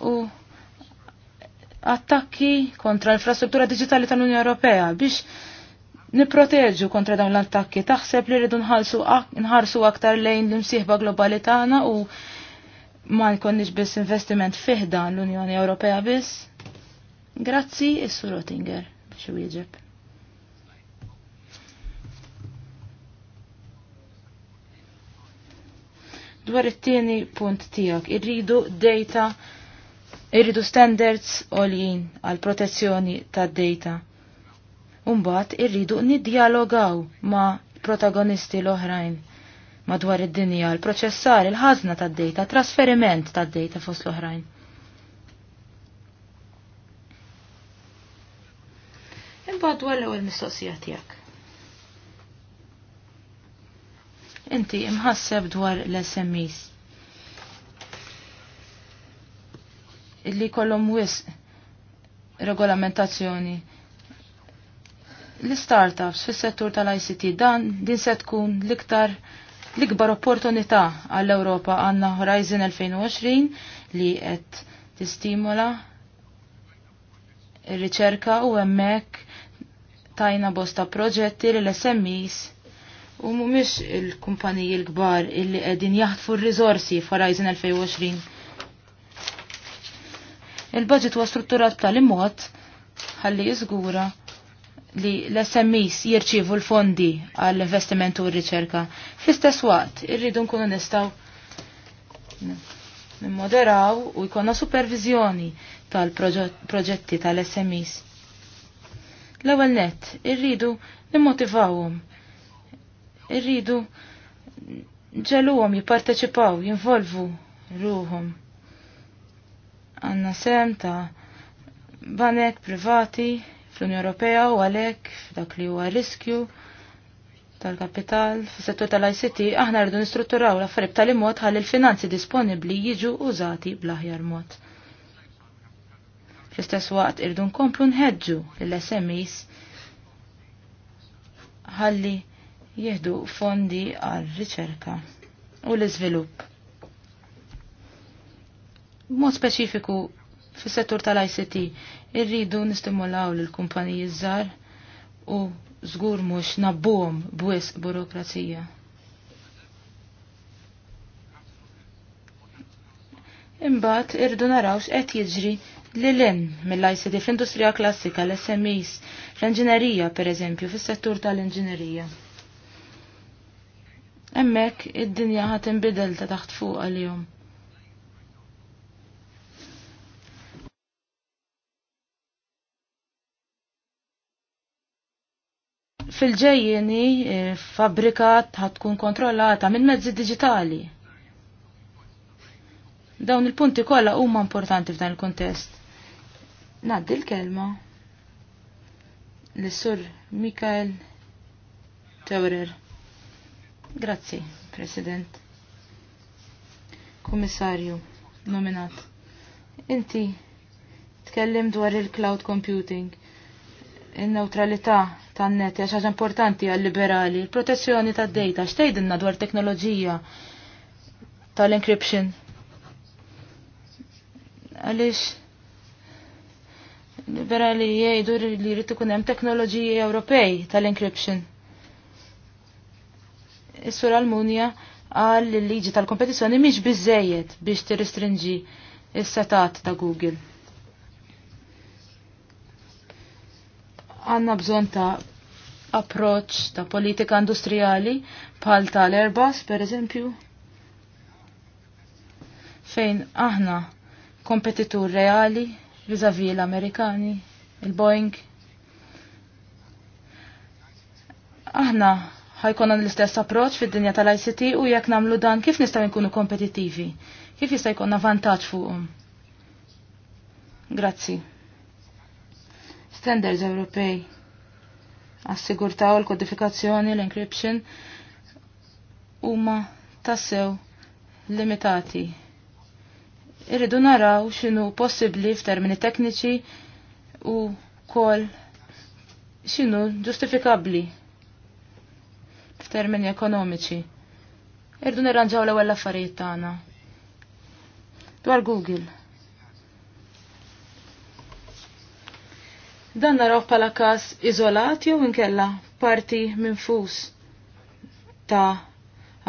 U attakki kontra l-infrastruttura digitali tal-Unjoni Ewropea biex niproteġu kontra dawn l-attakki. Taħseb li rridu nħarsu aktar lejn l-imsieħba globali tagħna u ma jkollniex biss investiment fiħda l-Unjoni Ewropea biss. Grazzi, is-Sur Rottinger, biex wieġeb. Dwar it-tieni punt tiegħek, irridu data Irridu standards għoljin għal protezzjoni tad data Umbat irridu nid-dialogaw ma' protagonisti l-oħrajn madwar id-dinja l proċessar il-ħazna tad data trasferiment tad data fost l-oħrajn. Imbagħad dwar l-ewwel mistoqsija tiegħek. Inti imħasseb dwar l-SMEs. Li kollom wisq regolamentazzjoni. L-startups fis-settur tal-ICT dan din se tkun l-iktar l-ikbar opportunità għall-Ewropa għandna Horizon 2020 li qed tistimola ir-riċerka u hemmhekk tajna bosta proġetti li l-SMEs u mhumiex il-kumpaniji l-kbar illi qegħdin jaħtfu r-riżorsi f'Horizon 2020 Il-budget huwa strutturat tal-imod ħalli jiżgura li l-SMEs jirċivu l-fondi għall-investiment u r-riċerka. Fl-istess waqt, irridu nkunu nistaw nimmoderaw u jkonna supervizjoni tal-proġetti tal-SMEs. L-ewwel net, irridu nimmotivawhom. Irridu ġeluhom jipparteċipaw, jinvolvu ruhom għanna sem ta' banek privati fl-Unjoni Ewropea u għalhekk f'dak li huwa riskju tal-kapital fis-settur tal-ICT aħna rridu nistrutturaw l-affarijiet tal mod ħalli l-finanzi disponibbli jiġu użati bl-aħjar mod. Fl-istess waqt irridu nkomplu nħeġġu lill-SMEs ħalli jieħdu fondi għal riċerka u l-iżvilupp mod speċifiku fis-settur tal-ICT irridu nistimulaw l kumpaniji żgħar u żgur mhux nabbuhom bwis burokrazija. Imbagħad irridu naraw x'qed jiġri lil mill-ICT fl-industrija klassika l-SMEs, fl inġinerija pereżempju fis-settur tal-inġinerija. Hemmhekk id-dinja ħad inbidel ta' taħt fuq għalihom. fil-ġejjeni eh, fabrikat tkun kontrollata minn mezzi digitali. Dawn il-punti kollha huma importanti f'dan il-kontest. Naddi l-kelma l-sur Mikael Teurer. Grazzi, President. Kommissarju, nominat. Inti tkellim dwar il-cloud computing, in-neutralità tan-net għax importanti għal-liberali, protezzjoni tad-data, xtejdinna dwar teknoloġija tal-encryption. Għaliex liberali jgħidu li jrid ikun hemm teknoloġiji Ewropej tal-encryption. Is-sur Almunja għal liġi tal-kompetizzjoni mhix biżejjed biex tirristrinġi is-setat ta' Google. għanna bżon ta' approċ ta' politika industrijali bħal tal-Airbus, per eżempju, fejn aħna kompetitur reali vizavi l-Amerikani, il-Boeing. Aħna ħajkonna l-istess approċ fid-dinja tal-ICT u jekk namlu dan kif nistgħu nkunu kompetittivi? Kif jista' jkollna vantaġġ fuqhom? Grazzi standards Ewropej assigurtaw l-kodifikazzjoni, l-encryption huma tassew limitati. Irridu naraw x'inhu possibbli f'termini tekniċi u kol x'inhu ġustifikabbli f'termini ekonomiċi. Irridu nirranġaw l-ewwel affarijiet tagħna. Dwar Google Dan naraw bħala każ iżolat jew inkella parti minn fus ta'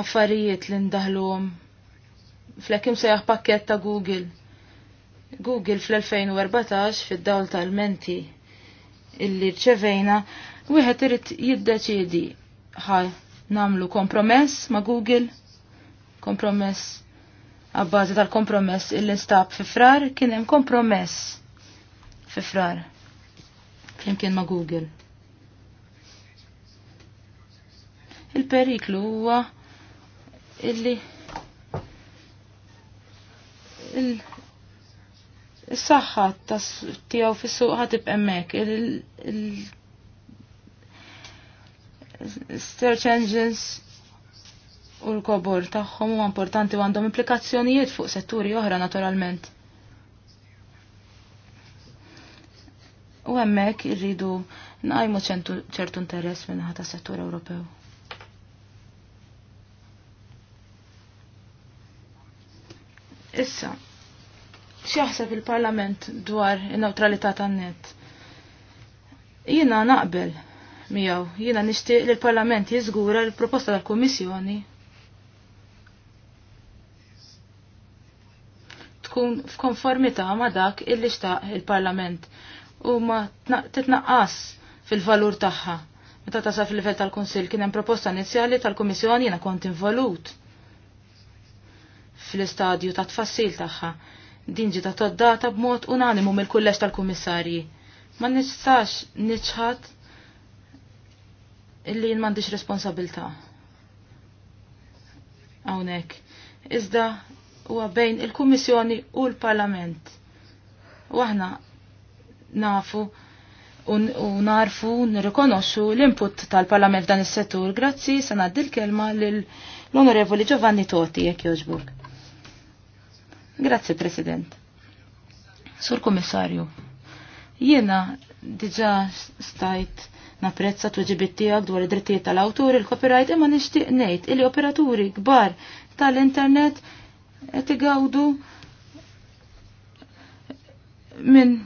affarijiet li ndaħluhom Flek ekim sejjaħ pakket ta' Google. Google fl-2014 fid-dawl tal-menti illi rċevejna, wieħed irid jiddeċiedi ħa namlu kompromess ma' Google, kompromess għabbażi tal-kompromess illi nstab fi frar, kien hemm kompromess fi frar jemkien ma' Google. Il-periklu huwa illi il Is-saħħa tiegħu fis-suq ħad hemmhekk. Il-search engines u l-kobor tagħhom huwa importanti għandhom implikazzjonijiet fuq setturi oħra naturalment. u hemmhekk irridu nqajmu ċertu interess minn ħata settur Ewropew. Issa, x'jaħseb il-Parlament dwar in-neutralità tan-net? Jiena naqbel miegħu, jiena nixtieq li l-Parlament jiżgura l-proposta tal-Kummissjoni tkun f'konformità ma' dak il-li xtaq il-Parlament u ma titnaqqas fil-valur tagħha. Meta tasa fil-livell tal konsil kien hemm proposta inizjali tal-Kummissjoni jiena kont involut fil-istadju ta' tfassil tagħha. Din ta' toddata b'mod unanimu mill-kulleġġ tal-Kummissarji. Ma nistax niċħad illi jien m'għandix responsabilità. Hawnhekk. Iżda huwa bejn il-Kummissjoni u l-Parlament. U aħna nafu u narfu nirrikonoxxu l-input tal-Parlament f'dan is-settur. Grazzi, se ngħaddi l-kelma lill-Onorevoli Giovanni Toti jekk jogħġbok. Grazzi, President. Sur Komissarju, jiena diġà stajt napprezza tweġibiet tiegħek dwar id-drittijiet tal-awtur, il-copyright, imma nixtieq ngħid li operaturi kbar tal-internet qed igawdu minn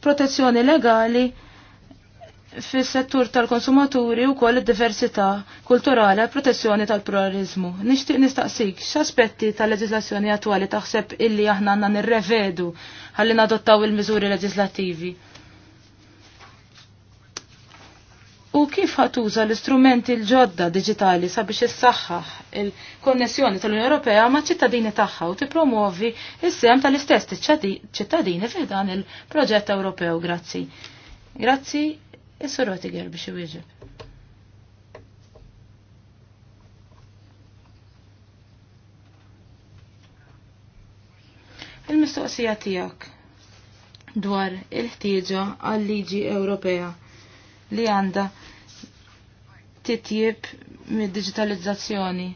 protezzjoni legali fis-settur tal-konsumaturi u koll id-diversità kulturali protezzjoni tal-pluralizmu. Nixtieq nistaqsik x'aspetti tal-leġislazzjoni attwali taħseb illi aħna għandna nirrevedu ħalli nadottaw il-miżuri leġislattivi. U kif ħatuża l-istrumenti l-ġodda digitali sabiex issaħħaħ il-konnessjoni tal-Unjoni Ewropea ma' ċittadini tagħha u tippromuovi s-sem tal-istess ċittadini fih dan il-proġett Ewropew. Grazzi. Grazzi, is-Sur Rotiger biex iwieġeb. Il-mistoqsija tiegħek dwar il-ħtieġa għal-liġi Ewropea li għanda titjib mid-digitalizzazzjoni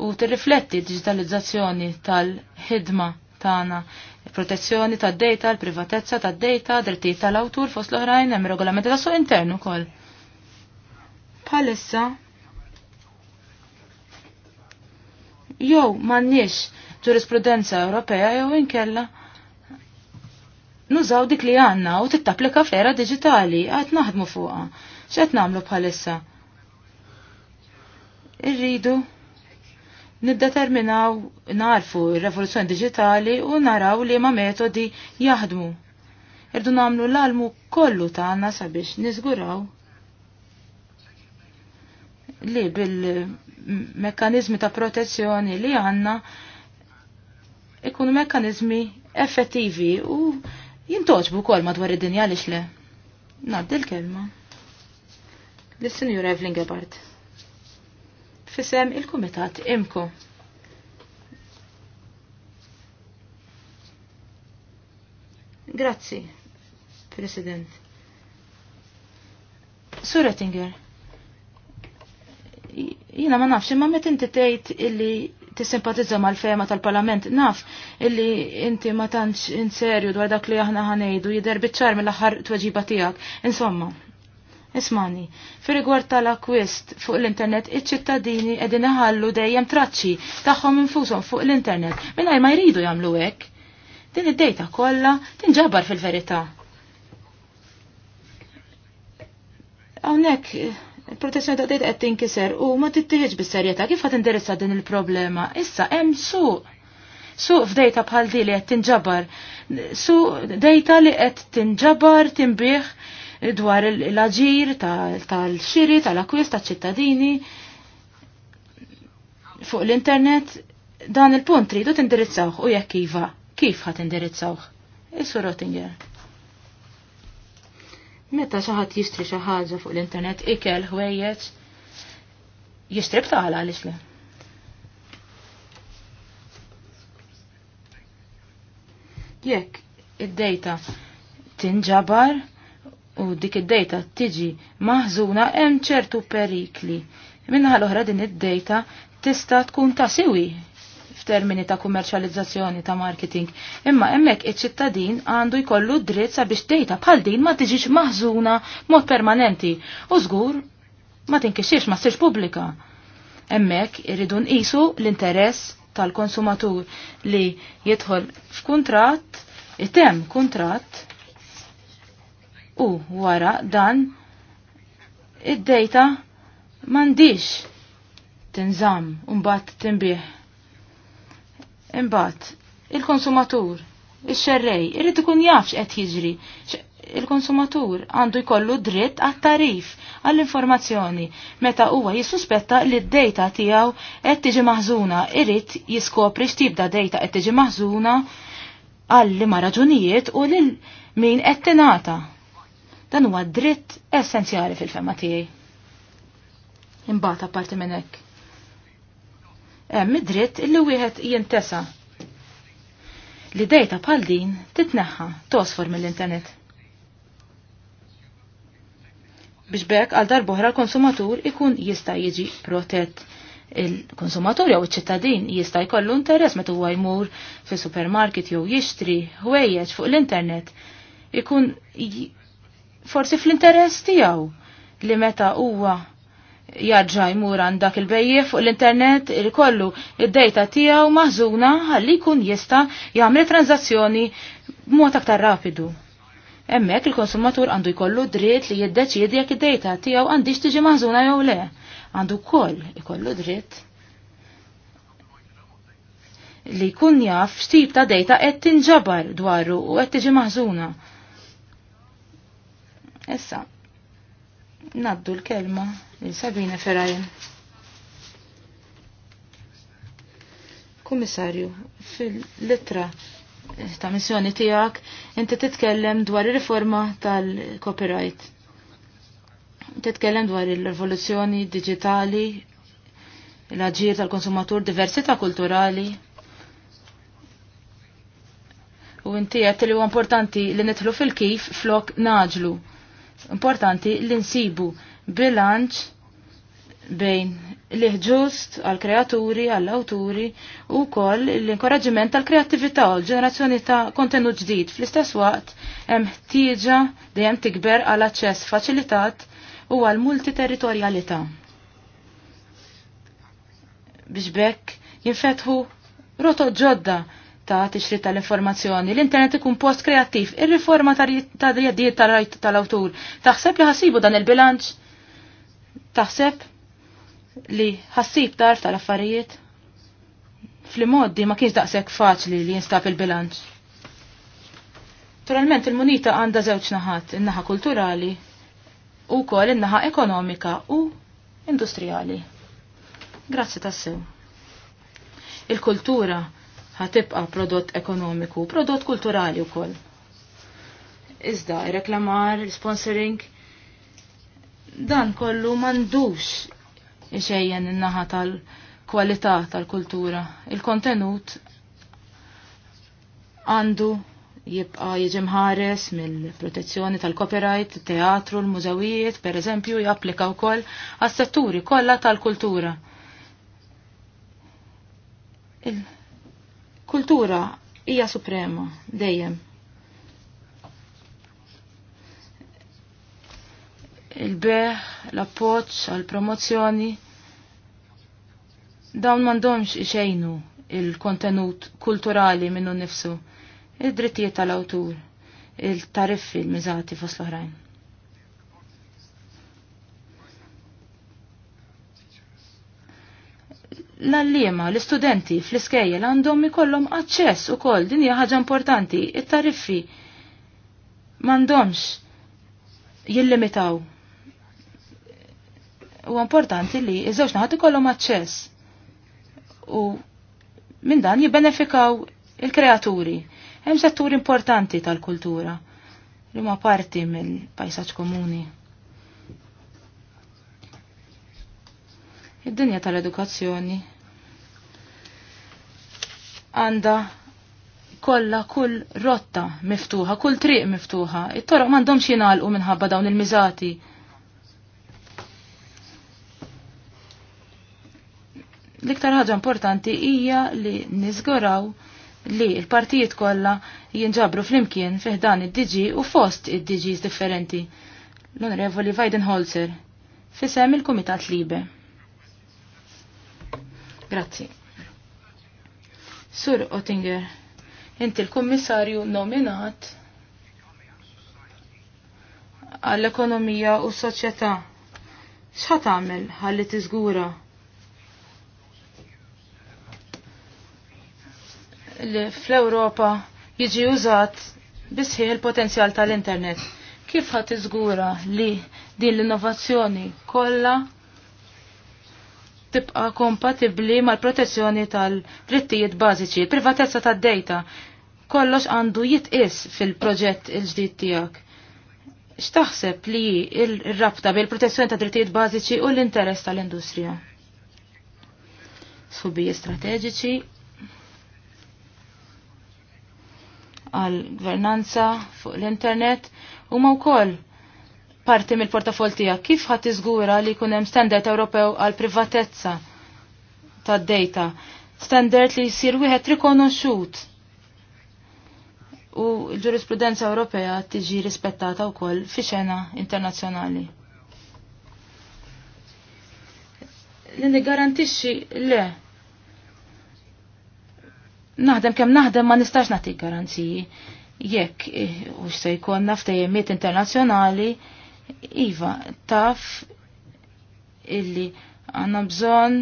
u tirrifletti digitalizzazzjoni tal-ħidma tagħna protezzjoni tad data l-privatezza tad data drittijiet tal-awtur fost l-oħrajn hemm regolamenti ta' suq internu wkoll. Bħalissa jew m'għandniex ġurisprudenza Ewropea jew inkella nużaw dik li għanna u tittaplika fera era digitali għad naħdmu fuqa. ċet namlu bħalissa? Irridu niddeterminaw narfu il-revoluzzjoni digitali u naraw li ma metodi jaħdmu. Irdu namlu l-almu kollu ta' għanna sabiex nizguraw li bil mekanizmi ta' protezzjoni li għanna ikunu mekanizmi effettivi u jintoġbu kol madwar id-dinja li xle. Naddi l-kelma. L-Sinjur Evelyn Gebhardt. Fisem il-Kumitat Imko. Grazzi, President. Sur Ettinger, jina ma nafx, ma metin inti tgħid illi tissimpatizza mal-fema tal-Parlament. Naf illi inti ma tantx inserju dwar dak li aħna ħanejdu jidher biċċar mill-aħħar tweġiba tiegħek. Insomma, Ismani, fi rigward tal-akwist fuq l-internet, iċ-ċittadini qegħdin iħallu dejjem traċċi tagħhom infushom fuq l-internet mingħajr ma jridu jagħmlu hekk. Din id-dejta kollha tinġabar fil-verità. Hawnhekk il-protezzjoni ta' dejt qed tinkiser u ma tittieħeġ bis-serjetà kif qed interessa din il-problema. Issa hemm suq. Suq f'dejta bħal di li qed tinġabar. Suq dejta li qed tinġabar timbih dwar l-aġir tal-xiri, tal-akwist, tal-ċittadini fuq l-internet dan il-punt tridu tindirizzawh u jekk iva, kif ħat indirizzawh? is Rottinger. Meta xaħat jistri xaħġa fuq l-internet ikel hwejjeċ, jistri btaħla għalix le. Jekk id-dejta tinġabar u dik id-dejta tiġi maħżuna hemm ċertu perikli. Minnaħa l-oħra din id-dejta tista tkun ta' siwi f'termini ta' kummerċjalizzazzjoni ta' marketing. Imma hemmhekk iċ-ċittadin għandu jkollu dritt sabiex dejta bħal din ma tiġix maħżuna mod permanenti u żgur ma tinkixxiex ma ssirx pubblika. Hemmhekk irridu nqisu l-interess tal-konsumatur li jidħol f'kuntratt, item kuntratt u wara dan id-dejta mandiġ tinżam un-bat timbieħ. Imbagħad, il-konsumatur, ix-xerrej, irrid ikun jaf x'qed jiġri. Il-konsumatur għandu jkollu dritt għat-tarif għall-informazzjoni meta huwa jissuspetta li d-dejta tiegħu qed tiġi maħżuna, irid jiskopri x'tib da dejta qed tiġi maħżuna għalli ma raġunijiet u lil min qed tingħata. Dan huwa dritt essenzjali fil-fema tiegħi. Imbagħad apparti minn hekk hemm id-dritt illi wieħed jintesa. Li dejta bħal din titneħħa tosfor mill-internet. Biex bekk għal darbohra l-konsumatur ikun jista' jiġi protett il-konsumatur jew iċ-ċittadin jista' jkollu interess meta huwa jmur fis-supermarket jew jixtri ħwejjeġ fuq l-internet ikun forsi fl-interess tiegħu li meta huwa jarġa jmur għandak il bejjef fuq l-internet il-kollu id-dejta tijaw maħżuna għalli kun jista jgħamil tranzazzjoni b'mod aktar rapidu. Emmek il-konsumatur għandu jkollu dritt li jiddeċiedi jekk id-dejta tijaw għandix tiġi maħżuna jew le. Għandu koll ikollu dritt li jkun jaf x'tip ta' dejta qed tinġabar dwaru u qed tiġi maħżuna. Issa, Naddu l-kelma il Sabina Ferajen. Komissarju, fil-litra ta' missjoni tijak, inti titkellem dwar il-riforma tal-copyright. Titkellem dwar il-rivoluzzjoni digitali, l-agġir tal-konsumatur, diversità kulturali. U inti għet li u importanti li nitlu fil-kif flok naġlu. Importanti li nsibu bilanċ bejn l għal-kreaturi, għall-awturi u kol l-inkoraġiment tal-kreativita u l-ġenerazzjoni ta' kontenut ġdid. Fl-istess waqt, hemm ħtieġa dejjem tikber għal aċċess faċilitat u għal multiterritorjalità. Biex bekk jinfetħu rotot ġodda ta' tixri tal-informazzjoni. L-internet ikun post kreattiv, ir-riforma ta' djaddiet tal-rajt tal-awtur. Taħseb li ħassibu dan il-bilanċ? Taħseb li ħassib tarf tal-affarijiet? Fl-moddi ma kienx daqshekk faċli li jinstab il-bilanċ. Naturalment il-munita għandha żewġ naħat, in-naħa kulturali u kol in-naħa ekonomika u industrijali. Grazzi tassew. Il-kultura ħatibqa prodott ekonomiku, prodott kulturali wkoll. Iżda, reklamar, sponsoring, dan kollu mandux xejjen in-naħa tal-kwalità tal-kultura. Il-kontenut għandu jibqa jiġi mħares mill-protezzjoni tal-copyright, teatru, l-mużawijiet, per eżempju, japplika wkoll għas-setturi kollha tal-kultura. Kultura hija suprema dejjem. Il-beħ, l-appoċ, għal-promozzjoni, dawn mandomx iċejnu il-kontenut kulturali minnu nifsu, id-drittijiet tal-awtur, il-tariffi l-mizati fos l-oħrajn. l-allima, l-istudenti fl-iskejjel għandhom ikollhom aċċess ukoll din hija ħaġa importanti, it-tariffi m'għandhomx jillimitaw. U importanti li iż-żewġ naħat ikollhom aċċess u minn dan jibbenefikaw il-kreaturi. Hemm settur importanti tal-kultura li ma parti mill-pajsaġġ komuni. Id-dinja tal-edukazzjoni għanda kolla kull rotta miftuħa, kull triq miftuħa. It-toroq m'għandhomx jingħalqu minħabba dawn il-miżati. L-iktar ħaġa importanti hija li niżguraw li l-partijiet kollha jinġabru flimkien fih dan id-diġi u fost id-diġis differenti. L-Onorevoli Weidenholzer, fisem il-Kumitat Libe. Grazzi. Sur Ottinger, inti l-Kummissarju nominat għall-ekonomija u s-soċjetà. X'a tagħmel ħalli tiżgura li fl-Ewropa jiġi użat bisħiħ il-potenzjal tal-internet. Kif ħat iżgura li din l-innovazzjoni kollha tibqa kompatibbli mal-protezzjoni tal-drittijiet bażiċi, privatezza tad-dejta. Kollox għandu jitqis fil-proġett il-ġdid tiegħek. X'taħseb li r rabta bil-protezzjoni ta' drittijiet bażiċi u l-interess tal-industrija? Subi strateġiċi għal gvernanza fuq l-internet u ma' wkoll parti mill-portafol tiegħek, kif ħadd iżgura li jkun hemm standard Ewropew għal privatezza tad-data? Standard li jsir wieħed rikonoxxut. U l-ġurisprudenza Ewropea tiġi rispettata wkoll fi xena internazzjonali. Li nigarantixxi le naħdem kemm naħdem ma nistax nagħti garanziji jekk eh, u se jkollna ftejjemiet internazzjonali Iva, taf illi għanna bżon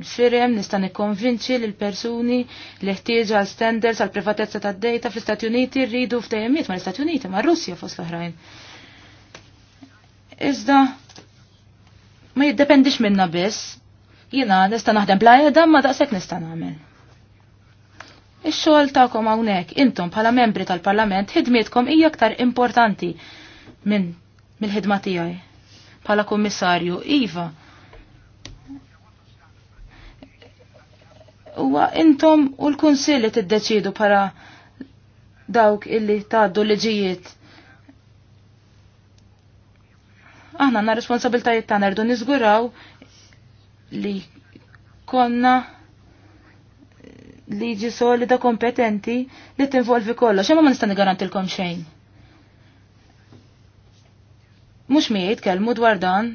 il-firem nista' nikkonvinċi l persuni li ħtieġa għal standards għal privatezza tad-dejta fl-Istati Uniti rridu f'dejjemiet ma' l-Istati Uniti ma' Russja fost l-oħrajn. Iżda ma jiddependix minna biss. Jiena nista' naħdem bla edha ma daqshekk nista' nagħmel. Ix-xogħol tagħkom hawnhekk intom bħala membri tal-Parlament ħidmietkom hija aktar importanti minn mill-ħidma tiegħi bħala kummissarju iva. Huwa intom u l-Kunsill li tiddeċidu para dawk illi tgħaddu liġijiet aħna għandna responsabiltajiet tagħna rdu niżguraw li konna liġi solida kompetenti li tinvolvi kollox, imma ma nista' nigarantilkom xejn. Mux mi jitkellmu dwar dan,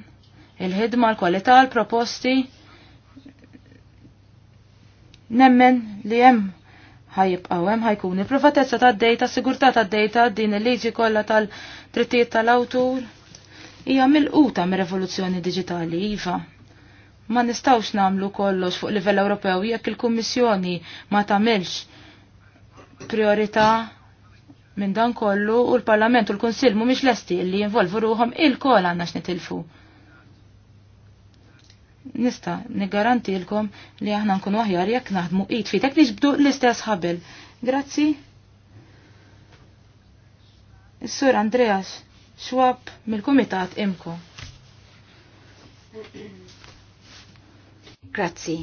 il-ħidma, l-kwalità, l-proposti. Nemmen li hemm ħajibqaw hemm ħajkun il-privatezza tad-dejta, sigurtà tad-dejta, din il-liġi kollha tal-drittijiet tal-awtur hija milquta mir-revoluzzjoni diġitali iva. Ma nistawx namlu kollox fuq livell Ewropew jekk il-Kummissjoni ma tagħmilx priorità Minn dan kollu u l-Parlament u l-Kunsill mhumiex lesti li jinvolvu ruhom il-kol għandna x'nitilfu. Nista niggarantilkom li aħna nkunu aħjar jekk naħdmu id fitek bdu l-istess ħabel. Grazzi. Is-Sur Andreas Schwab mill-Kumitat Imko. Grazzi.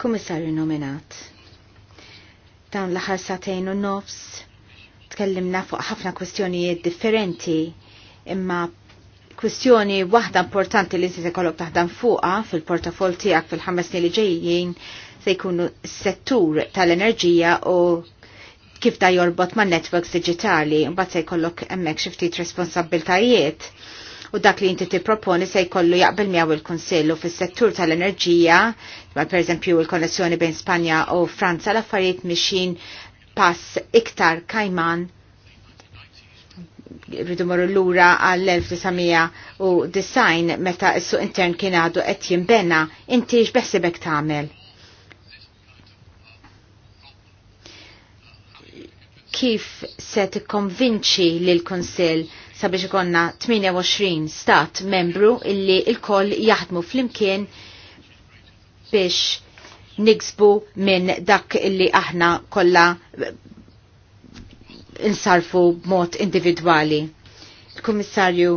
Kummissarju nominat Dawn l-aħħar satejn u nofs tkellimna fuq ħafna kwestjonijiet differenti imma kwestjoni waħda importanti li se kollok taħdan fuqa fil-portafol tiegħek fil-ħames snin li ġejjin se jkunu settur tal-enerġija u kif da jorbot ma' networks digitali, mbagħad se jkollok hemmhekk xi ftit responsabiltajiet u dak li inti tipproponi se jkollu jaqbel miegħu il-Kunsillu fis-settur tal-enerġija, ma pereżempju il-konnessjoni bejn Spanja u Franza l-affarijiet mixin pass iktar kajman rridu morru l-ura għall-1990 meta s-suq intern kien għadu qed jimbenna, inti x'beħsibek tagħmel? Kif se tikkonvinċi l kunsill sabiex ikonna 28 stat membru illi il-koll jaħdmu fl-imkien biex niksbu minn dak illi aħna kolla insarfu mod individuali. Il-Kummissarju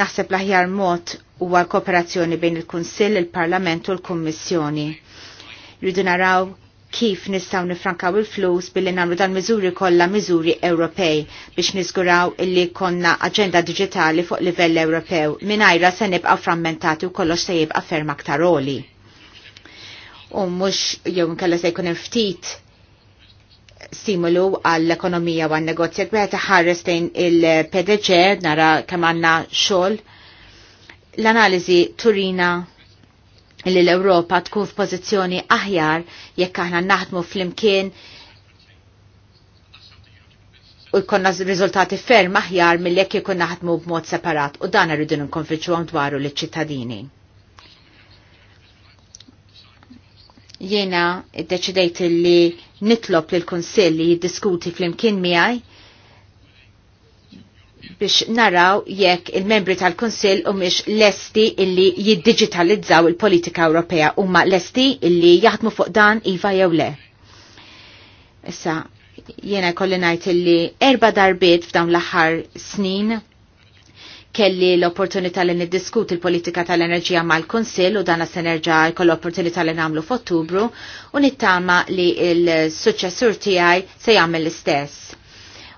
naħseb l-aħjar mod huwa l-kooperazzjoni bejn il-Kunsill, il-Parlament u l-Kummissjoni. Rridu naraw kif nistaw nifrankaw il-flus billi namlu dan miżuri kollha miżuri Ewropej biex niżguraw illi konna aġenda digitali fuq livell Ewropew minajra se nibqa' frammentati u kollox se jibqa' ferm aktar oli. U mhux jew inkella se jkun ftit stimulu għall-ekonomija u għal negozjat bħet ħares lejn il-PDG nara kemm għandna xogħol. L-analiżi turina li l-Ewropa tkun f'pożizzjoni aħjar jekk aħna naħdmu flimkien u jkonna riżultati ferm aħjar mill jekk jkun naħdmu b'mod separat u dan rridu nkonfiċu għom dwaru li ċittadini Jiena id-deċidejt li nitlob l-Konsill li jiddiskuti flimkien miħaj biex naraw jekk il-membri tal-Konsil u miex lesti illi jiddigitalizzaw il-politika Ewropea u ma lesti illi jaħdmu fuq dan iva jew le. Issa, jena kolli najt illi erba darbiet f'dawn l-aħħar snin kelli l-opportunità li niddiskuti l-politika tal-enerġija mal-Konsil u dana s-enerġa jkoll l-opportunità li namlu f'Ottubru u nittama li il-suċessur tiegħi se jagħmel l-istess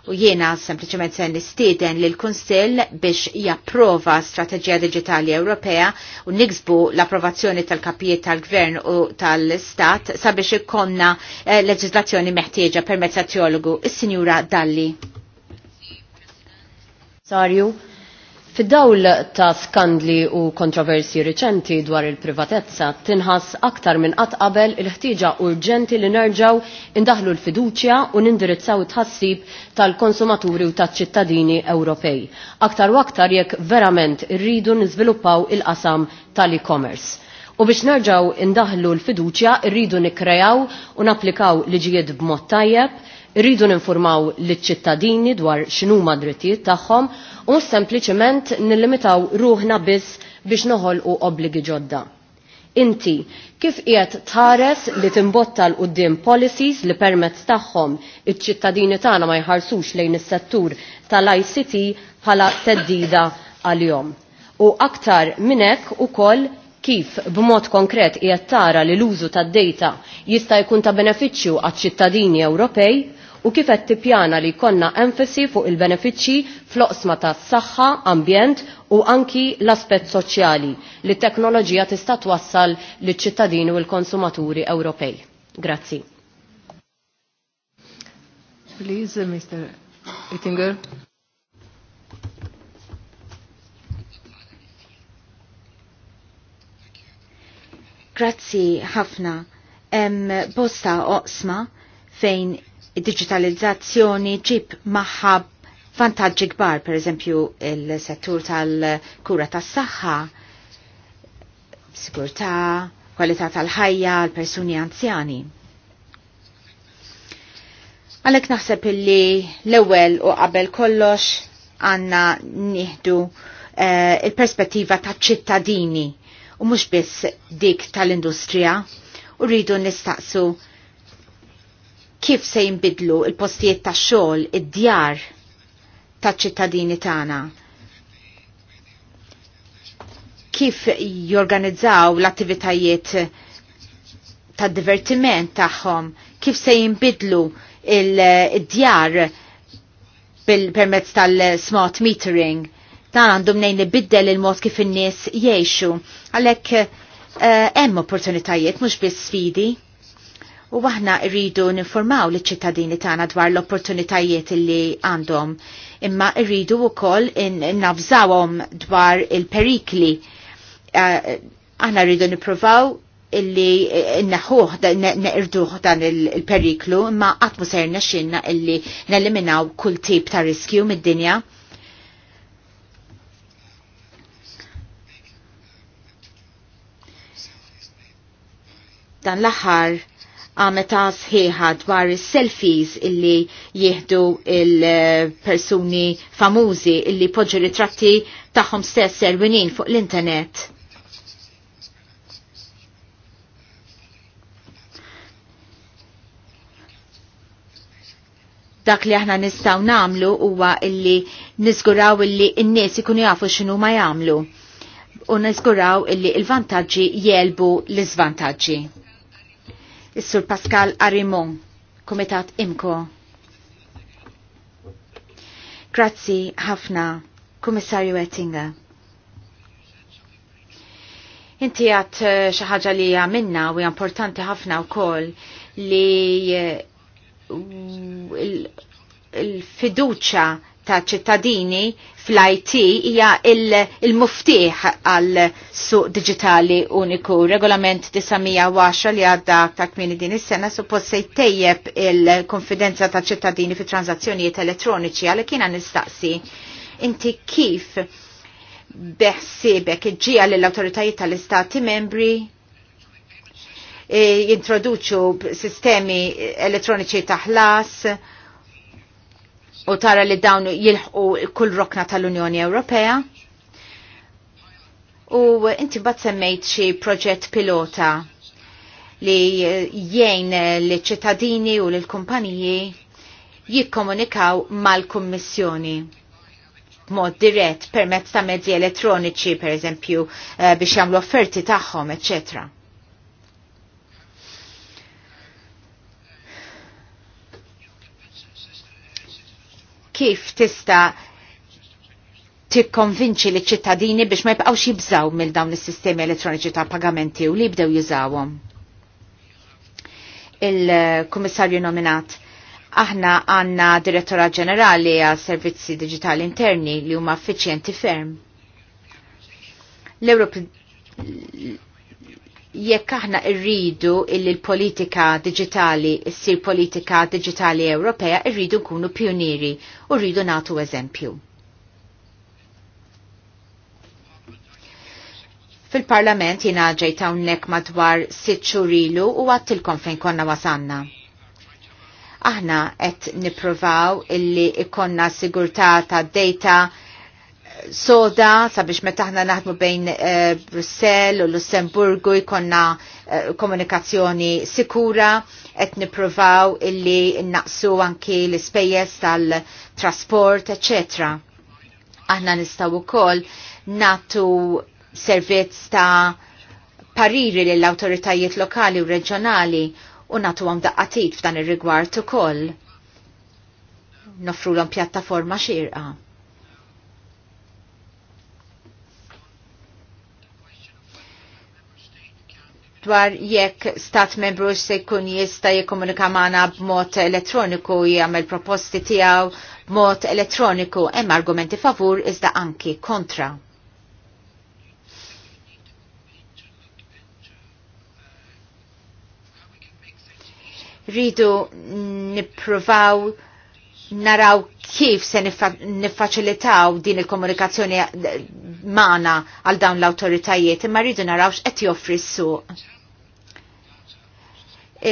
u jiena sempliciment se nistieden lil kunsill biex japprova strateġija digitali Ewropea u niksbu l-approvazzjoni tal-kapijiet tal-gvern u tal stat sabiex ikkonna eh, leġislazzjoni meħtieġa permezz teologu is-Sinjura Dalli. Sarju, Fid-dawl ta' skandli u kontroversi riċenti dwar il-privatezza tinħas aktar minn qatt qabel il-ħtieġa urġenti li nerġaw indaħlu l-fiduċja u nindirizzaw it tħassib tal-konsumaturi u tal-ċittadini Ewropej. Aktar u aktar jekk verament irridu niżviluppaw il-qasam tal-e-commerce. U biex nerġaw indaħlu l-fiduċja irridu nikrejaw u napplikaw liġijiet b'mod tajjeb rridu ninformaw l-ċittadini dwar x'inhuma drittijiet tagħhom u sempliċement nillimitaw ruħna biss biex u obbligi ġodda. Inti, kif qiegħed tħares li timbotta l qudiem policies li permezz tagħhom iċ-ċittadini tagħna ma jħarsux lejn is-settur tal-ICT bħala teddida għal-jom. U aktar minnek u koll kif b'mod konkret qiegħed tara li l-użu tad-data jista' jkun ta' benefiċċju għaċ-ċittadini Ewropej u kif qed tippjana li jkollna enfasi fuq il-benefiċċji fl-oqsma tas-saħħa, ambjent u anki l-aspett soċjali li t teknoloġija tista' twassal liċ-ċittadini u l-konsumaturi Ewropej. Grazzi. Please, uh, Mr. Ittinger. Grazzi ħafna. bosta oqsma fejn Id-digitalizzazzjoni ġib maħħa vantaġġi kbar, per eżempju, il-settur tal-kura tas-saħħa, sigurtà, kwalità tal-ħajja l persuni anzjani. Għalek naħseb illi l-ewel u qabel kollox għanna nieħdu eh, il-perspettiva ta' ċittadini u mhux biss dik tal-industrija u rridu nistaqsu kif se jinbidlu il-postijiet ta' xogħol id-djar ta' ċittadini tagħna. Kif jorganizzaw l-attivitajiet ta' divertiment tagħhom, kif se jinbidlu il-djar bil-permezz tal-smart metering. Dan għandhom nejn li biddel il-mod kif in-nies jgħixu. Għalhekk eh, hemm uh, opportunitajiet mhux biss sfidi u aħna rridu ninformaw li ċittadini tagħna dwar l-opportunitajiet li għandhom imma rridu wkoll nafżawhom dwar il-perikli. Eh, aħna rridu nippruvaw illi eh, naħuħ, neqirduħ dan il-periklu, imma għatmu ser naxinna illi neliminaw kull tip ta' riskju mid-dinja. Dan l-aħħar għameta sħiħa dwar selfies illi jihdu il-persuni famużi illi poġġu ritratti tagħhom stess erwinin fuq l-internet. Dak li aħna nistaw namlu huwa illi niżguraw illi n-nies ikunu jafu x'inhu ma jagħmlu u niżguraw illi il-vantaġġi jelbu l-iżvantaġġi. Is-Sur Pascal Arimon, Komitat Imko. Grazzi ħafna, Kummissarju Ettinga. Inti għat eh, xaħġa li għamilna u importanti ħafna u koll li eh, il-fiduċa ta' ċittadini fl-IT hija il-muftiħ il għal suq digitali uniku. Regolament 910 li għadda ta' kmini din is-sena suppost se jtejjeb il-konfidenza ta' ċittadini fi tranzazzjonijiet elettroniċi għal kiena nistaqsi inti kif beħsibek iġġija l-autoritajiet tal-istati membri e, jintroduċu sistemi elettroniċi taħlas, ħlas u tara li dawn jilħqu kull rokna tal-Unjoni Ewropea. U inti bat semmejt xi proġett pilota li jgħin li ċittadini u l-kumpaniji jikkomunikaw mal-Kummissjoni mod dirett permezz ta' mezzi elettroniċi, per eżempju, eh, biex jagħmlu offerti tagħhom, eccetera. kif tista' tikkonvinċi li ċittadini biex ma jibqgħux jibżaw mill dawn is-sistemi elettroniċi ta' pagamenti u li jibdew jużawhom. Il-Kummissarju nominat aħna għanna Direttora Ġenerali għal Servizzi Digitali Interni li huma affiċjenti ferm. L-Europa jekk aħna rridu illi l-politika digitali ssir politika digitali Ewropea rridu nkunu pioniri u rridu natu eżempju. Fil-parlament jina ġejta hawnhekk madwar sitt xurilu u għattilkom fejn konna wasanna. Aħna qed nippruvaw illi ikonna sigurtà ta' data soda sabiex meta aħna naħdmu bejn eh, Brussell u Lussemburgu jkonna eh, komunikazzjoni sikura qed nippruvaw illi naqsu anki l-ispejjeż tal-trasport, etc. Aħna nistgħu wkoll natu servizz ta' pariri lill awtoritajiet lokali u reġjonali u natu għam daqqatit f'dan ir-rigward ukoll. Nofru l-om pjattaforma xirqa dwar jekk stat membru se jkun jista jikkomunika magħna b'mod elettroniku jagħmel proposti tiegħu b'mod elettroniku hemm argumenti favur iżda anki kontra. Ridu nippruvaw naraw kif se niffaċilitaw din il-komunikazzjoni mana għal dawn l-autoritajiet imma rridu naraw x'qed joffri s-suq.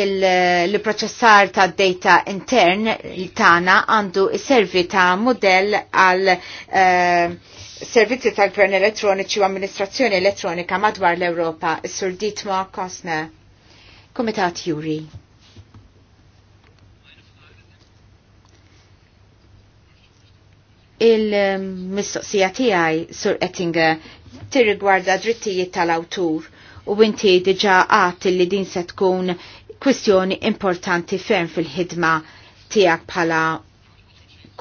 Il-proċessar ta' data intern tana għandu servi ta' modell għal eh, servizzi tal-gvern elettroniċi u amministrazzjoni elettronika madwar l-Europa, s-surdit ma' Kosne, Komitat Juri. Il-mistoqsija tiegħi Sur Ettinger tirrigwarda drittijiet tal-awtur u inti diġa għat li din se tkun kwistjoni importanti ferm fil-ħidma tiegħek bħala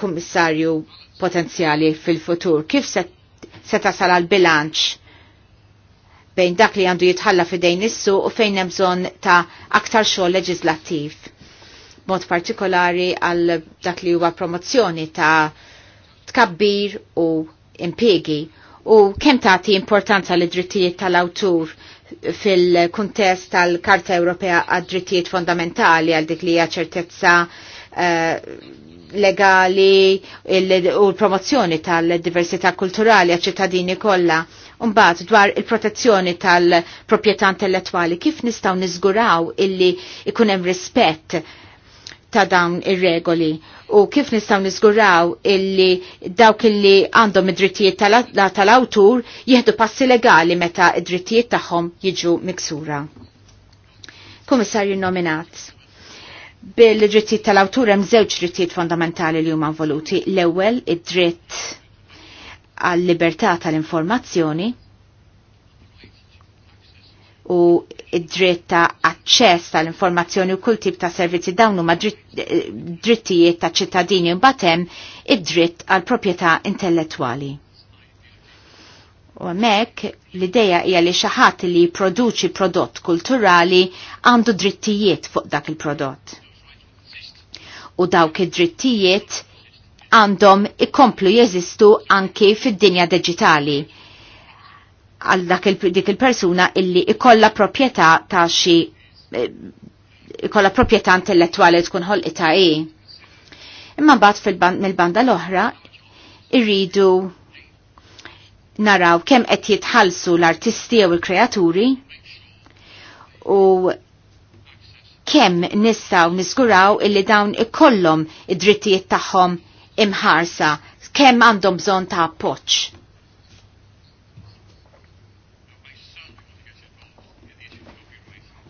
kummissarju potenzjali fil-futur. Kif se, se tasal għal bilanċ bejn dak li għandu jitħalla fidejn issu u fejn hemm bżonn ta' aktar xogħol leġislattiv. Mod partikolari għal dak li huwa promozzjoni ta' tkabbir u impiegi u kem tagħti importanza li drittijiet tal-awtur fil-kuntest tal-Karta Ewropea għad drittijiet fondamentali għal dik li hija ċertezza eh, legali u l-promozzjoni tal-diversità kulturali għal ċittadini kollha. Umbat dwar il-protezzjoni tal-proprjetà intellettwali kif nistgħu niżguraw illi ikun hemm rispett ta' dawn ir-regoli u kif nistaw niżguraw illi dawk illi għandhom id-drittijiet tal-awtur jieħdu passi legali meta id-drittijiet tagħhom jiġu miksura. Komissarju nominat. Bil-drittijiet tal-awtur hemm żewġ drittijiet fondamentali li huma voluti. L-ewwel id-dritt għall-libertà tal-informazzjoni u id-dritt ta' aċċess tal-informazzjoni u kull tip ta' servizzi dawn huma drittijiet ta' ċittadini mbagħad hemm id-dritt għal proprjetà intellettwali. U hemmhekk l-idea hija li xi ħadd li jipproduċi prodott kulturali għandu drittijiet fuq dak il-prodott. U dawk id-drittijiet għandhom ikomplu jeżistu anki fid-dinja digitali għal dik il-persuna illi ikolla proprjetà ta' xi eh, ikolla proprjetà intellettwali tkun ħol ita' i. Imma mbagħad fil banda l-oħra irridu naraw kemm qed jitħallsu l-artisti jew il-kreaturi u kemm nistaw niskuraw illi dawn ikollhom id-drittijiet tagħhom imħarsa, kemm għandhom bżonn ta' appoġġ.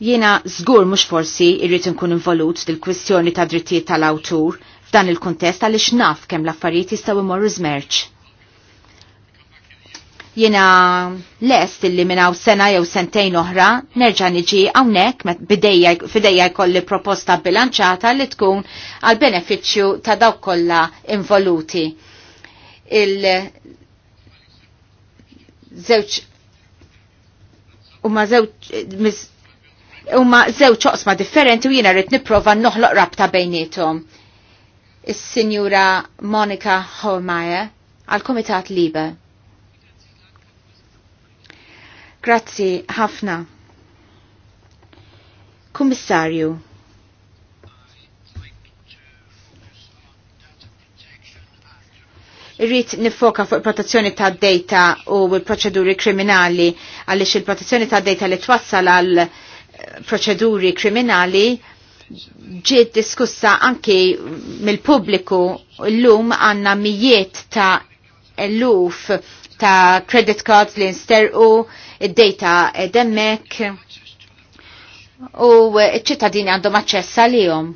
Jiena żgur mhux forsi irrit nkun involut dil-kwistjoni ta' drittijiet tal-awtur f'dan il-kuntest għaliex naf kemm l-affarijiet jistgħu imorru żmerġ. Jiena lest illi minnaw sena jew sentejn oħra nerġa' niġi hawnhekk fidejja jkolli proposta bilanċata li tkun għal benefiċċju ta' dawk kollha involuti. Il żewġ u ma zewċ huma żewġ oqsma differenti u jiena rrid nipprova noħloq rabta bejnietom. Is-Sinjura Monika Holmeyer għal-Kumitat Libe. Grazzi ħafna. Kummissarju. irrit nifoka fuq il-protezzjoni ta' data u l-proċeduri kriminali għaliex il-protezzjoni ta' data li twassal għal proċeduri kriminali ġiet diskussa anki mill-pubbliku l-lum għanna mijiet ta' eluf ta' credit cards li nsterqu, id-data demmek u ċittadini għandhom aċċess għalihom.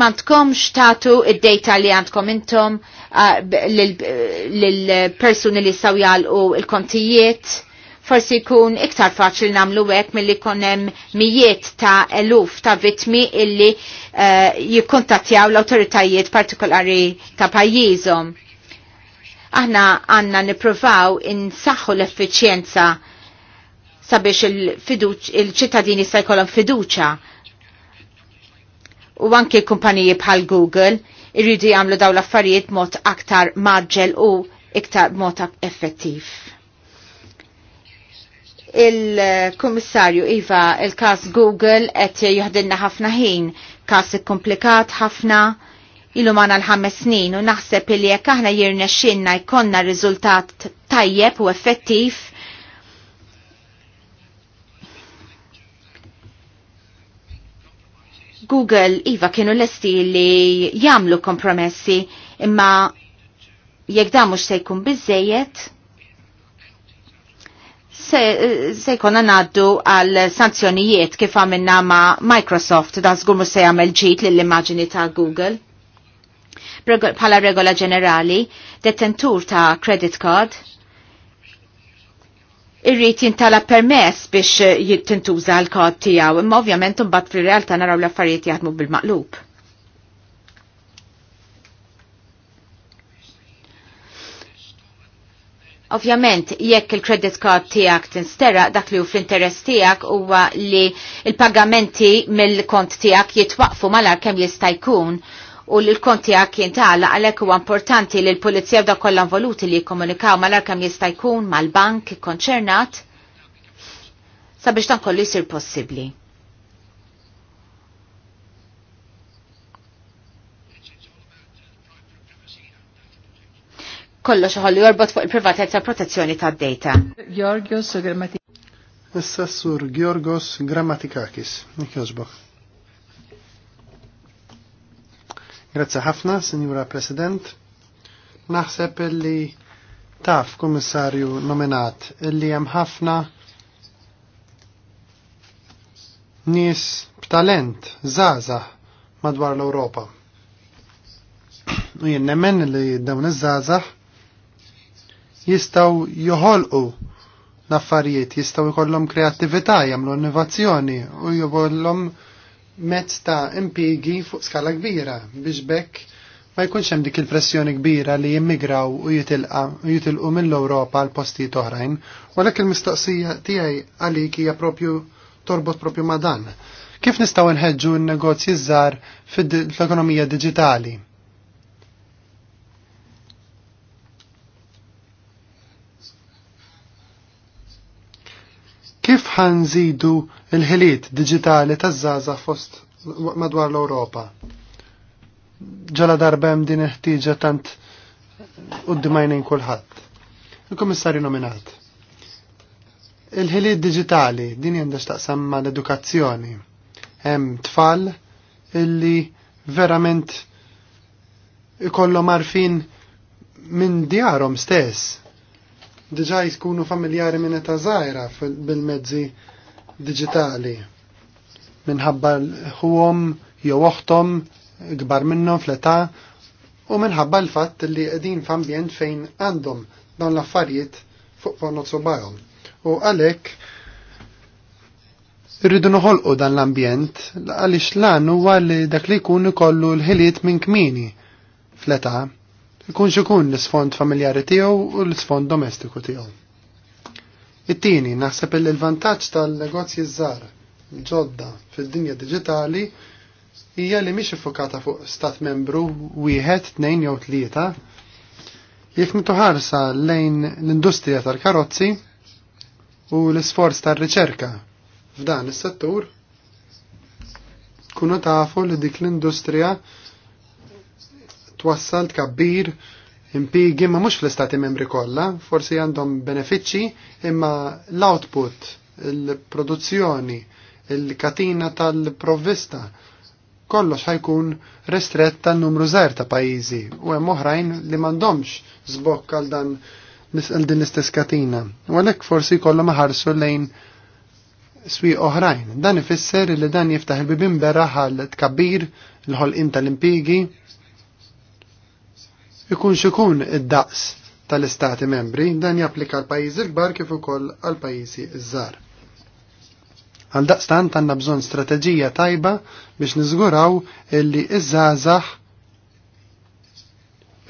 Ma tkomx tatu id-data li għandkom intom uh, lil persuni li saw jalqu il-kontijiet Forsi jkun iktar faċli namlu hekk li konem mijiet ta' eluf ta' vitmi illi uh, eh, jikkontattjaw l-autoritajiet partikolari ta' pajjiżhom. Aħna għanna niprofaw insaħħu l-effiċjenza sabiex il-ċittadini il sajkolom jkollhom fiduċa u anke kumpaniji bħal Google irridu jagħmlu daw l-affarijiet mod aktar maġġel u iktar mod effettiv. Il-Kummissarju Iva, il-kas Google qed juħdilna ħafna ħin, kas komplikat ħafna ilu mana l-ħames snin u naħseb li jekk aħna jirna xinna jkonna riżultat tajjeb u effettiv. Google iva kienu lesti li jamlu kompromessi imma jekk damu mhux se jkun se jkonna naddu għal sanzjonijiet kif għamilna ma' Microsoft da' zgur se jagħmel ġit lill immagini ta' Google. Pala regola ġenerali, detentur ta' credit card irrit jintala permess biex jittintuża l-kod tiegħu, imma ovvjament bat fir-realtà naraw l-affarijiet jaħdmu bil-maqlub. Ovvjament, jekk il-credit card tijak tinstera, dak li u fl-interess tijak huwa li il-pagamenti mill-kont tijak jitwaqfu malar kem jista' jkun u l-kont tijak jintala għalek huwa importanti li l-polizija da kollha involuti li jikkomunikaw malar kem jista' jkun mal-bank konċernat sabiex dan kollu jisir possibbli. kollox ħollu jorbot fuq il-privatezza protezzjoni tad data Georgios Grammatikakis. Assessur sur Grammatikakis, nikjożbok. Grazzi ħafna, Signora President. Naħseb li taf komissarju nominat illi hemm ħafna nies b'talent zaza madwar l-Ewropa. U jien nemmen li dawn iż żazax jistaw joħolqu l-affarijiet, jistaw jkollhom kreattività, jagħmlu innovazzjoni u jkollhom mezz ta' impigi fuq skala kbira biex bekk ma jkunx hemm dik il-pressjoni kbira li jimmigraw u jitilqu mill-Ewropa għal postijiet oħrajn, għalhekk il-mistoqsija tiegħi għalik hija propju torbot propju ma' dan. Kif nistgħu nħeġġu n-negozji żgħar fl-ekonomija diġitali? Kif ħanżidu il-ħiliet digitali taż zaza fost madwar l-Ewropa? Ġala darbem din iħtieġa tant d-dimajnin kulħadd. Il-Kummissarju nominat. Il-ħiliet digitali din jendax taqsam ma l-edukazzjoni. Hemm tfal illi verament ikollhom għarfin minn djarhom stess diġa jkunu familjari minn eta zaħira bil-mezzi digitali minħabba ħuhom jew oħtom kbar minnhom fl-età u minħabba l-fatt li qegħdin f'ambjent fejn għandhom dawn l-affarijiet fuq fonnot bajhom U għalhekk irridu noħolqu dan l-ambjent għaliex lan huwa li dak li jkun ikollu l-ħiliet minn kmini fl-età ikunx ikun l-isfond familjari tiegħu u l-isfond domestiku tiegħu. It-tieni naħseb li l-vantaġġ tal-negozji żgħar ġodda fid-dinja diġitali hija li mhix iffukata fuq stat membru wieħed, tnejn jew tlieta. Jekk ħarsa lejn l-industrija tal-karozzi u l-isforz tar-riċerka f'dan is-settur, kunu tafu li dik l-industrija twassal tkabbir impigi ma mhux fl-istati membri kollha, forsi għandhom benefiċċji, imma l-output, il-produzzjoni, il-katina tal-provvista kollox ħajkun restret tal numru żgħar ta' pajjiżi u hemm oħrajn li m'għandhomx żbokk għal dan għal din l-istess katina. U għalhekk forsi kollhom ħarsu lejn swi oħrajn. Dan ifisser li dan jiftaħ il-bibin beraħ għal tkabbir l-ħolqien tal-impigi, ikun xikun id-daqs tal-istati membri dan japplika għal pajjiżi l-kbar kif ukoll għal pajjiżi iż-żar. Għal daqstant għandna bżonn strateġija tajba biex niżguraw illi iż-żgħażagħ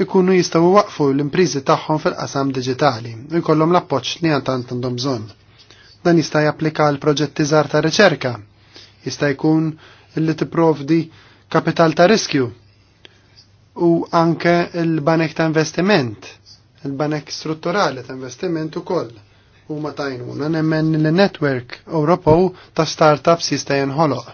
ikunu jistaw waqfu l-imprizi tagħhom fil-qasam digitali u jkollhom l-appoġġ li għandant għandhom bżonn. Dan jista' japplika għal proġetti żgħar ta' riċerka, jista' jkun illi tipprovdi kapital ta' riskju u anke l-banek ta' investiment, il-banek strutturali ta' investiment u koll u ma tajnuna nemmen l-network Ewropew ta' startups jista' jenħoloq.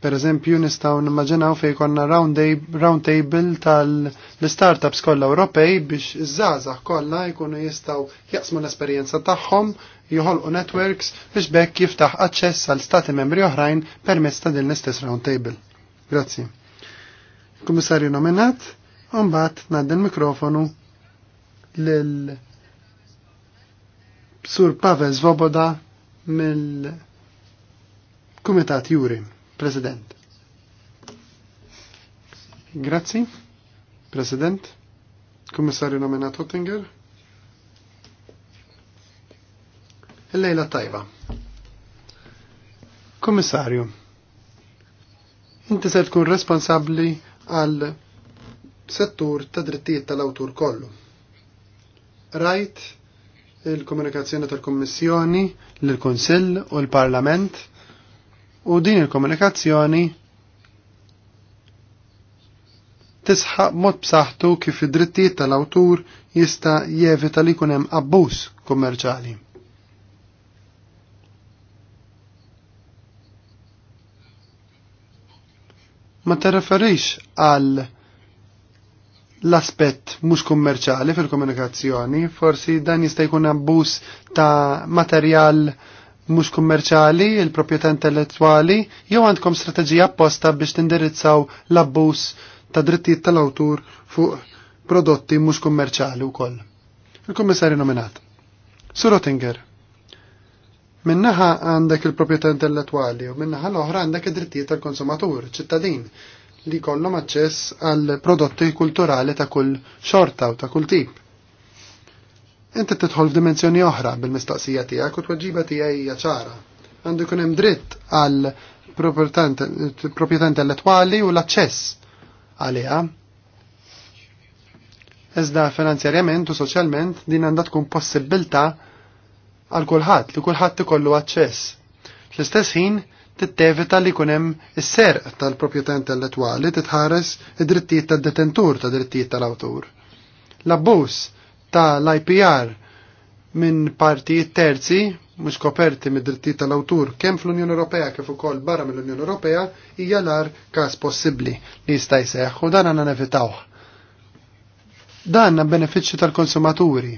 Per eżempju nistgħu nimmaġinaw fejn konna round table tal-startups kollha Ewropej biex iż-żgħażagħ kollha jkunu jistgħu jaqsmu l-esperjenza tagħhom, joħolqu networks biex bekk jiftaħ aċċess għal stati membri oħrajn permezz ta' din l-istess round table. Grazzi. Komissarju nominat, unbat ngħaddi il mikrofonu lil Sur Pavel Svoboda mill-Kumitat Juri, President. Grazzi, President, Komissarju nominat Hottinger. Il-lejla tajba. Komissarju, inti se tkun responsabbli għal settur ta' drittijiet tal-awtur kollu. Rajt il-komunikazzjoni tal-Kommissjoni, l-Konsill u l-Parlament u din il-komunikazzjoni tisħaq mod b'saħħtu kif id-drittijiet tal-awtur jista' jevita li jkun hemm abbuż kummerċali. ma terreferix għal l-aspett mhux kummerċali fil-komunikazzjoni, forsi dan jista' jkun abbuż ta' materjal mhux kummerċali, il-proprjetà intellettwali, jew għandkom strateġija apposta biex tindirizzaw l abbus ta' drittijiet tal-awtur fuq prodotti mhux kummerċali wkoll. Il-Kummissarju nominat. Sur Ottinger Minnaħa għandek il-proprjetà intellettwali u minnaħa l-oħra għandek id-drittijiet tal-konsumatur, ċittadin, li kollhom aċċess għal prodotti kulturali ta' kull xorta u ta' kull tip. Inti tidħol f'dimensjoni oħra bil-mistaqsija tiegħek u tweġiba tiegħi hija ċara. Għandu jkun hemm dritt għal proprjetà intellettwali u l-aċċess għaliha. Iżda finanzjarjament u soċjalment din għandha tkun possibilta' għal kulħadd li kulħadd ikollu aċċess. Fl-istess ħin tittevita li kunem is-serq tal-proprjetà intellettwali titħares id-drittijiet tad-detentur ta' drittijiet tal-awtur. L-abbuż tal-IPR minn partijiet terzi mhux koperti mid-drittijiet tal-awtur kemm fl-Unjoni Ewropea kif ukoll barra mill-Unjoni Ewropea hija l-ar każ possibbli li jista' jseħħ u dan għandna nevitawh. Dan benefiċċju tal-konsumaturi.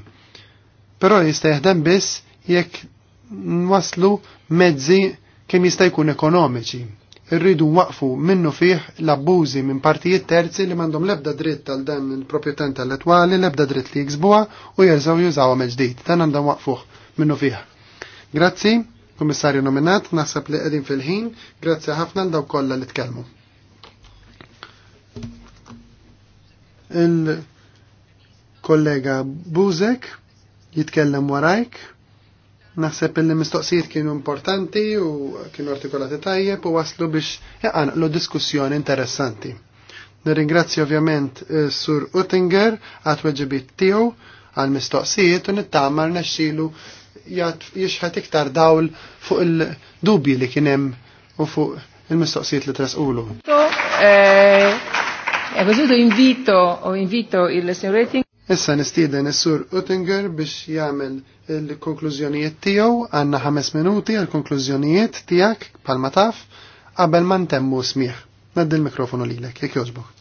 Però jista' jeħdem biss jekk nwaslu mezzi kemm jista' jkun ekonomiċi. Irridu waqfu minnu fih l-abbużi minn partijiet terzi li m'għandhom lebda dritt għal dan il tal intellettwali, lebda dritt li jiksbuha u jerżgħu jużawha mill-ġdid. Dan għandhom waqfuh minnu fih. Grazzi, komissarju nominat, naħseb li qegħdin fil-ħin, grazzi ħafna l-daw kollha li tkellmu. Il-kollega Buzek jitkellem warajk. Naħseb li mistoqsijiet kienu importanti u kienu artikolati tajjeb u waslu biex jaqanqlu diskussjoni interessanti. Nirringrazzi ovvjament eh, Sur Uttinger għat weġibit tiegħu għal mistoqsijiet u nittamar nexxilu jixħet iktar dawl fuq il-dubji li kienem u fuq il-mistoqsijiet li trasqulu. Għazudu eh, invito, invito il-Sir Rating. Issa nistieden is-sur Uttinger biex jagħmel il-konklużjonijiet tiegħu għandna ħames minuti għal konklużjonijiet tiegħek bħalma taf qabel ma ntemmu smieħ. Naddi l-mikrofonu lilek, jekk jogħġbok.